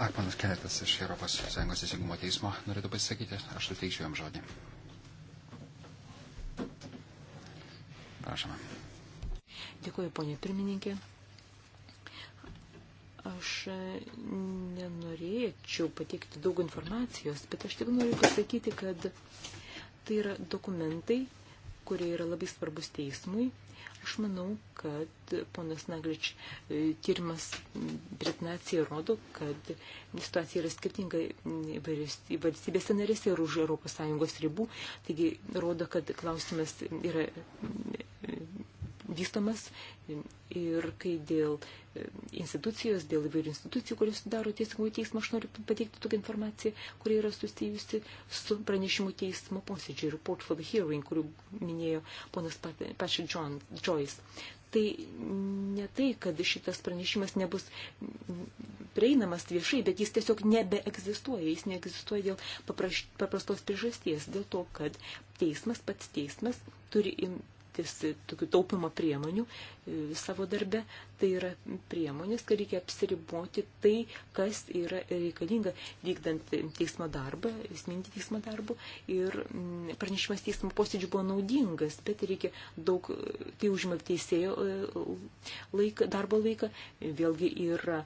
Ar panas Kenetas iš Europos Sąjungos teisingumo teismo norėtų pasisakyti, aš suteikčiau jam žodį. Prašome. Dėkuoju, ponė pirmininkė. Aš nenorėčiau pateikti daug informacijos, bet aš tik noriu pasakyti, kad tai yra dokumentai, kurie yra labai svarbus teismui Aš manau, kad ponas Naglič e, tyrimas prezentacija rodo, kad situacija yra skirtinga valstybėse narėse ir už Europos Sąjungos ribų. Taigi rodo, kad klausimas yra vystomas ir kai dėl e, institucijos, dėl įvairių institucijų, kurios sudaro teisingumo teismą, aš noriu pateikti tokią informaciją, kuri yra susijusi su pranešimu teismo posėdžiu ir report for the hearing, kurių minėjo ponas Patrick John, Joyce. Tai ne tai, kad šitas pranešimas nebus prieinamas viešai, bet jis tiesiog nebeegzistuoja. Jis neegzistuoja dėl paprastos priežasties, dėl to, kad teismas, pats teismas turi imtis tokių taupimo priemonių savo darbe, tai yra priemonės, kad reikia apsiriboti tai, kas yra reikalinga vykdant teismo darbą, esminti teismo darbą ir mm, pranešimas teismo posėdžių buvo naudingas, bet reikia daug, tai užima teisėjo e, laiką, darbo laiką, vėlgi yra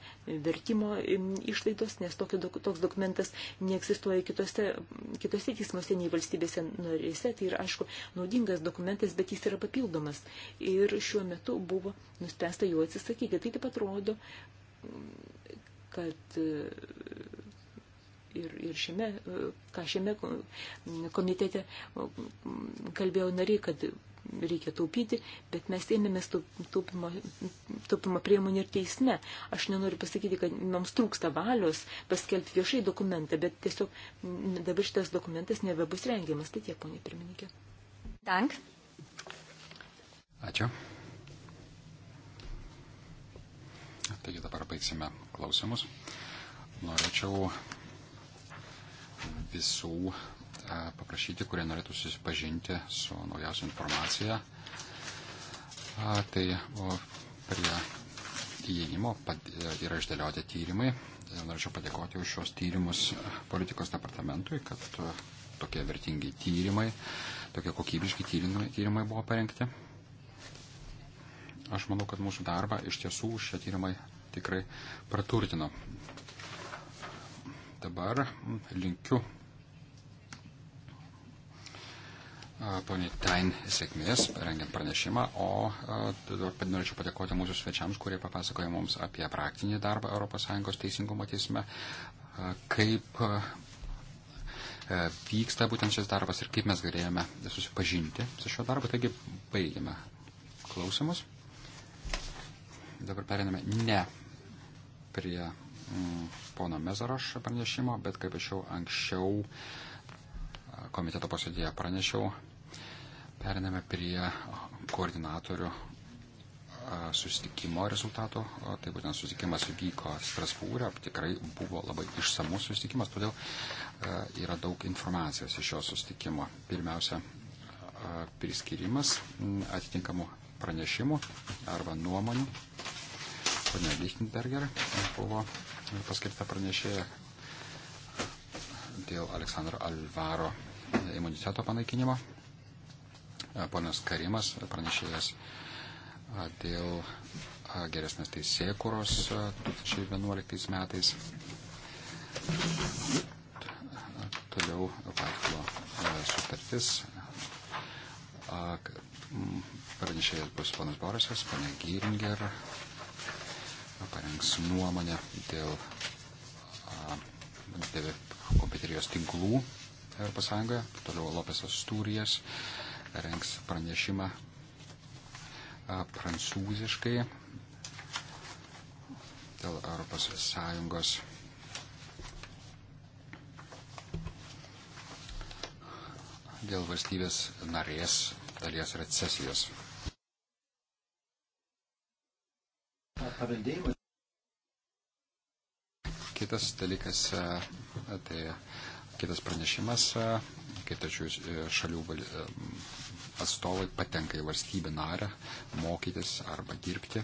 vertimo išlaidos, nes tokio, toks dokumentas neegzistuoja kitose, kitose teismuose nei valstybėse norėse, tai yra, aišku, naudingas dokumentas, bet jis yra papildomas. Ir šiuo metu buvo nuspręsta jų atsisakyti. Tai taip pat rodo, kad e, ir, ir šiame, e, ką šiame komitete kalbėjo nariai, kad reikia taupyti, bet mes ėmėmės taupimo, taupimo priemonį ir teisme. Aš nenoriu pasakyti, kad mums trūksta valios paskelbti viešai dokumentą, bet tiesiog dabar šitas dokumentas nebebus rengiamas. Tai tiek, ponė pirmininkė. Dank. Ačiū. Taigi dabar baigsime klausimus. Norėčiau visų e, paprašyti, kurie norėtų susipažinti su naujausia informacija. Tai prie įėjimo e, yra išdėlioti tyrimai. Ir e, norėčiau padėkoti už šios tyrimus politikos departamentui, kad tokie vertingi tyrimai, tokie kokybiški tyrimai, tyrimai buvo parengti. Aš manau, kad mūsų darbą iš tiesų šie tyrimai tikrai praturtino. Dabar linkiu poniai Tain sėkmės, rengiant pranešimą, o norėčiau padėkoti mūsų svečiams, kurie papasakoja mums apie praktinį darbą ES teisingumo teisme, kaip vyksta būtent šis darbas ir kaip mes galėjome susipažinti su šiuo darbu. Taigi baigiame klausimus. Dabar periname ne prie mm, pono Mezaroš pranešimo, bet kaip aš jau anksčiau komiteto posėdėje pranešiau, periname prie koordinatorių susitikimo rezultato. Tai būtent susitikimas vyko Strasbūrė, tikrai buvo labai išsamus susitikimas, todėl yra daug informacijos iš šio susitikimo. Pirmiausia, priskirimas mm, atitinkamų pranešimų arba nuomonių. Pane Lichtenberger buvo paskirta pranešėja dėl Aleksandro Alvaro imuniteto panaikinimo. Ponas Karimas, pranešėjas dėl geresnės teisėkuros 2011 metais. Toliau Vaitlo sutartis Pranešėjas bus panas Borisas, pana Giringer, parengs nuomonę dėl, dėl kompiuterijos tinklų ES, toliau Lopesas Turijas rengs pranešimą a, prancūziškai dėl ES. Dėl valstybės narės dalies recesijos. paveldėjimas. Kitas dalykas, e, tai kitas pranešimas, e, kai tačių e, šalių atstovai patenka į valstybę narę mokytis arba dirbti.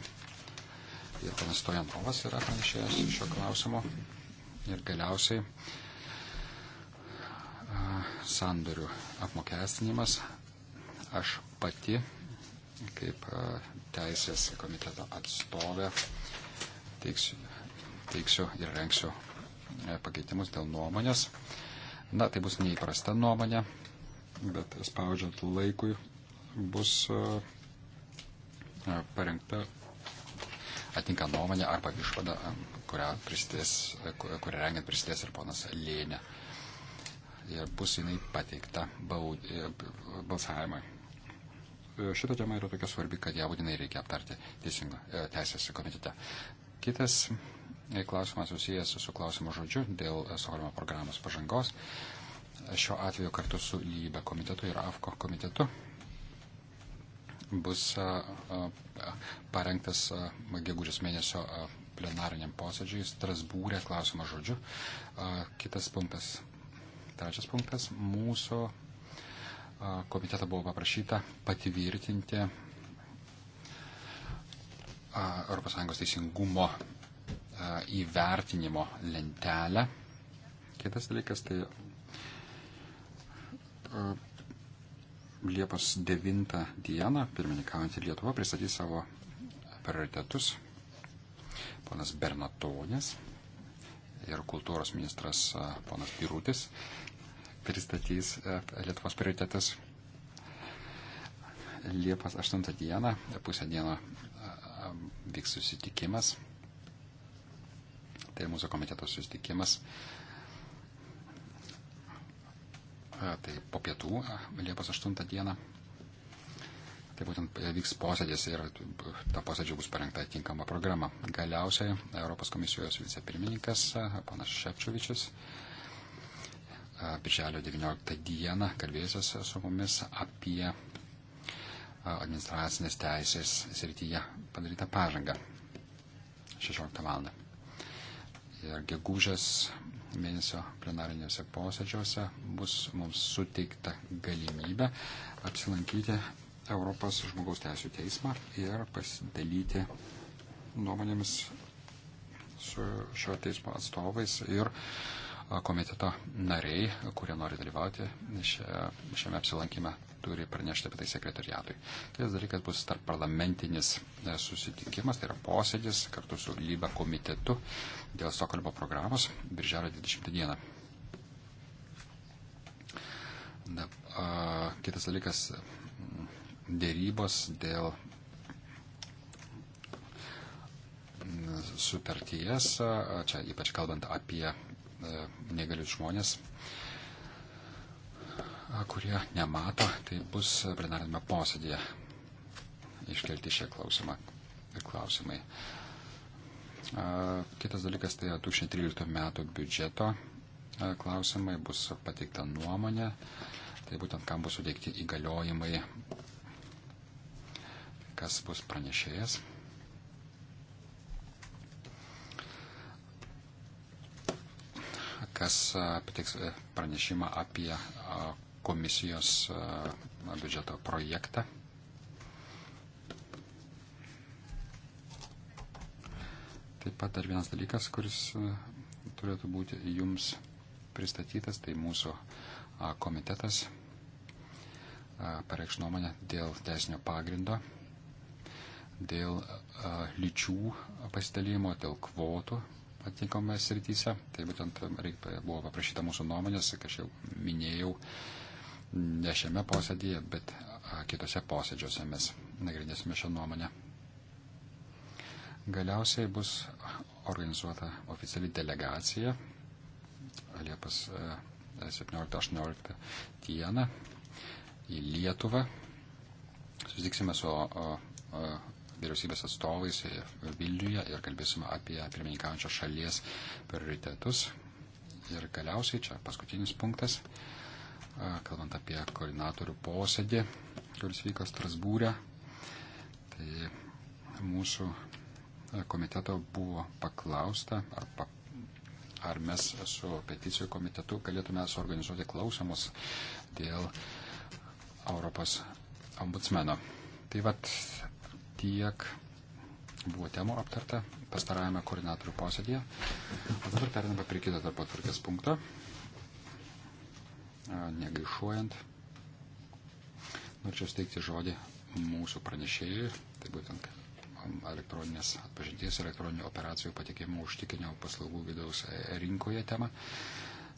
Ir panas Stojantovas yra pranešėjęs šio klausimo. Ir galiausiai sandorių apmokestinimas. Aš pati kaip e, teisės komiteto atstovė teiksiu, teiksiu ir renksiu e, pakeitimus dėl nuomonės. Na, tai bus neįprasta nuomonė, bet spaudžiant laikui bus e, parengta atinka nuomonė arba išvada, kurią, prisidės, kurią rengiant prisidės ir ponas Lėnė. Ir bus jinai pateikta balsavimui šita tema yra tokia svarbi, kad ją būtinai reikia aptarti teisingo e, teisės komitete. Kitas e, klausimas susijęs su klausimu žodžiu dėl e, Stokholmo programos pažangos. Šiuo atveju kartu su lygybe komitetu ir AFKO komitetu bus parengtas gegužės mėnesio plenariniam posėdžiui Strasbūrė klausimas žodžiu. Kitas punktas, trečias punktas, mūsų komitetą buvo paprašyta patvirtinti ES teisingumo įvertinimo lentelę. Kitas dalykas tai Liepos 9 dieną pirmininkaujantį Lietuvą pristatys savo prioritetus ponas Bernatonis ir kultūros ministras ponas Pirutis pristatys e, Lietuvos prioritetus Liepos 8 dieną, pusę dieną vyks susitikimas. Tai mūsų komiteto susitikimas. Tai po pietų, Liepos 8 dieną. Tai būtent e, vyks posėdės ir ta posėdžio bus parengta tinkama programa. Galiausiai Europos komisijos vicepirmininkas, panas Šepčiovičius, birželio 19 dieną kalbėjusios su mumis apie administracinės teisės srityje padarytą pažangą 16 val. Ir gegužės mėnesio plenariniuose posėdžiuose bus mums suteikta galimybė apsilankyti Europos žmogaus teisų teismą ir pasidalyti nuomonėmis su šio teismo atstovais ir uh, komiteto nariai, kurie nori dalyvauti šiame apsilankime, turi pranešti apie tai sekretariatui. Kitas dalykas bus tarp parlamentinis e, susitikimas, tai yra posėdis kartu su lyba komitetu dėl Stokholmo programos birželio 20 dieną. Da, a, kitas dalykas dėrybos dėl sutarties, čia ypač kalbant apie E, negalius žmonės, kurie nemato, tai bus plenarinėme posėdėje iškelti šią klausimą ir klausimai. Kitas dalykas tai 2013 metų biudžeto klausimai, bus pateikta nuomonė, tai būtent kam bus suteikti įgaliojimai, kas bus pranešėjas. pirmininkas e, patiks e, pranešimą apie e, komisijos biudžeto projektą. Taip pat dar vienas dalykas, kuris turėtų būti jums pristatytas, tai mūsų komitetas pareikš nuomonę dėl teisinio pagrindo, dėl lyčių pasidalymo, dėl kvotų atinkamai srityse. Tai būtent reik, buvo paprašyta mūsų nuomonės, kaip aš jau minėjau, ne šiame posėdėje, bet kitose posėdžiuose mes nagrinėsime šią nuomonę. Galiausiai bus organizuota oficiali delegacija Liepos 17-18 e, dieną į Lietuvą. Susitiksime su vyriausybės atstovais e, Vilniuje ir kalbėsime apie pirmininkaujančios šalies prioritetus. Ir galiausiai čia paskutinis punktas, kalbant apie koordinatorių posėdį, kuris vyko Strasbūrė. Tai mūsų komiteto buvo paklausta, ar, pa, ar mes su peticijų komitetu galėtume suorganizuoti klausimus dėl Europos ombudsmeno. Tai vat tiek buvo temų aptarta pastarajame koordinatorių posėdėje. O dabar periname prie kito darbo tvarkės punkto. Negaišuojant, norėčiau steigti žodį mūsų pranešėjai, tai būtent um, elektroninės atpažinties elektroninių operacijų patikimų užtikinimo paslaugų vidaus e, rinkoje tema.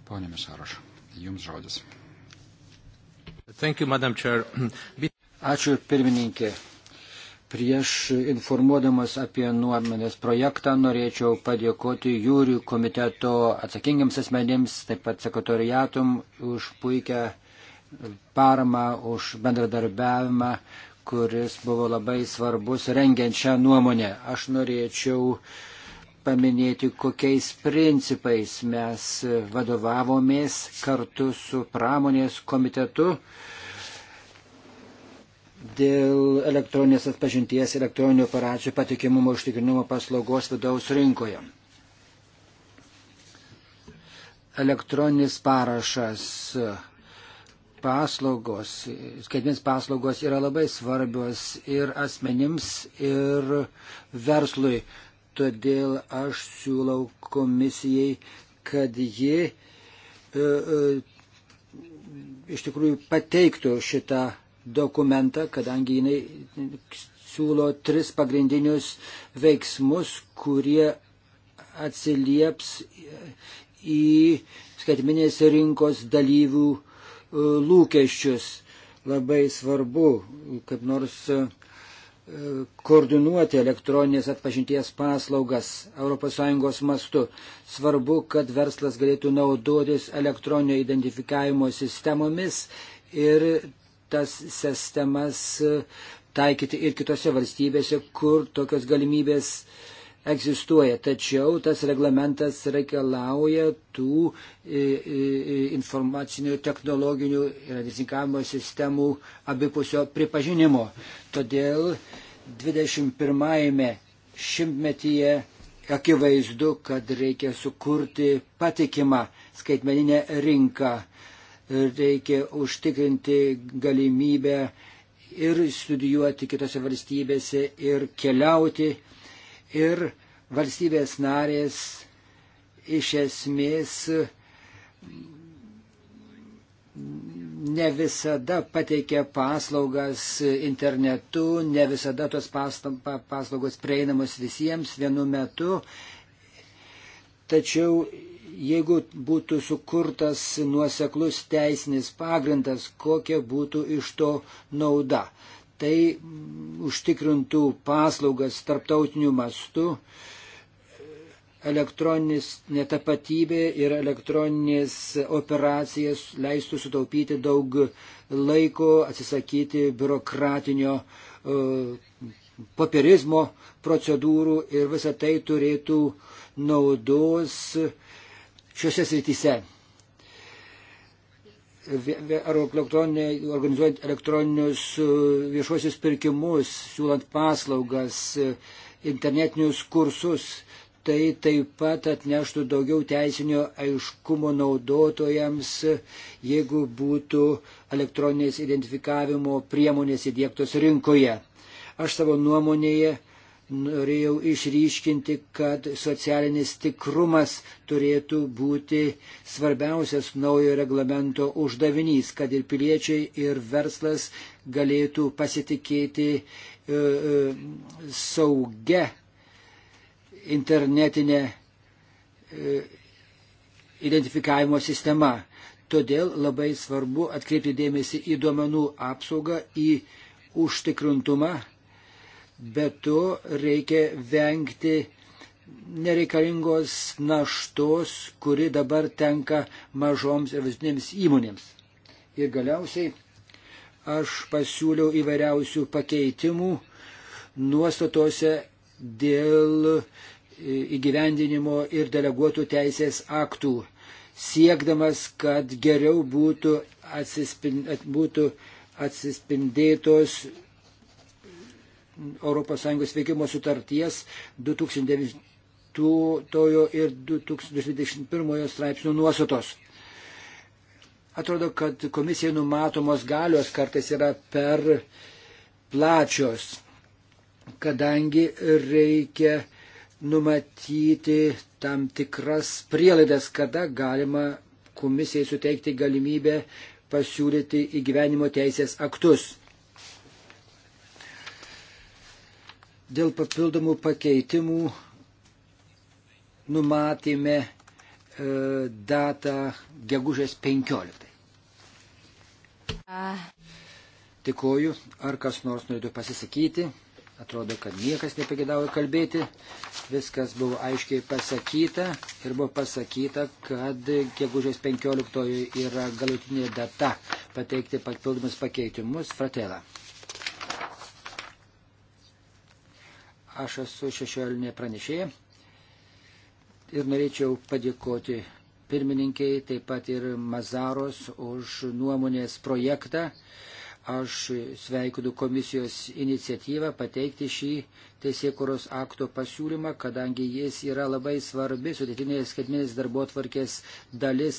Pone Misaroš, jums žodis. Thank you, Madam Chair. Ačiū pirmininkė. Prieš informuodamas apie nuomenės projektą norėčiau padėkoti jūrių komiteto atsakingiams asmenims, taip pat sekretoriatum už puikią paramą, už bendradarbiavimą, kuris buvo labai svarbus rengiant šią nuomonę. Aš norėčiau paminėti, kokiais principais mes vadovavomės kartu su pramonės komitetu dėl elektroninės atpažinties elektroninių operacijų patikimumo užtikrinimo paslaugos vidaus rinkoje. Elektroninis parašas paslaugos, skaitmens paslaugos yra labai svarbios ir asmenims, ir verslui. Todėl aš siūlau komisijai, kad ji e, e, iš tikrųjų pateiktų šitą dokumentą, kadangi jinai siūlo tris pagrindinius veiksmus, kurie atsilieps į skaitminės rinkos dalyvių e, lūkesčius. Labai svarbu, kaip nors e, koordinuoti elektroninės atpažinties paslaugas ES mastu. Svarbu, kad verslas galėtų naudotis elektroninio identifikavimo sistemomis ir tas sistemas e, taikyti ir kitose valstybėse, kur tokios galimybės egzistuoja. Tačiau tas reglamentas reikalauja tų e, e, informacinių, technologinių ir atitinkamo sistemų abipusio pripažinimo. Todėl 21-ame šimtmetyje akivaizdu, kad reikia sukurti patikimą skaitmeninę rinką reikia užtikrinti galimybę ir studijuoti kitose valstybėse, ir keliauti, ir valstybės narės iš esmės ne visada pateikia paslaugas internetu, ne visada tos paslaugos prieinamos visiems vienu metu. Tačiau Jeigu būtų sukurtas nuoseklus teisinis pagrindas, kokia būtų iš to nauda. Tai mm, užtikrintų paslaugas tarptautiniu mastu, elektroninis netapatybė ir elektroninės operacijas leistų sutaupyti daug laiko, atsisakyti biurokratinio e, papirizmo procedūrų ir visa tai turėtų naudos šiuose srityse. Organizuojant elektroninius e, viešuosius pirkimus, siūlant paslaugas, e, internetinius kursus, tai taip pat atneštų daugiau teisinio aiškumo naudotojams, jeigu būtų elektroninės identifikavimo priemonės įdėktos rinkoje. Aš savo nuomonėje norėjau išryškinti, kad socialinis tikrumas turėtų būti svarbiausias naujo reglamento uždavinys, kad ir piliečiai, ir verslas galėtų pasitikėti e, e, saugia internetinė e, identifikavimo sistema. Todėl labai svarbu atkreipti dėmesį į duomenų apsaugą, į užtikrintumą bet to reikia vengti nereikalingos naštos, kuri dabar tenka mažoms ir vidutinėms įmonėms. Ir galiausiai aš pasiūliau įvairiausių pakeitimų nuostatose dėl įgyvendinimo ir deleguotų teisės aktų, siekdamas, kad geriau būtų, atsispind, būtų atsispindėtos ES veikimo sutarties 2009 ir 2021 straipsnių nuostatos. Atrodo, kad komisijai numatomos galios kartais yra per plačios, kadangi reikia numatyti tam tikras prielaidas, kada galima komisijai suteikti galimybę pasiūlyti įgyvenimo teisės aktus. dėl papildomų pakeitimų numatėme e, datą gegužės 15. Tikoju, ar kas nors norėtų pasisakyti. Atrodo, kad niekas nepagėdavo kalbėti. Viskas buvo aiškiai pasakyta ir buvo pasakyta, kad gegužės 15 yra galutinė data pateikti papildomus pakeitimus. Fratela. Aš esu šešiolinė pranešėja ir norėčiau padėkoti pirmininkiai, taip pat ir Mazaros už nuomonės projektą. Aš sveikinu komisijos iniciatyvą pateikti šį teisėkuros akto pasiūlymą, kadangi jis yra labai svarbi sudėtinės skaitminės darbo tvarkės dalis,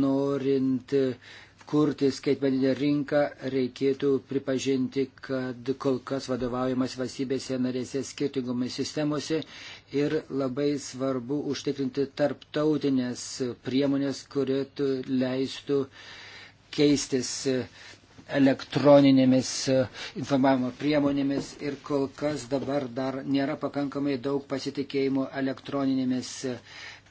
norint uh, kurti skaitmeninę rinką, reikėtų pripažinti, kad kol kas vadovaujamas valstybėse narėse skirtingomis sistemose ir labai svarbu užtikrinti tarptautinės priemonės, kurie leistų keistis elektroninėmis e, informavimo priemonėmis ir kol kas dabar dar nėra pakankamai daug pasitikėjimo elektroninėmis e,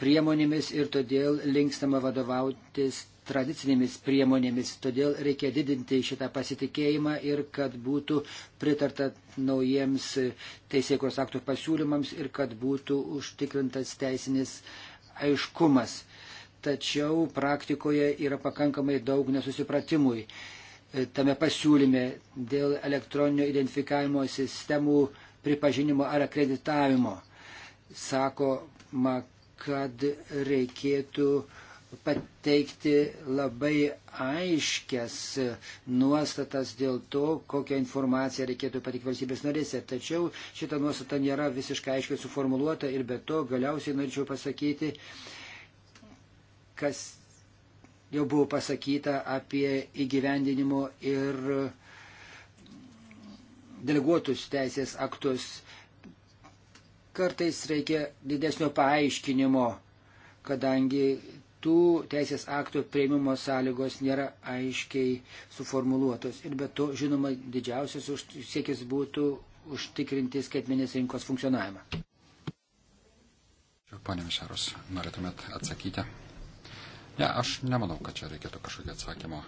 priemonėmis ir todėl linkstama vadovautis tradicinėmis priemonėmis. Todėl reikia didinti šitą pasitikėjimą ir kad būtų pritarta naujiems teisėkos aktų pasiūlymams ir kad būtų užtikrintas teisinis aiškumas. Tačiau praktikoje yra pakankamai daug nesusipratimui. Tame pasiūlyme dėl elektroninio identifikavimo sistemų pripažinimo ar akreditavimo sakoma, kad reikėtų uh, pateikti labai aiškias nuostatas dėl to, kokią informaciją reikėtų pateikti valstybės narėse. Tačiau šita nuostata nėra visiškai aiškiai suformuoluota ir be to galiausiai norėčiau pasakyti, kas jau buvo pasakyta apie įgyvendinimo ir deleguotus teisės aktus. Kartais reikia didesnio paaiškinimo, kadangi tų teisės aktų prieimimo sąlygos nėra aiškiai suformuluotos. Ir be to, žinoma, didžiausias siekis būtų užtikrinti skaitmenės rinkos funkcionavimą. Pane Mišarus, norėtumėt atsakyti? Ne, aš nemanau, kad čia reikėtų kažkokio atsakymo.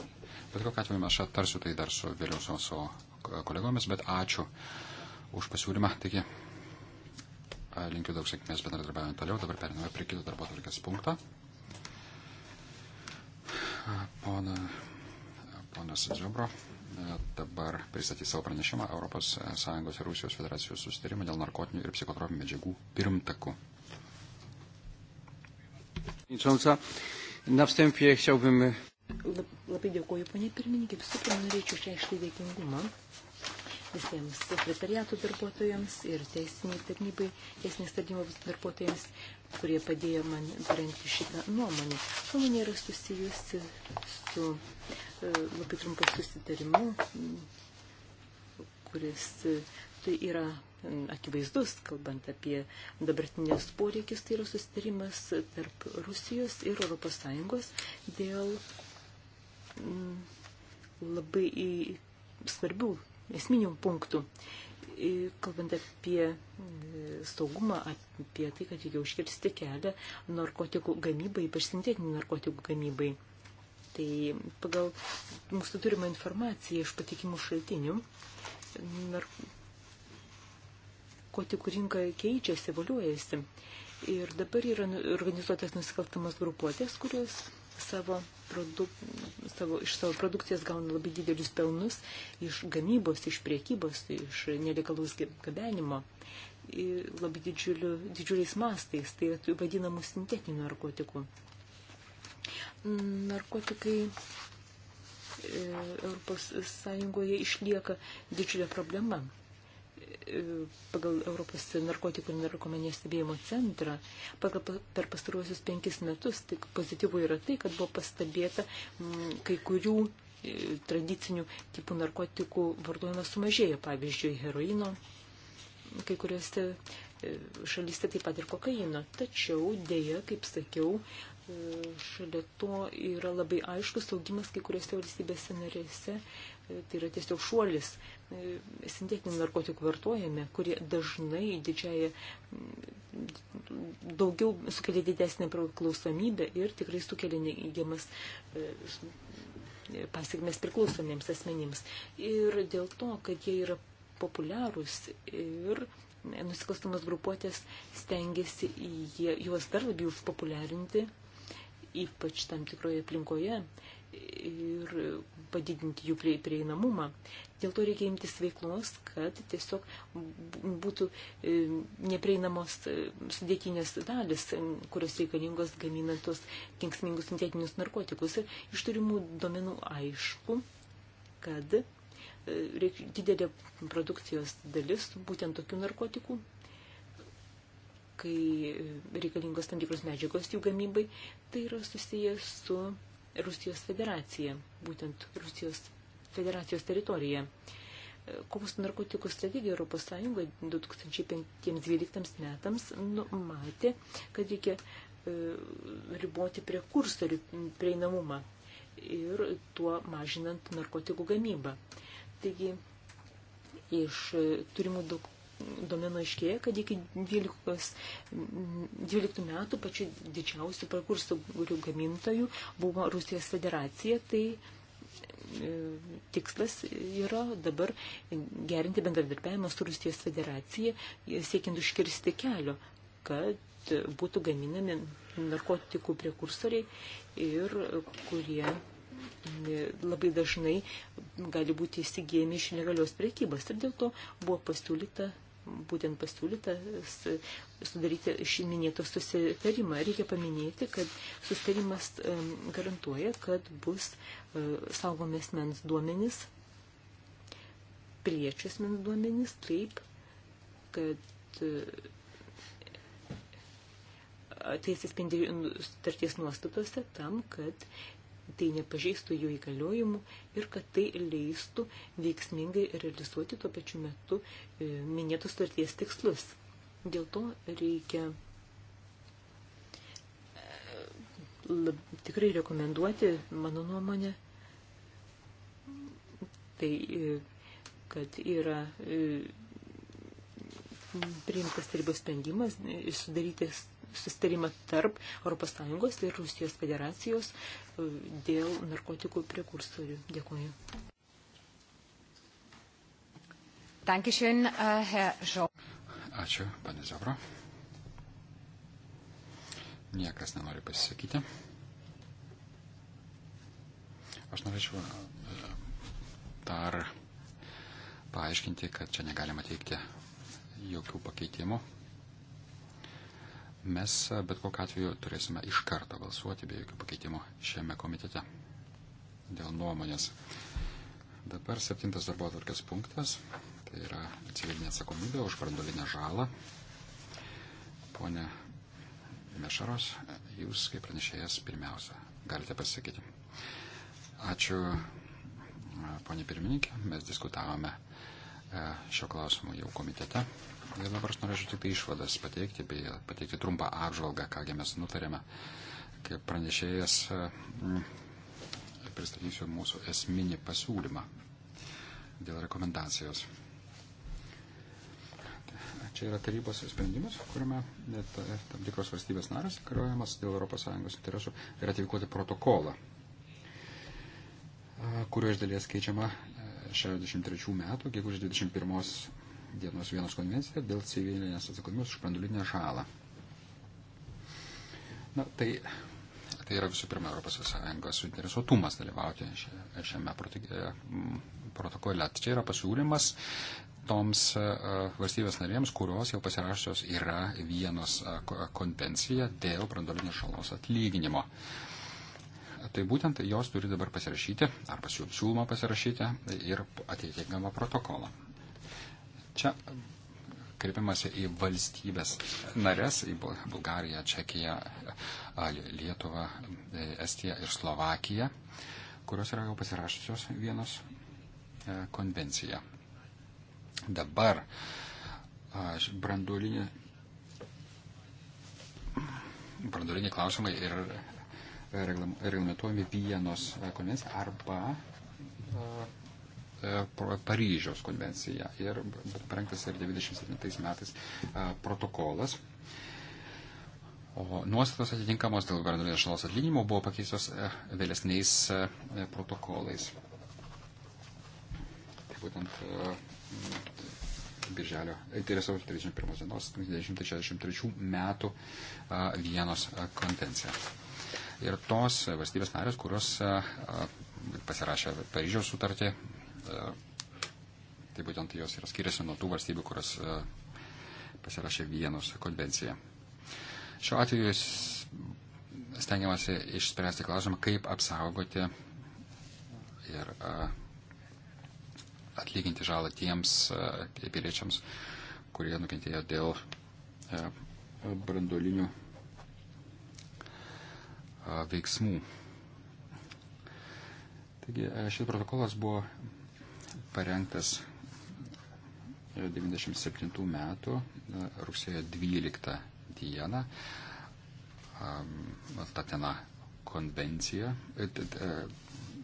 Bet kokiu atveju aš aptarsiu tai dar su vėliau su savo kolegomis, bet ačiū už pasiūlymą. Taigi, linkiu daug sėkmės bendradarbiavant toliau. Dabar periname prie kito darbo tvarkės punkto pona, ponas Ziobro e, dabar pristatys savo pranešimą ES ir Rusijos federacijos sustarimą dėl narkotinių ir psichotropinių medžiagų pirmtakų. Labai dėkuoju, ponė pirmininkė, visų pirma norėčiau išreikšti dėkingumą visiems sekretariato darbuotojams ir teisiniai tarnybai, teisinės tarnybos darbuotojams, kurie padėjo man parengti šitą nuomonę. Nuomonė yra susijusi su e, labai trumpu susitarimu, kuris e, tai yra akivaizdus, kalbant apie dabartinės poreikis, tai yra susitarimas tarp Rusijos ir ES dėl labai svarbių esminių punktų. E, kalbant apie e, saugumą, apie tai, kad reikia užkirsti kelią narkotikų gamybai, ypač sintetinių narkotikų gamybai. Tai pagal mūsų turimą informaciją iš patikimų šaltinių, narkotikų rinka keičiasi, evoliuojasi. Ir dabar yra organizuotas nusikaltamas grupuotės, kurios savo produk, savo, iš savo produkcijos gauna labai didelius pelnus iš gamybos, iš priekybos, iš nelegalaus gabenimo labai didžiuliu, didžiuliais mastais, tai vadinamų sintetinių narkotikų. Narkotikai e, Europos Sąjungoje išlieka didžiulė problema pagal Europos narkotikų ir narkomanijos stebėjimo centrą, pagal, per pastaruosius penkis metus, tik pozityvų yra tai, kad buvo pastebėta m, mm, kai kurių e, tradicinių tipų narkotikų vartojimas sumažėjo, pavyzdžiui, heroino, kai kuriuose e, šalyse taip pat ir kokaino. Tačiau, dėja, kaip sakiau, e, šalia to yra labai aiškus augimas kai kuriuose valstybėse narėse tai yra tiesiog šuolis e, sintetinių narkotikų vartojame, kurie dažnai didžiai daugiau sukelia didesnį priklausomybę ir tikrai sukelia neigiamas e, e, pasiekmes priklausomiems asmenims. Ir dėl to, kad jie yra populiarūs ir nusikalstamos grupuotės stengiasi jie, juos dar labiau užpopuliarinti, ypač tam tikroje aplinkoje, ir padidinti jų prieinamumą. Dėl to reikia imtis veiklos, kad tiesiog būtų e, neprieinamos e, sudėtinės dalis, e, kurios reikalingos gaminant tos kenksmingus sintetinius narkotikus. Ir iš turimų domenų aišku, kad didelė produkcijos dalis būtent tokių narkotikų kai reikalingos tam tikros medžiagos jų gamybai, tai yra susijęs su Rusijos federacija, būtent Rusijos federacijos teritorija. Kovos narkotikų strategija Europos Sąjunga 2015-2012 metams numatė, kad reikia e, riboti prie kursorių prieinamumą ir tuo mažinant narkotikų gamybą. Taigi iš turimų daug domeno aiškėja, kad iki 12, 12 metų pačių didžiausių prekursorių gamintojų buvo Rusijos federacija, tai e, tikslas yra dabar gerinti bendradarbiavimą su Rusijos federacija, siekiant užkirsti kelio, kad būtų gaminami narkotikų prekursoriai ir kurie e, labai dažnai gali būti įsigijami iš negalios priekybos. Ir dėl to buvo pasiūlyta būtent pasiūlytas sudaryti šį minėtą susitarimą. Reikia paminėti, kad susitarimas garantuoja, kad bus e, saugomi asmens duomenys, piliečių asmens duomenys, taip, kad e, tai atsispindi sutarties nuostatose tam, kad tai nepažeistų jų įgaliojimų ir kad tai leistų veiksmingai realizuoti tuo pačiu metu e, minėtus sutarties tikslus. Dėl to reikia e, lab, tikrai rekomenduoti, mano nuomonė, tai, e, kad yra priimtas tarybos sprendimas sudaryti sustarimą tarp ES ir Rusijos federacijos e, dėl narkotikų prekursorių. Dėkuoju. Dankeschön, äh, Herr Žo. Ačiū, pane Zavro. Niekas nenori pasisakyti. Aš norėčiau e, dar paaiškinti, kad čia negalima teikti jokių pakeitimų mes e, bet kokiu atveju turėsime iš karto balsuoti be jokių pakeitimų šiame komitete dėl nuomonės. Dabar septintas darbo atvarkės punktas, tai yra civilinė atsakomybė už brandolinę žalą. Pone Mešaros, jūs kaip pranešėjas pirmiausia galite pasakyti. Ačiū, e, ponė pirmininkė, mes diskutavome E, šio klausimo jau komitete. Ir dabar aš norėčiau tik tai išvadas pateikti, bei pateikti trumpą apžvalgą, kągi mes nutarėme. Kaip pranešėjas e, pristatysiu mūsų esminį pasiūlymą dėl rekomendacijos. Čia yra tarybos sprendimas, kuriame e, tam tikros valstybės narės kariuojamas dėl ES interesų ratifikuoti protokolą, kuriuo iš dalies keičiama 63 metų, gegužės 21 dienos vienos konvencija dėl civilinės atsakomybės už brandulinę žalą. Na, tai, tai yra visų pirma ES suinteresuotumas dalyvauti šiame, šiame protokole. Tai čia yra pasiūlymas toms e, valstybės narėms, kurios jau pasirašytos yra vienos e, konvencija dėl branduolinės žalos atlyginimo. Uh, tai būtent jos turi dabar pasirašyti, arba siūloma pasirašyti ir ateitingamą protokolą. Čia kreipiamasi į valstybės narės, į Bulgariją, Čekiją, Lietuvą, e, Estiją ir Slovakiją, kurios yra jau pasirašusios vienos e, konvenciją. Dabar branduolinį branduoliniai klausimai ir reglamentuojami Vienos e, konvencija arba e, e, Paryžiaus konvencija. Ir parengtas ir 97 metais protokolas. O nuostatos atitinkamos dėl branduolinės žalos atlyginimo buvo pakeistos vėlesniais protokolais. Tai būtent Birželio, tai yra sausio 31 dienos 1963 metų Vienos konvencija. Ir tos valstybės narės, kurios e, e, pasirašė Paryžiaus sutartį, e, tai būtent jos yra skiriasi nuo tų valstybių, kurios pasirašė Vienos konvenciją. Šiuo atveju stengiamasi išspręsti klausimą, kaip apsaugoti ir atlyginti žalą tiems piliečiams, kurie nukentėjo dėl brandolinių veiksmų. Taigi e, šis protokolas buvo parengtas 97 e, metų e, rugsėjo 12 dieną Tatena konvencija,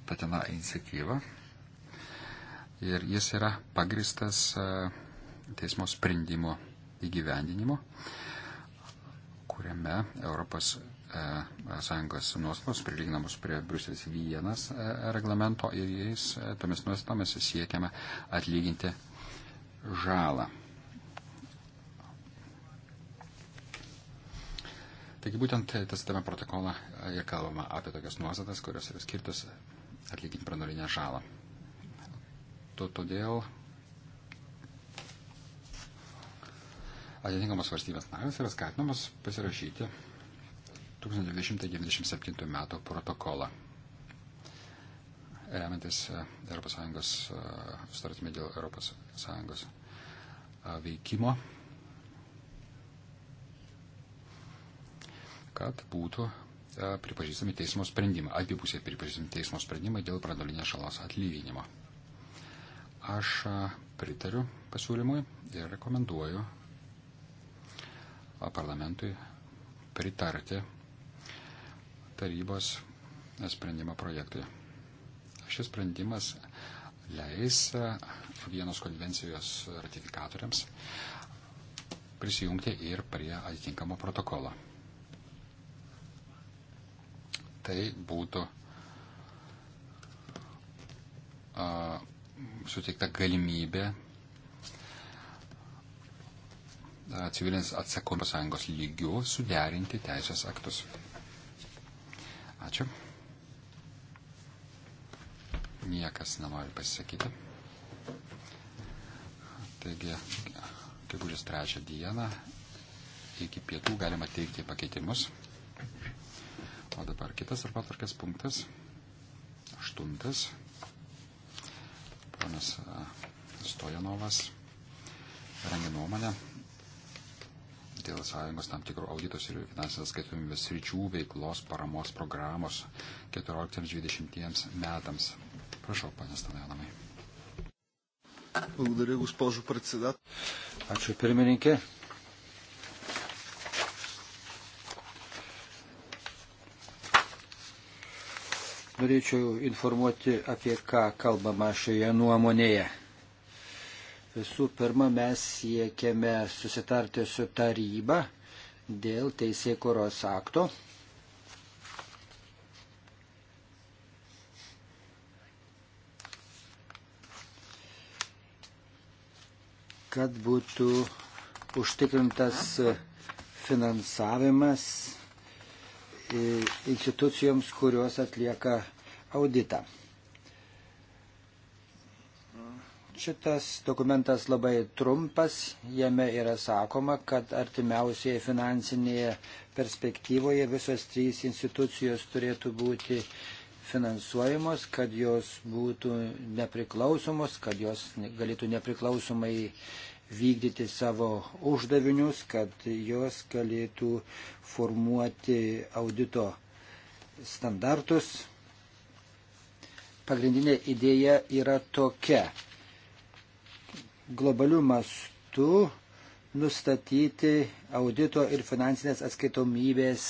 Tatena iniciatyva. Ir jis yra pagristas teismo sprendimo įgyvendinimo, kuriame Europos E, sąjungos nuostatos prilyginamos prie Bruselis vienas e, reglamento ir jais e, tomis nuostatomis siekiame atlyginti žalą. Taigi būtent tas tame protokolą ir kalbama apie tokias nuostatas, kurios yra skirtas atlyginti pranolinę žalą. To, todėl atitinkamos valstybės narės yra skatinamas pasirašyti 1997 metų protokolą. Remiantis ES e, sutartimi dėl ES e, veikimo, kad būtų e, pripažįstami teismo sprendimai, abipusiai pripažįstami teismo sprendimai dėl brandolinės žalos atlyginimo. Aš pritariu pasiūlymui ir rekomenduoju parlamentui pritarti tarybos sprendimo projektui. Šis sprendimas leis e, vienos konvencijos ratifikatoriams prisijungti ir prie atitinkamo protokolo. Tai būtų a, e, suteikta galimybė e, civilinės atsakomybės sąjungos lygių suderinti teisės aktus. Ačiū. Niekas nenori pasisakyti. Taigi, gegužės trečią dieną iki pietų galima teikti pakeitimus. O dabar kitas arba tvarkės punktas. Aštuntas. Panas e, Stojanovas rengia nuomonę dėl sąjungos tam tikrų auditos ir finansinės skaitomybės ryčių veiklos paramos programos 14-20 metams. Prašau, panės Tanelamai. Благодаря, госпожо председател. Ačiū pirmininkė. Norėčiau informuoti, apie ką kalbama šioje nuomonėje. Visų pirma, mes siekiame susitarti su taryba dėl teisėkuros akto. kad būtų užtikrintas finansavimas institucijoms, kurios atlieka auditą. Šitas dokumentas labai trumpas, jame yra sakoma, kad artimiausioje finansinėje perspektyvoje visos trys institucijos turėtų būti finansuojamos, kad jos būtų nepriklausomos, kad jos galėtų nepriklausomai vykdyti savo uždavinius, kad jos galėtų formuoti audito standartus. Pagrindinė idėja yra tokia globalių mastų nustatyti audito ir finansinės atskaitomybės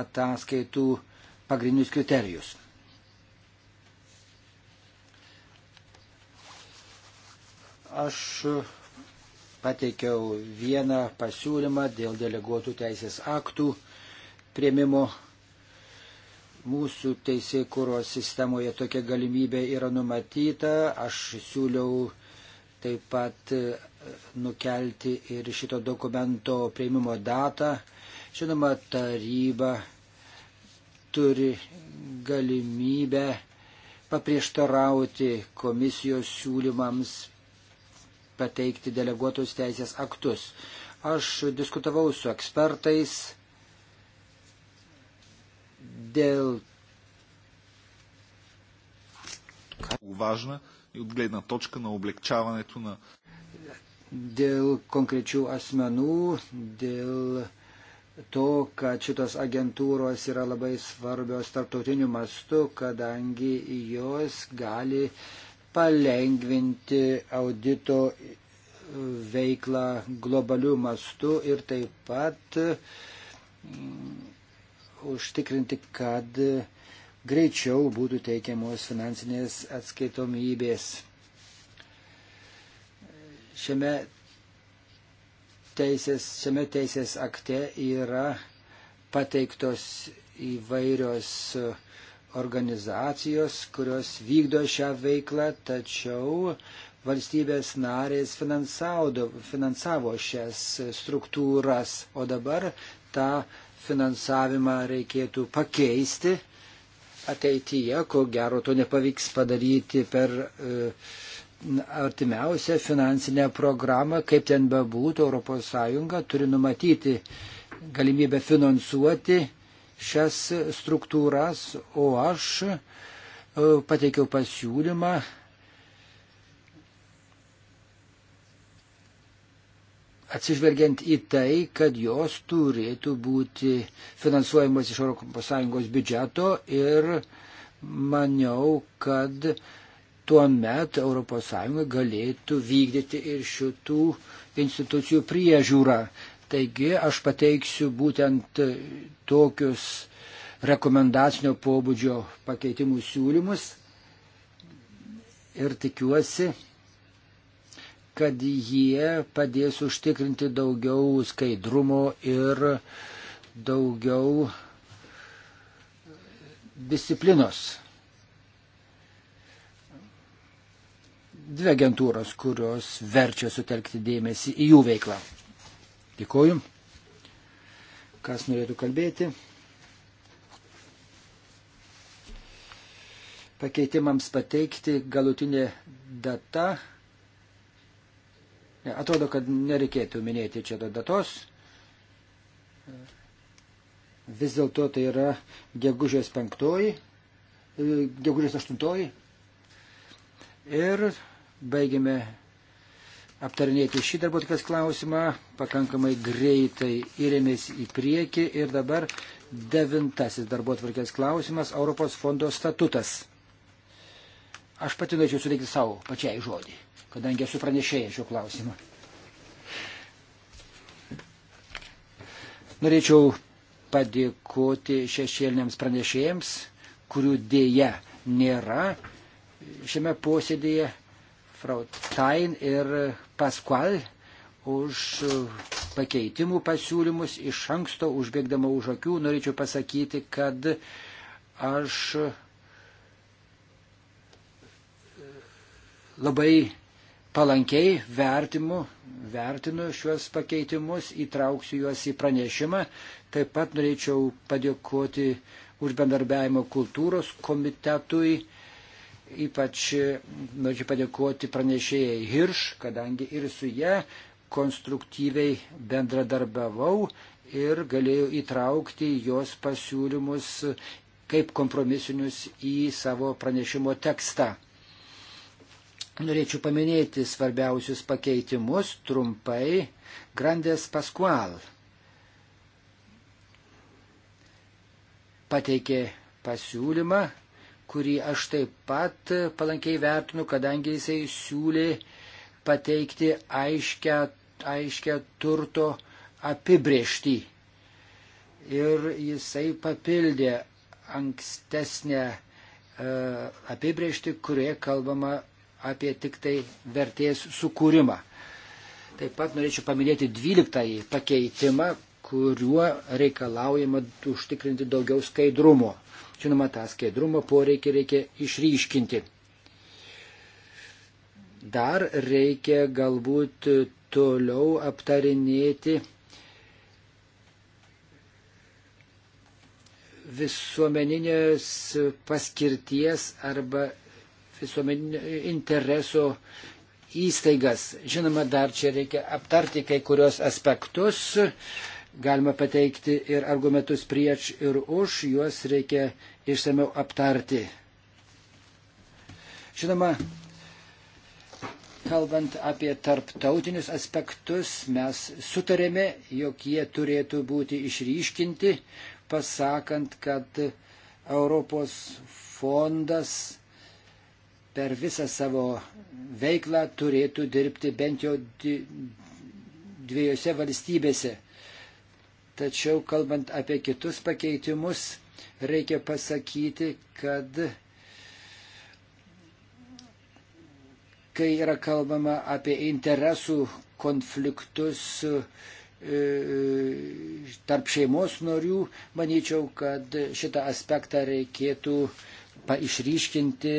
ataskaitų pagrindinius kriterijus. Aš pateikiau vieną pasiūlymą dėl deleguotų teisės aktų prieimimo. Mūsų teisėkūros sistemoje tokia galimybė yra numatyta. Aš siūliau taip pat e, nukelti ir šito dokumento prieimimo datą. Žinoma, taryba turi galimybę paprieštarauti komisijos siūlymams pateikti deleguotus teisės aktus. Aš diskutavau su ekspertais dėl. Uważne, и от гледна точка на облегчаването на. Dėl konkrečių asmenų, dėl to, kad šitos agentūros yra labai svarbios tarptautiniu mastu, kadangi jos gali palengvinti audito veiklą globalių mastų ir taip pat užtikrinti, kad uh, greičiau būtų teikiamos finansinės atskaitomybės. Šiame teisės, šiame teisės akte yra pateiktos įvairios organizacijos, kurios vykdo šią veiklą, tačiau valstybės narės finansavo šias struktūras, o dabar tą finansavimą reikėtų pakeisti ateityje, ko gero to nepavyks padaryti per e, artimiausią finansinę programą, kaip ten bebūtų, ES turi numatyti galimybę finansuoti šias struktūras, o aš e, pateikiau pasiūlymą atsižvelgiant į tai, kad jos turėtų būti finansuojamos iš ES biudžeto ir maniau, kad tuo met ES galėtų vykdyti ir šitų institucijų priežiūrą. Taigi aš pateiksiu būtent tokius rekomendacinio pobūdžio pakeitimų siūlymus ir tikiuosi, kad jie padės užtikrinti daugiau skaidrumo ir daugiau disciplinos. Dvi agentūros, kurios verčia sutelkti dėmesį į jų veiklą. Dėkoju. Kas norėtų kalbėti? Pakeitimams pateikti galutinė data Atrodo, kad nereikėtų minėti čia datos. Vis dėlto tai yra gegužės penktoji, e, gegužės aštuntoji. Ir baigėme aptarinėti šį darbotikės klausimą, pakankamai greitai įrėmės į priekį ir dabar devintasis darbotvarkės klausimas - Europos fondo statutas. Aš pati norėčiau suteikti savo pačiai žodį, kadangi esu pranešėję šio klausimo. Norėčiau padėkoti šešėliniams pranešėjams, kurių dėja nėra šiame posėdėje, Frau Tain ir Pasqual, už pakeitimų pasiūlymus iš anksto užbėgdama už akių norėčiau pasakyti, kad aš labai palankiai vertimu, vertinu šiuos pakeitimus, įtrauksiu juos į pranešimą. Taip pat norėčiau padėkoti už bendarbiavimo kultūros komitetui. Ypač norėčiau padėkoti pranešėjai Hirš, kadangi ir su jie konstruktyviai bendradarbiavau ir galėjau įtraukti jos pasiūlymus kaip kompromisinius į savo pranešimo tekstą norėčiau paminėti svarbiausius pakeitimus trumpai. Grandes Pasqual pateikė pasiūlymą, kurį aš taip pat palankiai vertinu, kadangi jisai siūlė pateikti aiškę, aiškę turto apibriešti. Ir jisai papildė ankstesnę e, apibriešti, kurioje kalbama apie tik tai vertės sukūrimą. Taip pat norėčiau paminėti 12 pakeitimą, kuriuo reikalaujama užtikrinti daugiau skaidrumo. Žinoma, tą skaidrumo poreikį reikia išryškinti. Dar reikia galbūt toliau aptarinėti visuomeninės paskirties arba visuomeninio intereso įstaigas. Žinoma, dar čia reikia aptarti kai kurios aspektus. Galima pateikti ir argumentus prieš ir už, juos reikia išsameu aptarti. Žinoma, kalbant apie tarptautinius aspektus, mes sutarėme, jog jie turėtų būti išryškinti, pasakant, kad Europos fondas per visą savo veiklą turėtų dirbti bent jau dviejose valstybėse. Tačiau kalbant apie kitus pakeitimus, reikia pasakyti, kad kai yra kalbama apie interesų konfliktus e, tarp šeimos norių, manyčiau, kad šitą aspektą reikėtų išryškinti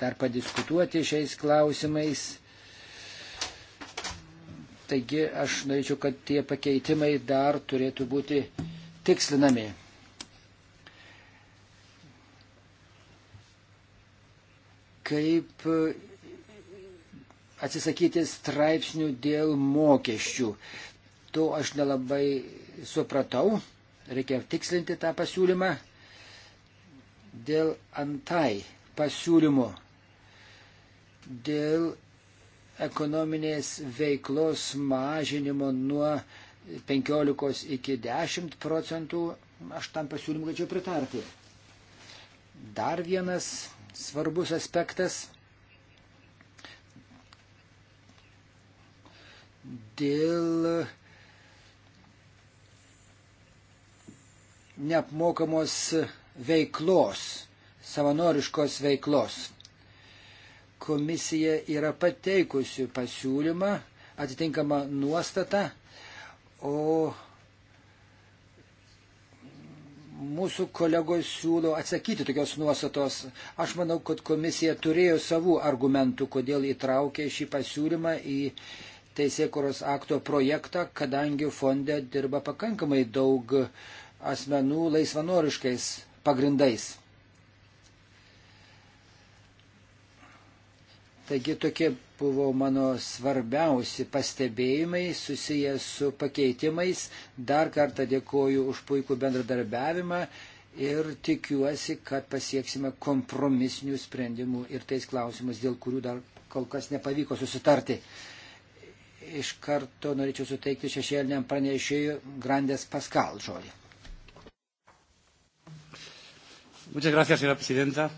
dar padiskutuoti šiais klausimais. Taigi aš norėčiau, kad tie pakeitimai dar turėtų būti tikslinami. Kaip atsisakyti straipsnių dėl mokesčių. To aš nelabai supratau. Reikia tikslinti tą pasiūlymą dėl antai pasiūlymo dėl ekonominės veiklos mažinimo nuo 15 iki 10 procentų, aš tam pasiūlymui galėčiau pritarti. Dar vienas svarbus aspektas dėl neapmokamos veiklos savanoriškos veiklos. Komisija yra pateikusi pasiūlymą, atitinkamą nuostatą, o mūsų kolegos siūlo atsakyti tokios nuostatos. Aš manau, kad komisija turėjo savų argumentų, kodėl įtraukė šį pasiūlymą į Teisėkuros akto projektą, kadangi fonde dirba pakankamai daug asmenų laisvanoriškais pagrindais. Taigi tokie buvo mano svarbiausi pastebėjimai susiję su pakeitimais. Dar kartą dėkoju už puikų bendradarbiavimą ir tikiuosi, kad pasieksime kompromisinių sprendimų ir tais klausimas, dėl kurių dar kol kas nepavyko susitarti. Iš karto norėčiau suteikti šešėliniam pranešėjui Grandės Paskal žodį. Muchas gracias, señora presidenta.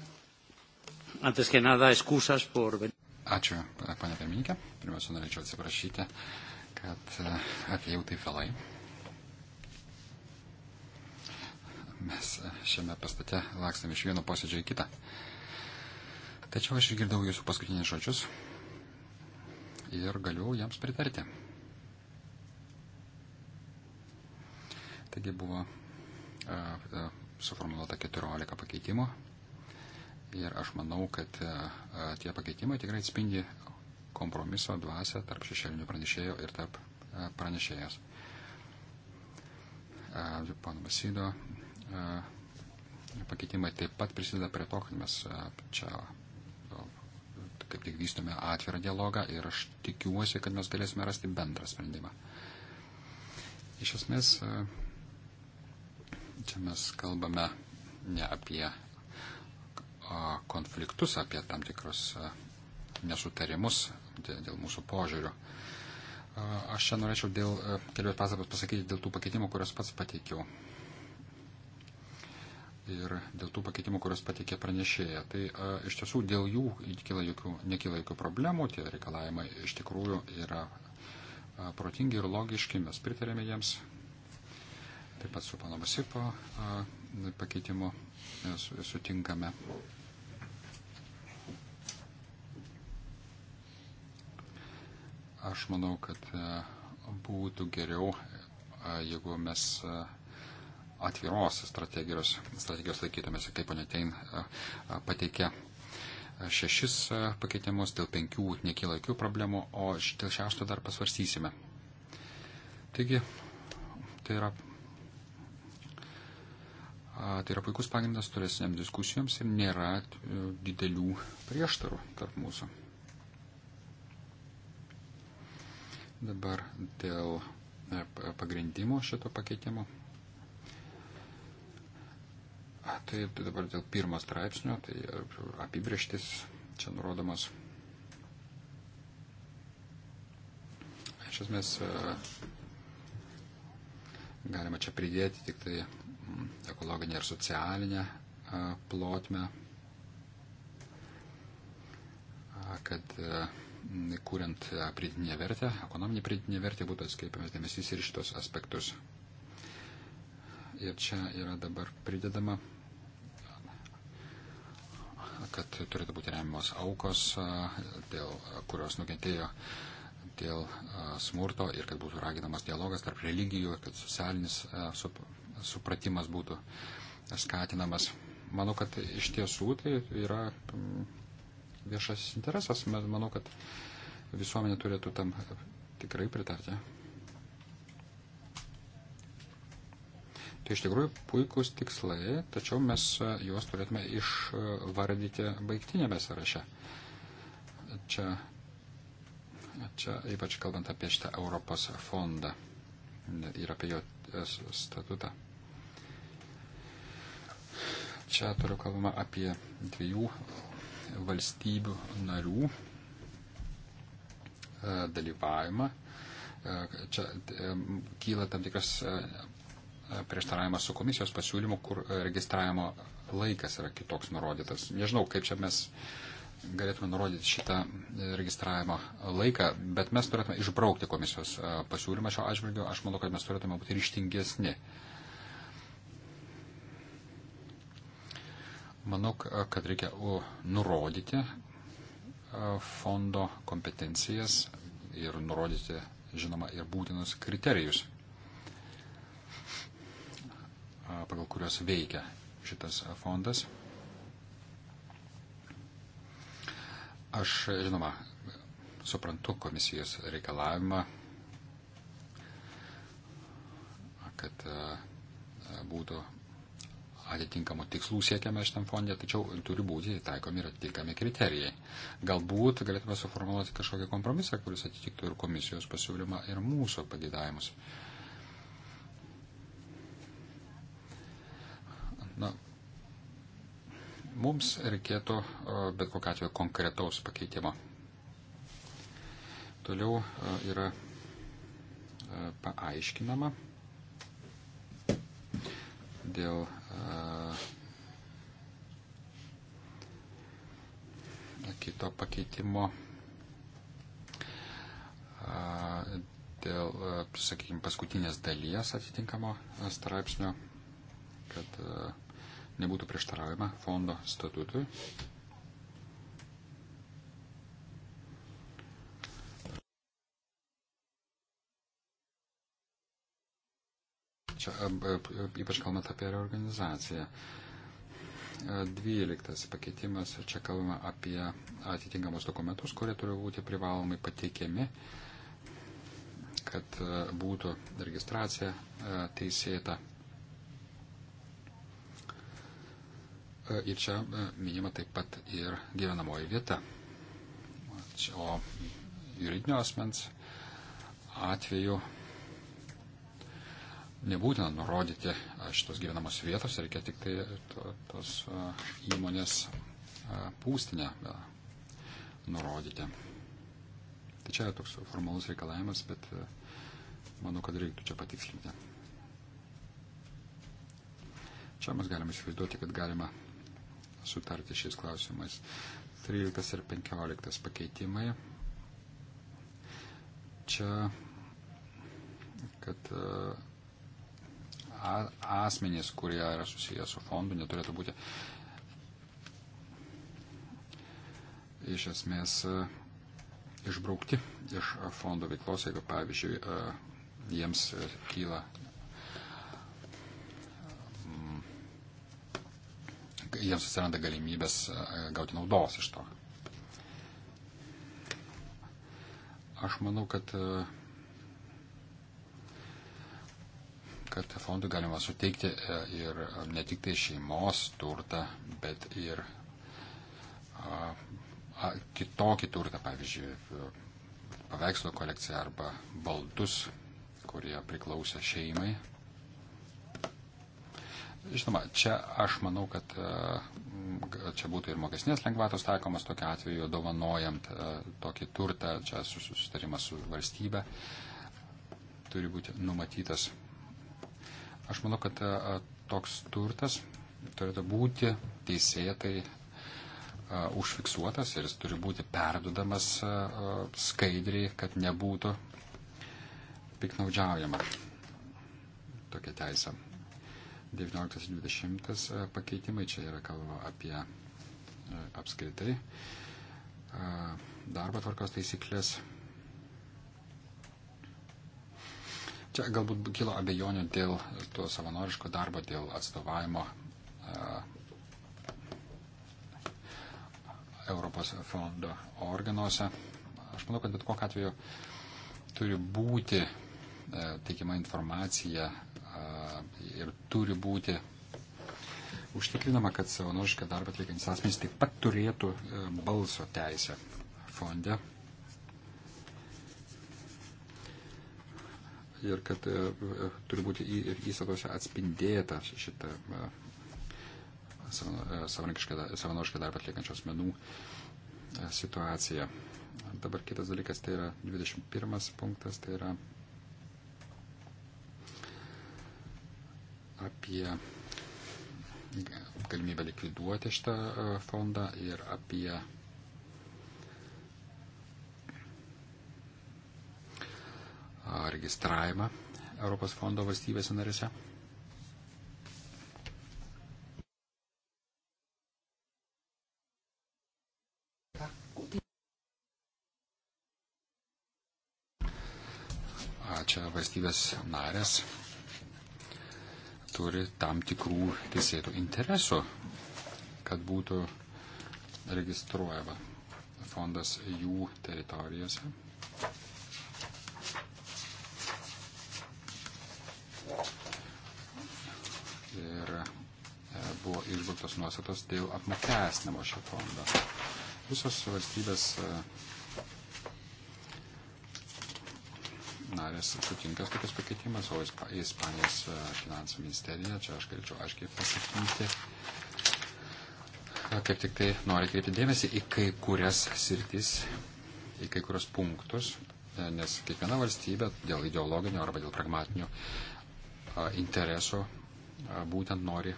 Antes que nada, excusas por. Ačiū, panė pirmininkė. Pirmiausia, norėčiau atsiprašyti, kad eh, atėjau taip vėlai. Mes eh, šiame pastate lakstame iš vieno posėdžio į kitą. Tačiau aš išgirdau jūsų paskutinius žodžius ir galiu jiems pritarti. Taigi buvo eh, suformuoluota 14 pakeitimų Ir aš manau, kad e, e, tie pakeitimai tikrai atspindi kompromiso dvasę tarp šešėlinių pranešėjų ir tarp e, pranešėjos. Pono Basido pakeitimai taip pat prisideda prie to, kad mes čia kaip tik vystome atvirą dialogą ir aš tikiuosi, kad mes galėsime rasti bendrą sprendimą. Iš esmės, čia mes kalbame ne apie konfliktus, apie tam tikrus nesutarimus dėl mūsų požiūrių. Aš čia norėčiau dėl kelios pastabos pasakyti dėl tų pakeitimų, kuriuos pats pateikiau. Ir dėl tų pakeitimų, kuriuos pateikė pranešėja. Tai a, iš tiesų dėl jų kyla jokių, nekyla jokių problemų, tie reikalavimai iš tikrųjų yra a, protingi ir logiški, mes pritarėme jiems. Taip pat su pano Masipo pakeitimu sutinkame. Aš manau, kad e, būtų geriau, e, jeigu mes e, atviros strategijos, strategijos laikytumėsi, kaip panetein pateikė šešis pakeitimus, dėl penkių nekyla jokių problemų, o dėl šešto dar pasvarstysime. Taigi, tai yra Tai yra puikus pagrindas tolesniam diskusijoms ir nėra e, didelių prieštarų tarp mūsų. Dabar dėl e, pagrindimo šito pakeitimo. Tai dabar dėl pirmo straipsnio, tai apibrieštis čia nurodomas. Iš esmės e, galima čia pridėti tik tai ekologinę ir socialinę e, plotmę, e, kad e, kuriant pridinę vertę, ekonominį pridinę vertę būtų atskaipiamas dėmesys ir šitos aspektus. Ir čia yra dabar pridedama, kad turėtų būti remiamos aukos, dėl kurios nukentėjo dėl smurto ir kad būtų raginamas dialogas tarp religijų, kad socialinis supratimas būtų skatinamas. Manau, kad iš tiesų tai yra mm, viešas interesas, bet manau, kad visuomenė turėtų tam tikrai pritarti. Tai iš tikrųjų puikūs tikslai, tačiau mes e, juos turėtume išvardyti baigtinėme sąraše. Čia, čia ypač kalbant apie šitą Europos fondą ir apie jo statutą. Čia turiu kalbama apie dviejų valstybių narių e, dalyvavimą. E, čia e, kyla tam tikras prieštaravimas su komisijos pasiūlymu, kur registravimo laikas yra kitoks nurodytas. Nežinau, kaip čia mes uh, galėtume nurodyti šitą e, registravimo laiką, bet mes turėtume išbraukti komisijos e, pasiūlymą šio atžvilgiu. Aš manau, kad mes turėtume būti ryštingesni. Manau, kad reikia nurodyti e, fondo kompetencijas ir nurodyti, žinoma, ir būtinus kriterijus, pagal kuriuos veikia šitas fondas. Aš, žinoma, suprantu komisijos reikalavimą, kad e, būtų atitinkamų tikslų siekiame šitam fondė, tačiau turi būti taikomi ir atitinkami kriterijai. Galbūt galėtume suformuoluoti kažkokį kompromisą, kuris atitiktų ir komisijos pasiūlymą, ir mūsų pagėdavimus. Na, Mums reikėtų e, bet kokiu atveju konkretaus pakeitimo. Toliau e, yra e, paaiškinama dėl kito pakeitimo dėl, sakykime, paskutinės dalies atitinkamo straipsnio, kad nebūtų prieštaraujama fondo statutui. Čia e, e, ypač kalbant apie reorganizaciją. 12 e, pakeitimas, čia kalbama apie atitinkamus dokumentus, kurie turi būti privalomai pateikiami, kad būtų registracija teisėta E, ir čia e, minima taip pat ir gyvenamoji vieta. O juridinio asmens atveju nebūtina nurodyti e, šitos gyvenamos vietos, reikia tik tai to, tos įmonės būstinę nurodyti. Tai čia toks formalus reikalavimas, bet manau, kad reiktų čia patikslinti. Čia mes galime įsivaizduoti, kad galima sutarti šiais klausimais. 13 ir 15 pakeitimai. Čia, kad asmenys, kurie yra susiję su fondu, neturėtų būti iš esmės e, išbraukti iš fondo veiklos, jeigu, pavyzdžiui, e, jiems e, kyla jiems atsiranda galimybės e, gauti naudos iš to. Aš manau, kad, e, kad fondui galima suteikti e, ir ne tik tai šeimos turtą, bet ir a, a, kitokį turtą, pavyzdžiui, paveikslo kolekciją arba baldus, kurie priklausė šeimai, Žinoma, čia aš manau, kad e, čia būtų ir mokesnės lengvatos taikomas tokiu atveju, dovanojant e, tokį turtą, čia susitarimas su valstybe turi būti numatytas. Aš manau, kad e, toks turtas turėtų būti teisėtai užfiksuotas ir jis turi būti perdudamas skaidriai, kad nebūtų piknaudžiaujama tokia teisė. 19-20 e, pakeitimai, čia yra kalba apie e, apskritai e, darbo tvarkos taisyklės. Čia galbūt kilo abejonių dėl to savanoriško darbo, dėl atstovavimo Europos fondo organuose. Aš manau, kad bet kokiu atveju turi būti teikiama informacija ir turi būti užtikrinama, kad savanorišką darbą atlikantis asmenys taip pat turėtų e, balso teisę fonde. Ir kad e, e, turi būti ir įstatose atspindėta šita savanorišką darbą atliekančios menų situacija. Dabar kitas dalykas tai yra 21 punktas, tai yra apie galimybę likviduoti šitą e, fondą ir apie registravimą Europos fondo valstybėse narėse. Čia valstybės narės turi tam tikrų teisėtų interesų, kad būtų registruojama fondas jų teritorijose. Ir e, buvo išbrauktos nuostatos dėl apmokestinimo šio fondo. Visos valstybės e, Portugalės sutinka su tokiais pakeitimais, o Ispanijos e, finansų ministerija, čia aš galėčiau aiškiai pasakyti, e, kaip tik tai nori kreipti dėmesį į kai kurias sritis, į kai kurios punktus, e, nes kiekviena valstybė dėl ideologinio arba dėl pragmatinių interesų būtent nori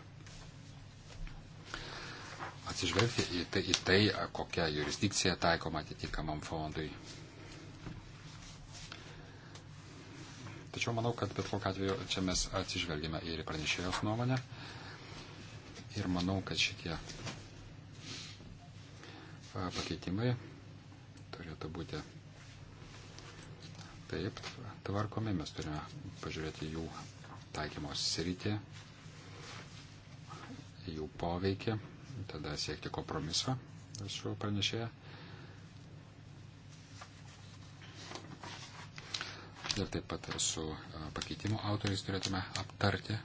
atsižvelgti į tai, į tai kokia jurisdikcija taikoma atitinkamam fondui. Tačiau manau, kad bet kokiu atveju čia mes atsižvelgime ir į pranešėjos nuomonę. Ir manau, kad šitie pakeitimai turėtų būti taip tvarkomi. Mes turime pažiūrėti jų taikymos sritį, jų poveikį, tada siekti kompromiso su pranešėja. ir taip pat ir su e, pakeitimo autoriais turėtume aptarti e,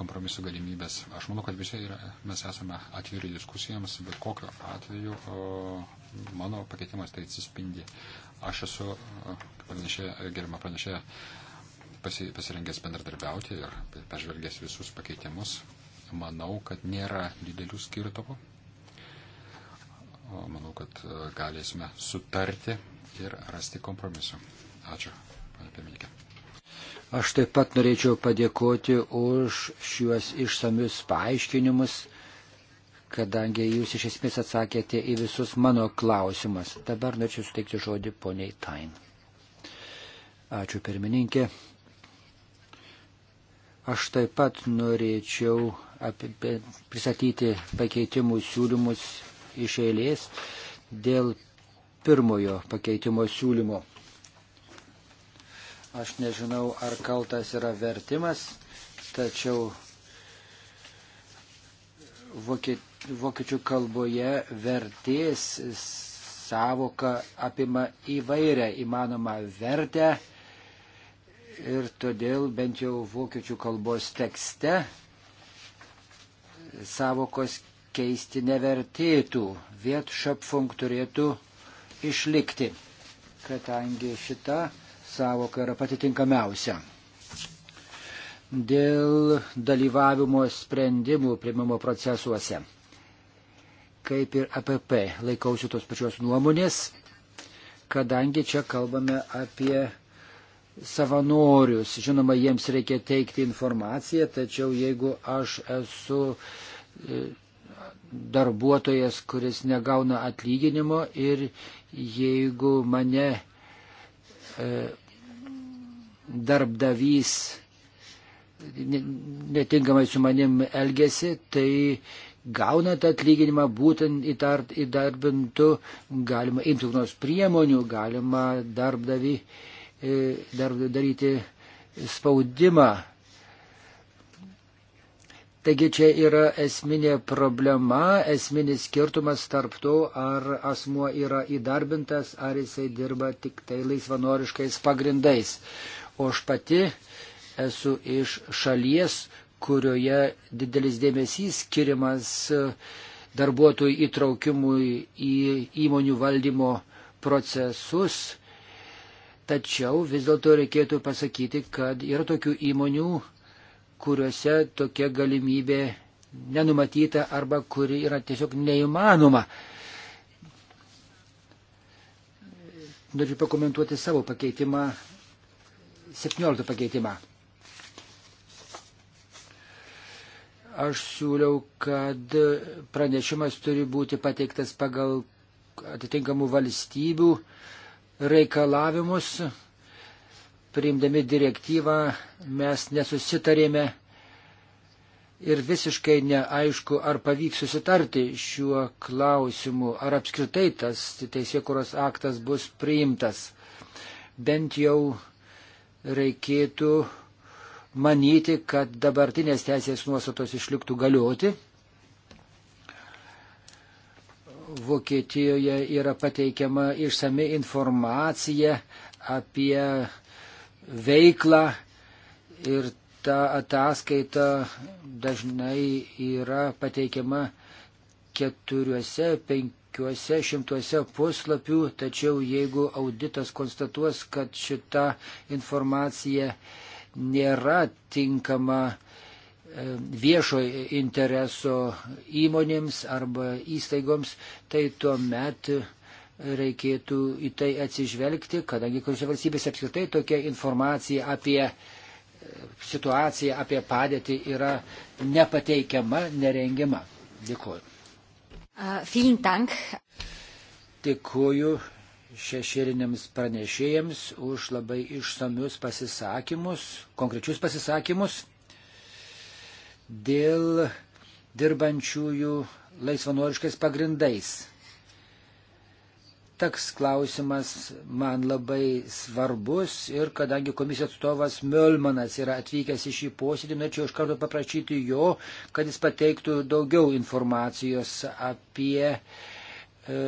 kompromisų galimybės. Aš manau, kad visi yra, mes esame atviri diskusijams, bet kokiu atveju o, mano pakeitimas tai atsispindi. Aš esu, e, pranešė, gerima pranešė, pasi, pasirengęs bendradarbiauti ir peržvelgęs visus pakeitimus. Manau, kad nėra didelių skirtumų. Manau, kad galėsime sutarti ir rasti kompromisu. Ačiū, pana Pirmininkė. Aš taip pat norėčiau padėkoti už šiuos išsamius paaiškinimus, kadangi jūs iš esmės atsakėte į visus mano klausimus. Dabar norėčiau suteikti žodį poniai Tain. Ačiū pirmininkė. Aš taip pat norėčiau apie, pristatyti pakeitimų siūlymus iš eilės dėl pirmojo pakeitimo siūlymo. Aš nežinau, ar kaltas yra vertimas, tačiau vokiečių kalboje vertės savoka apima įvairią įmanomą vertę ir todėl bent jau vokiečių kalbos tekste savokos keisti nevertėtų. Vietšapfunk turėtų išlikti, kadangi šita savoka yra pati tinkamiausia. Dėl dalyvavimo sprendimų primimo procesuose. Kaip ir APP laikausi tos pačios nuomonės, kadangi čia kalbame apie savanorius. Žinoma, jiems reikia teikti informaciją, tačiau jeigu aš esu e, darbuotojas, kuris negauna atlyginimo ir jeigu mane e, darbdavys netinkamai su manim elgesi, tai gauna tą atlyginimą būtent įdarbintų, galima imti nors priemonių, galima darbdavi e, darb, daryti spaudimą Taigi čia yra esminė problema, esminis skirtumas tarp to, ar asmuo yra įdarbintas, ar jisai dirba tik tai laisvanoriškais pagrindais. O aš pati esu iš šalies, kurioje didelis dėmesys skiriamas e, darbuotojų įtraukimui į įmonių valdymo procesus. Tačiau vis dėlto reikėtų pasakyti, kad yra tokių įmonių, kuriuose tokia galimybė nenumatyta arba kuri yra tiesiog neįmanoma. Noriu pakomentuoti savo pakeitimą, 17 pakeitimą. Aš siūliau, kad pranešimas turi būti pateiktas pagal atitinkamų valstybių reikalavimus priimdami direktyvą mes nesusitarėme ir visiškai neaišku, ar pavyks susitarti šiuo klausimu, ar apskritai tas teisėkuros aktas bus priimtas. Bent jau reikėtų manyti, kad dabartinės teisės nuostatos išliktų galioti. Vokietijoje yra pateikiama išsami informacija apie veiklą ir ta ataskaita dažnai yra pateikiama keturiuose, penkiuose šimtuose puslapių, tačiau jeigu auditas konstatuos, kad šita informacija nėra tinkama e, viešo intereso įmonėms arba įstaigoms, tai tuo metu reikėtų į tai atsižvelgti, kadangi kuriuose valstybėse apskritai tokia informacija apie e, situaciją, apie padėtį yra nepateikiama, nerengiama. Dėkuoju. Vielen Dank. Dėkuoju šešėliniams pranešėjams už labai išsamius pasisakymus, konkrečius pasisakymus dėl dirbančiųjų laisvanoriškais pagrindais. Taks klausimas man labai svarbus ir kadangi komisijos atstovas Mölmanas yra atvykęs į šį posėdį, norėčiau iš karto paprašyti jo, kad jis pateiktų daugiau informacijos apie e,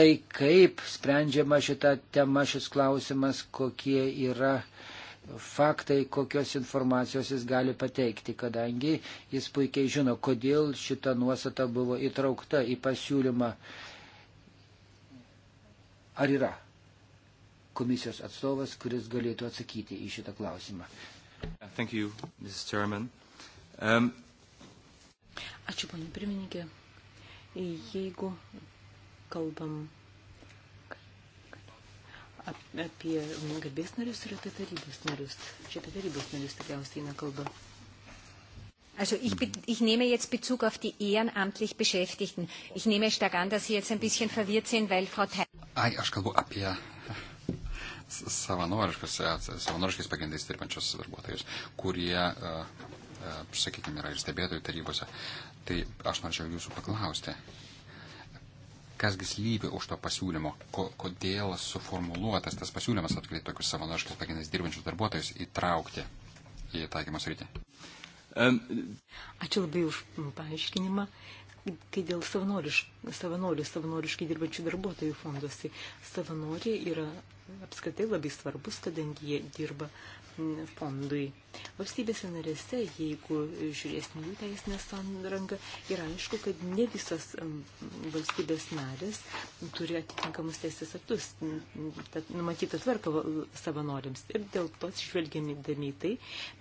tai, kaip sprendžiama šita tema, šis klausimas, kokie yra faktai, kokios informacijos jis gali pateikti, kadangi jis puikiai žino, kodėl šita nuostata buvo įtraukta į pasiūlymą Ar yra komisijos atstovas, kuris galėtų atsakyti į šitą klausimą? Thank you, Mrs. Chairman. Um... Ačiū, ponė pirmininkė. Jeigu kalbam apie garbės narius ir tai apie tarybos narius. Čia apie tarybos narius tikriausiai eina kalba. Also ich, ich nehme jetzt Bezug auf die ehrenamtlich Beschäftigten. Ich nehme stark an, dass Sie jetzt ein bisschen verwirrt sind, weil Frau Thein Ai, aš kalbu apie savanoriškus, e, savanoriškais pagrindais dirbančius darbuotojus, kurie, e, e, sakykime, yra ir stebėtojų tarybose. Tai aš norėčiau jūsų paklausti, kasgi slypi už to pasiūlymo, ko, kodėl suformuluotas tas pasiūlymas atkreipti tokius savanoriškais pagrindais dirbančius darbuotojus įtraukti į taikymo sritį. Ačiū labai už paaiškinimą kai dėl savanoriš, savanorių, savanoriškai dirbančių darbuotojų fonduose. Savanoriai yra apskritai labai svarbus, kadangi jie dirba fondui. Valstybėse narėse, jeigu žiūrėsim jų teisinę sandrangą, yra aišku, kad ne visas valstybės narės turi atitinkamus teisės aktus, numatytą tvarką savanoriams. Ir dėl to, žvelgiami dami tai,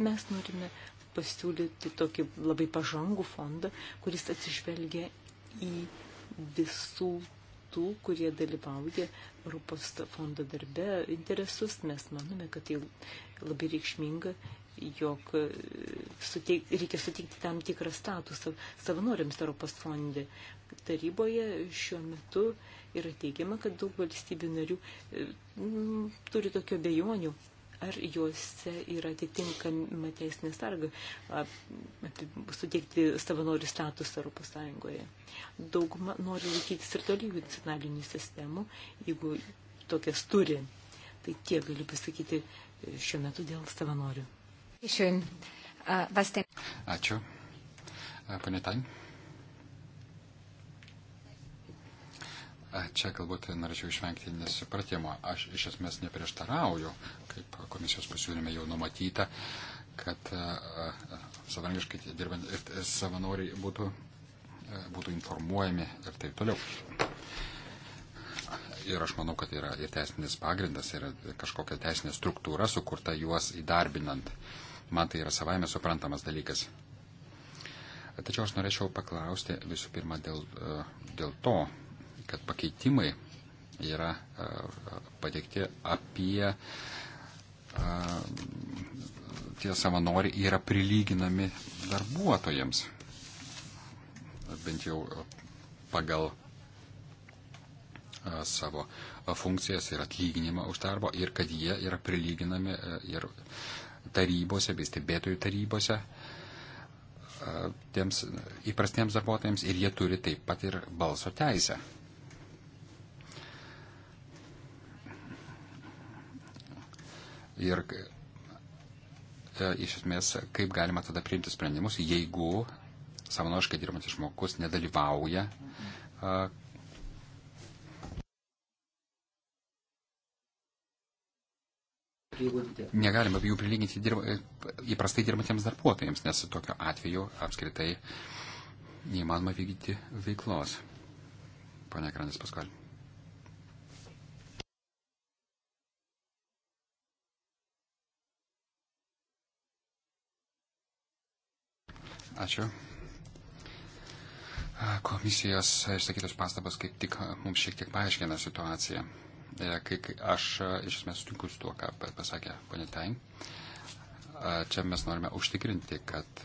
mes norime pasiūlyti tokį labai pažangų fondą, kuris atsižvelgia į visų tų, kurie dalyvauja Europos fondo darbe interesus. Mes manome, kad tai labai reikšminga jog e, suteik, reikia suteikti tam tikrą statusą savanoriams Europos fonde. Taryboje šiuo metu yra teigiama, kad daug valstybių narių e, m, turi tokio bejonių ar juose yra atitinkama teisinė sarga suteikti savanorių statusą Europos Sąjungoje. Dauguma nori laikytis ir tolygių nacionalinių sistemų, jeigu tokias turi. Tai tiek galiu pasakyti e, šiuo metu dėl savanorių. Ačiū. Pane Tain. Čia galbūt norėčiau išvengti nesupratimo. Aš iš esmės neprieštarauju, kaip komisijos pasiūlyme jau numatyta, kad savarankiškai dirbant ir savanoriai būtų, būtų informuojami ir taip toliau. Ir aš manau, kad yra ir teisinis pagrindas, ir kažkokia teisinė struktūra sukurta juos įdarbinant. Man tai yra savaime suprantamas dalykas. Tačiau aš norėčiau paklausti visų pirma dėl, dėl to, kad pakeitimai yra e, pateikti apie e, tie savanoriai yra prilyginami darbuotojams. Bent jau pagal e, savo funkcijas ir atlyginimą už darbo ir kad jie yra prilyginami ir tarybose bei stebėtojų tarybose tiems įprastiems darbuotojams ir jie turi taip pat ir balso teisę. ir e, iš esmės, kaip galima tada priimti sprendimus, jeigu savanoriškai dirbantis žmogus nedalyvauja. E, negalima jų prilyginti dirba, e, įprastai dirbantiems darbuotojams, nes tokiu atveju apskritai neįmanoma vykdyti veiklos. Pane Kranis Paskaliu. Ačiū. Komisijos išsakytos pastabas kaip tik mums šiek tiek paaiškina situaciją. E, kai aš e, iš esmės sutinku su tuo, ką pasakė ponė Tain. E, čia mes norime užtikrinti, kad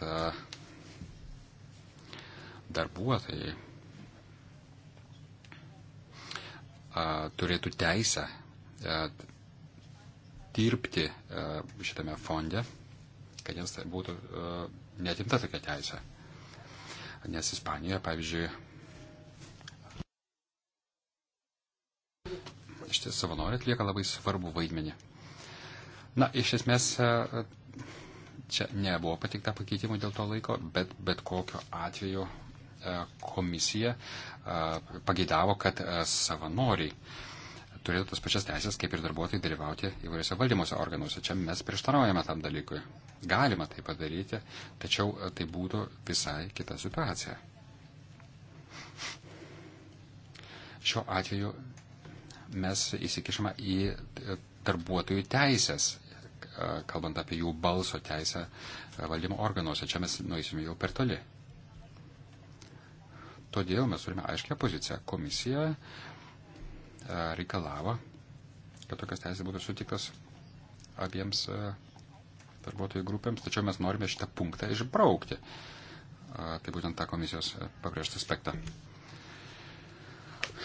darbuotojai turėtų teisę dirbti šitame fonde, kad jiems būtų netimta tokia teisė. Nes Ispanijoje, pavyzdžiui, iš ties savanoriai atlieka labai svarbų vaidmenį. Na, iš esmės, čia nebuvo patikta pakeitimų dėl to laiko, bet, bet kokiu atveju e, komisija e, pageidavo, kad e, savanoriai turėtų tas pačias teisės, kaip ir darbuotojai dalyvauti įvairiose valdymuose organuose. Čia mes prieštaraujame tam dalykui. Galima tai padaryti, tačiau e, tai būtų visai kita situacija. Šiuo atveju mes įsikišame į e, darbuotojų teisės, e, kalbant apie jų balso teisę valdymo organuose. Čia mes nueisime jau per toli. Todėl mes turime aiškę poziciją. Komisija uh, reikalavo, kad tokias teisės būtų sutiktas abiems darbuotojų grupėms, tačiau mes norime šitą punktą išbraukti. Tai būtent tą komisijos pabrėžtą aspektą.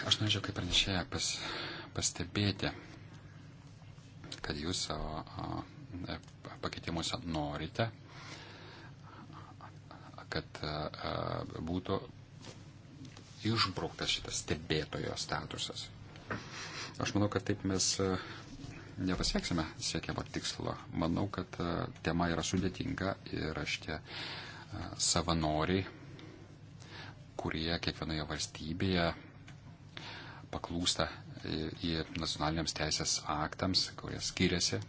Aš norėčiau kaip pranešėja pas, pastebėti, kad jūs savo e, pakeitimuose norite, kad būtų išbrauktas šitas stebėtojo statusas. Aš manau, kad taip mes e, nepasieksime siekiamo tikslo. Manau, kad e, tema yra sudėtinga ir aš tie e, savanoriai, kurie kiekvienoje valstybėje paklūsta į nacionaliniams teisės aktams, kurie skiriasi.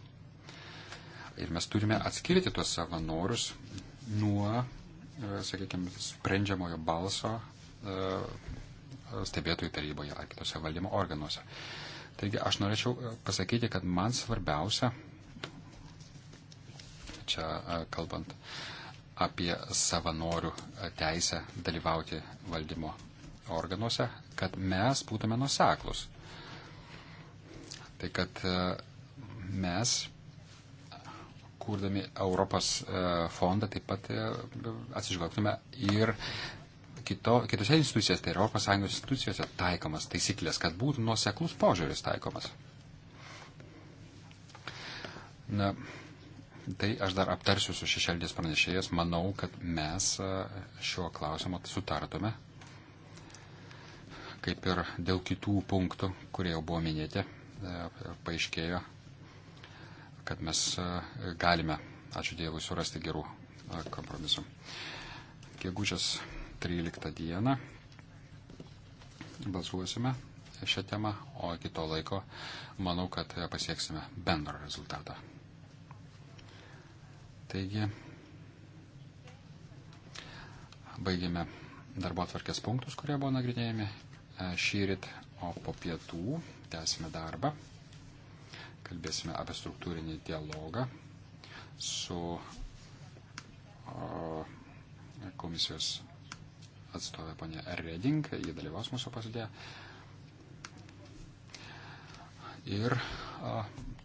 Ir mes turime atskirti tuos savanorius nuo, sakykime, sprendžiamojo balso stebėtojų taryboje ar kitose valdymo organuose. Taigi aš norėčiau e, pasakyti, kad man svarbiausia, čia e, kalbant apie savanorių e, teisę dalyvauti valdymo organuose, kad mes būtume nuseklus. Tai kad mes, kurdami Europos fondą, taip pat atsižvelgtume ir kito, kitose institucijose, tai Europos Sąjungos institucijose taikomas taisyklės, kad būtų nuoseklus požiūris taikomas. Na, tai aš dar aptarsiu su šešeldės pranešėjas. Manau, kad mes e, šiuo klausimu sutartume, kaip ir dėl kitų punktų, kurie jau buvo minėti, e, paaiškėjo, kad mes e, galime, ačiū Dievui, surasti gerų kompromisų. Gegužės 13 dieną balsuosime šią temą, o iki to laiko manau, kad pasieksime bendrą rezultatą. Taigi, baigėme darbo atvarkės punktus, kurie buvo nagrinėjami e, šyrit, o po pietų tęsime darbą. Kalbėsime apie struktūrinį dialogą su komisijos atstovė ponė Reding, jie dalyvaus mūsų posėdėje. Ir a,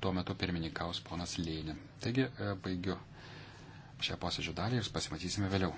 tuo metu pirmininkaus ponas Lėnė. Taigi a, baigiu šią posėdžio dalį ir pasimatysime vėliau.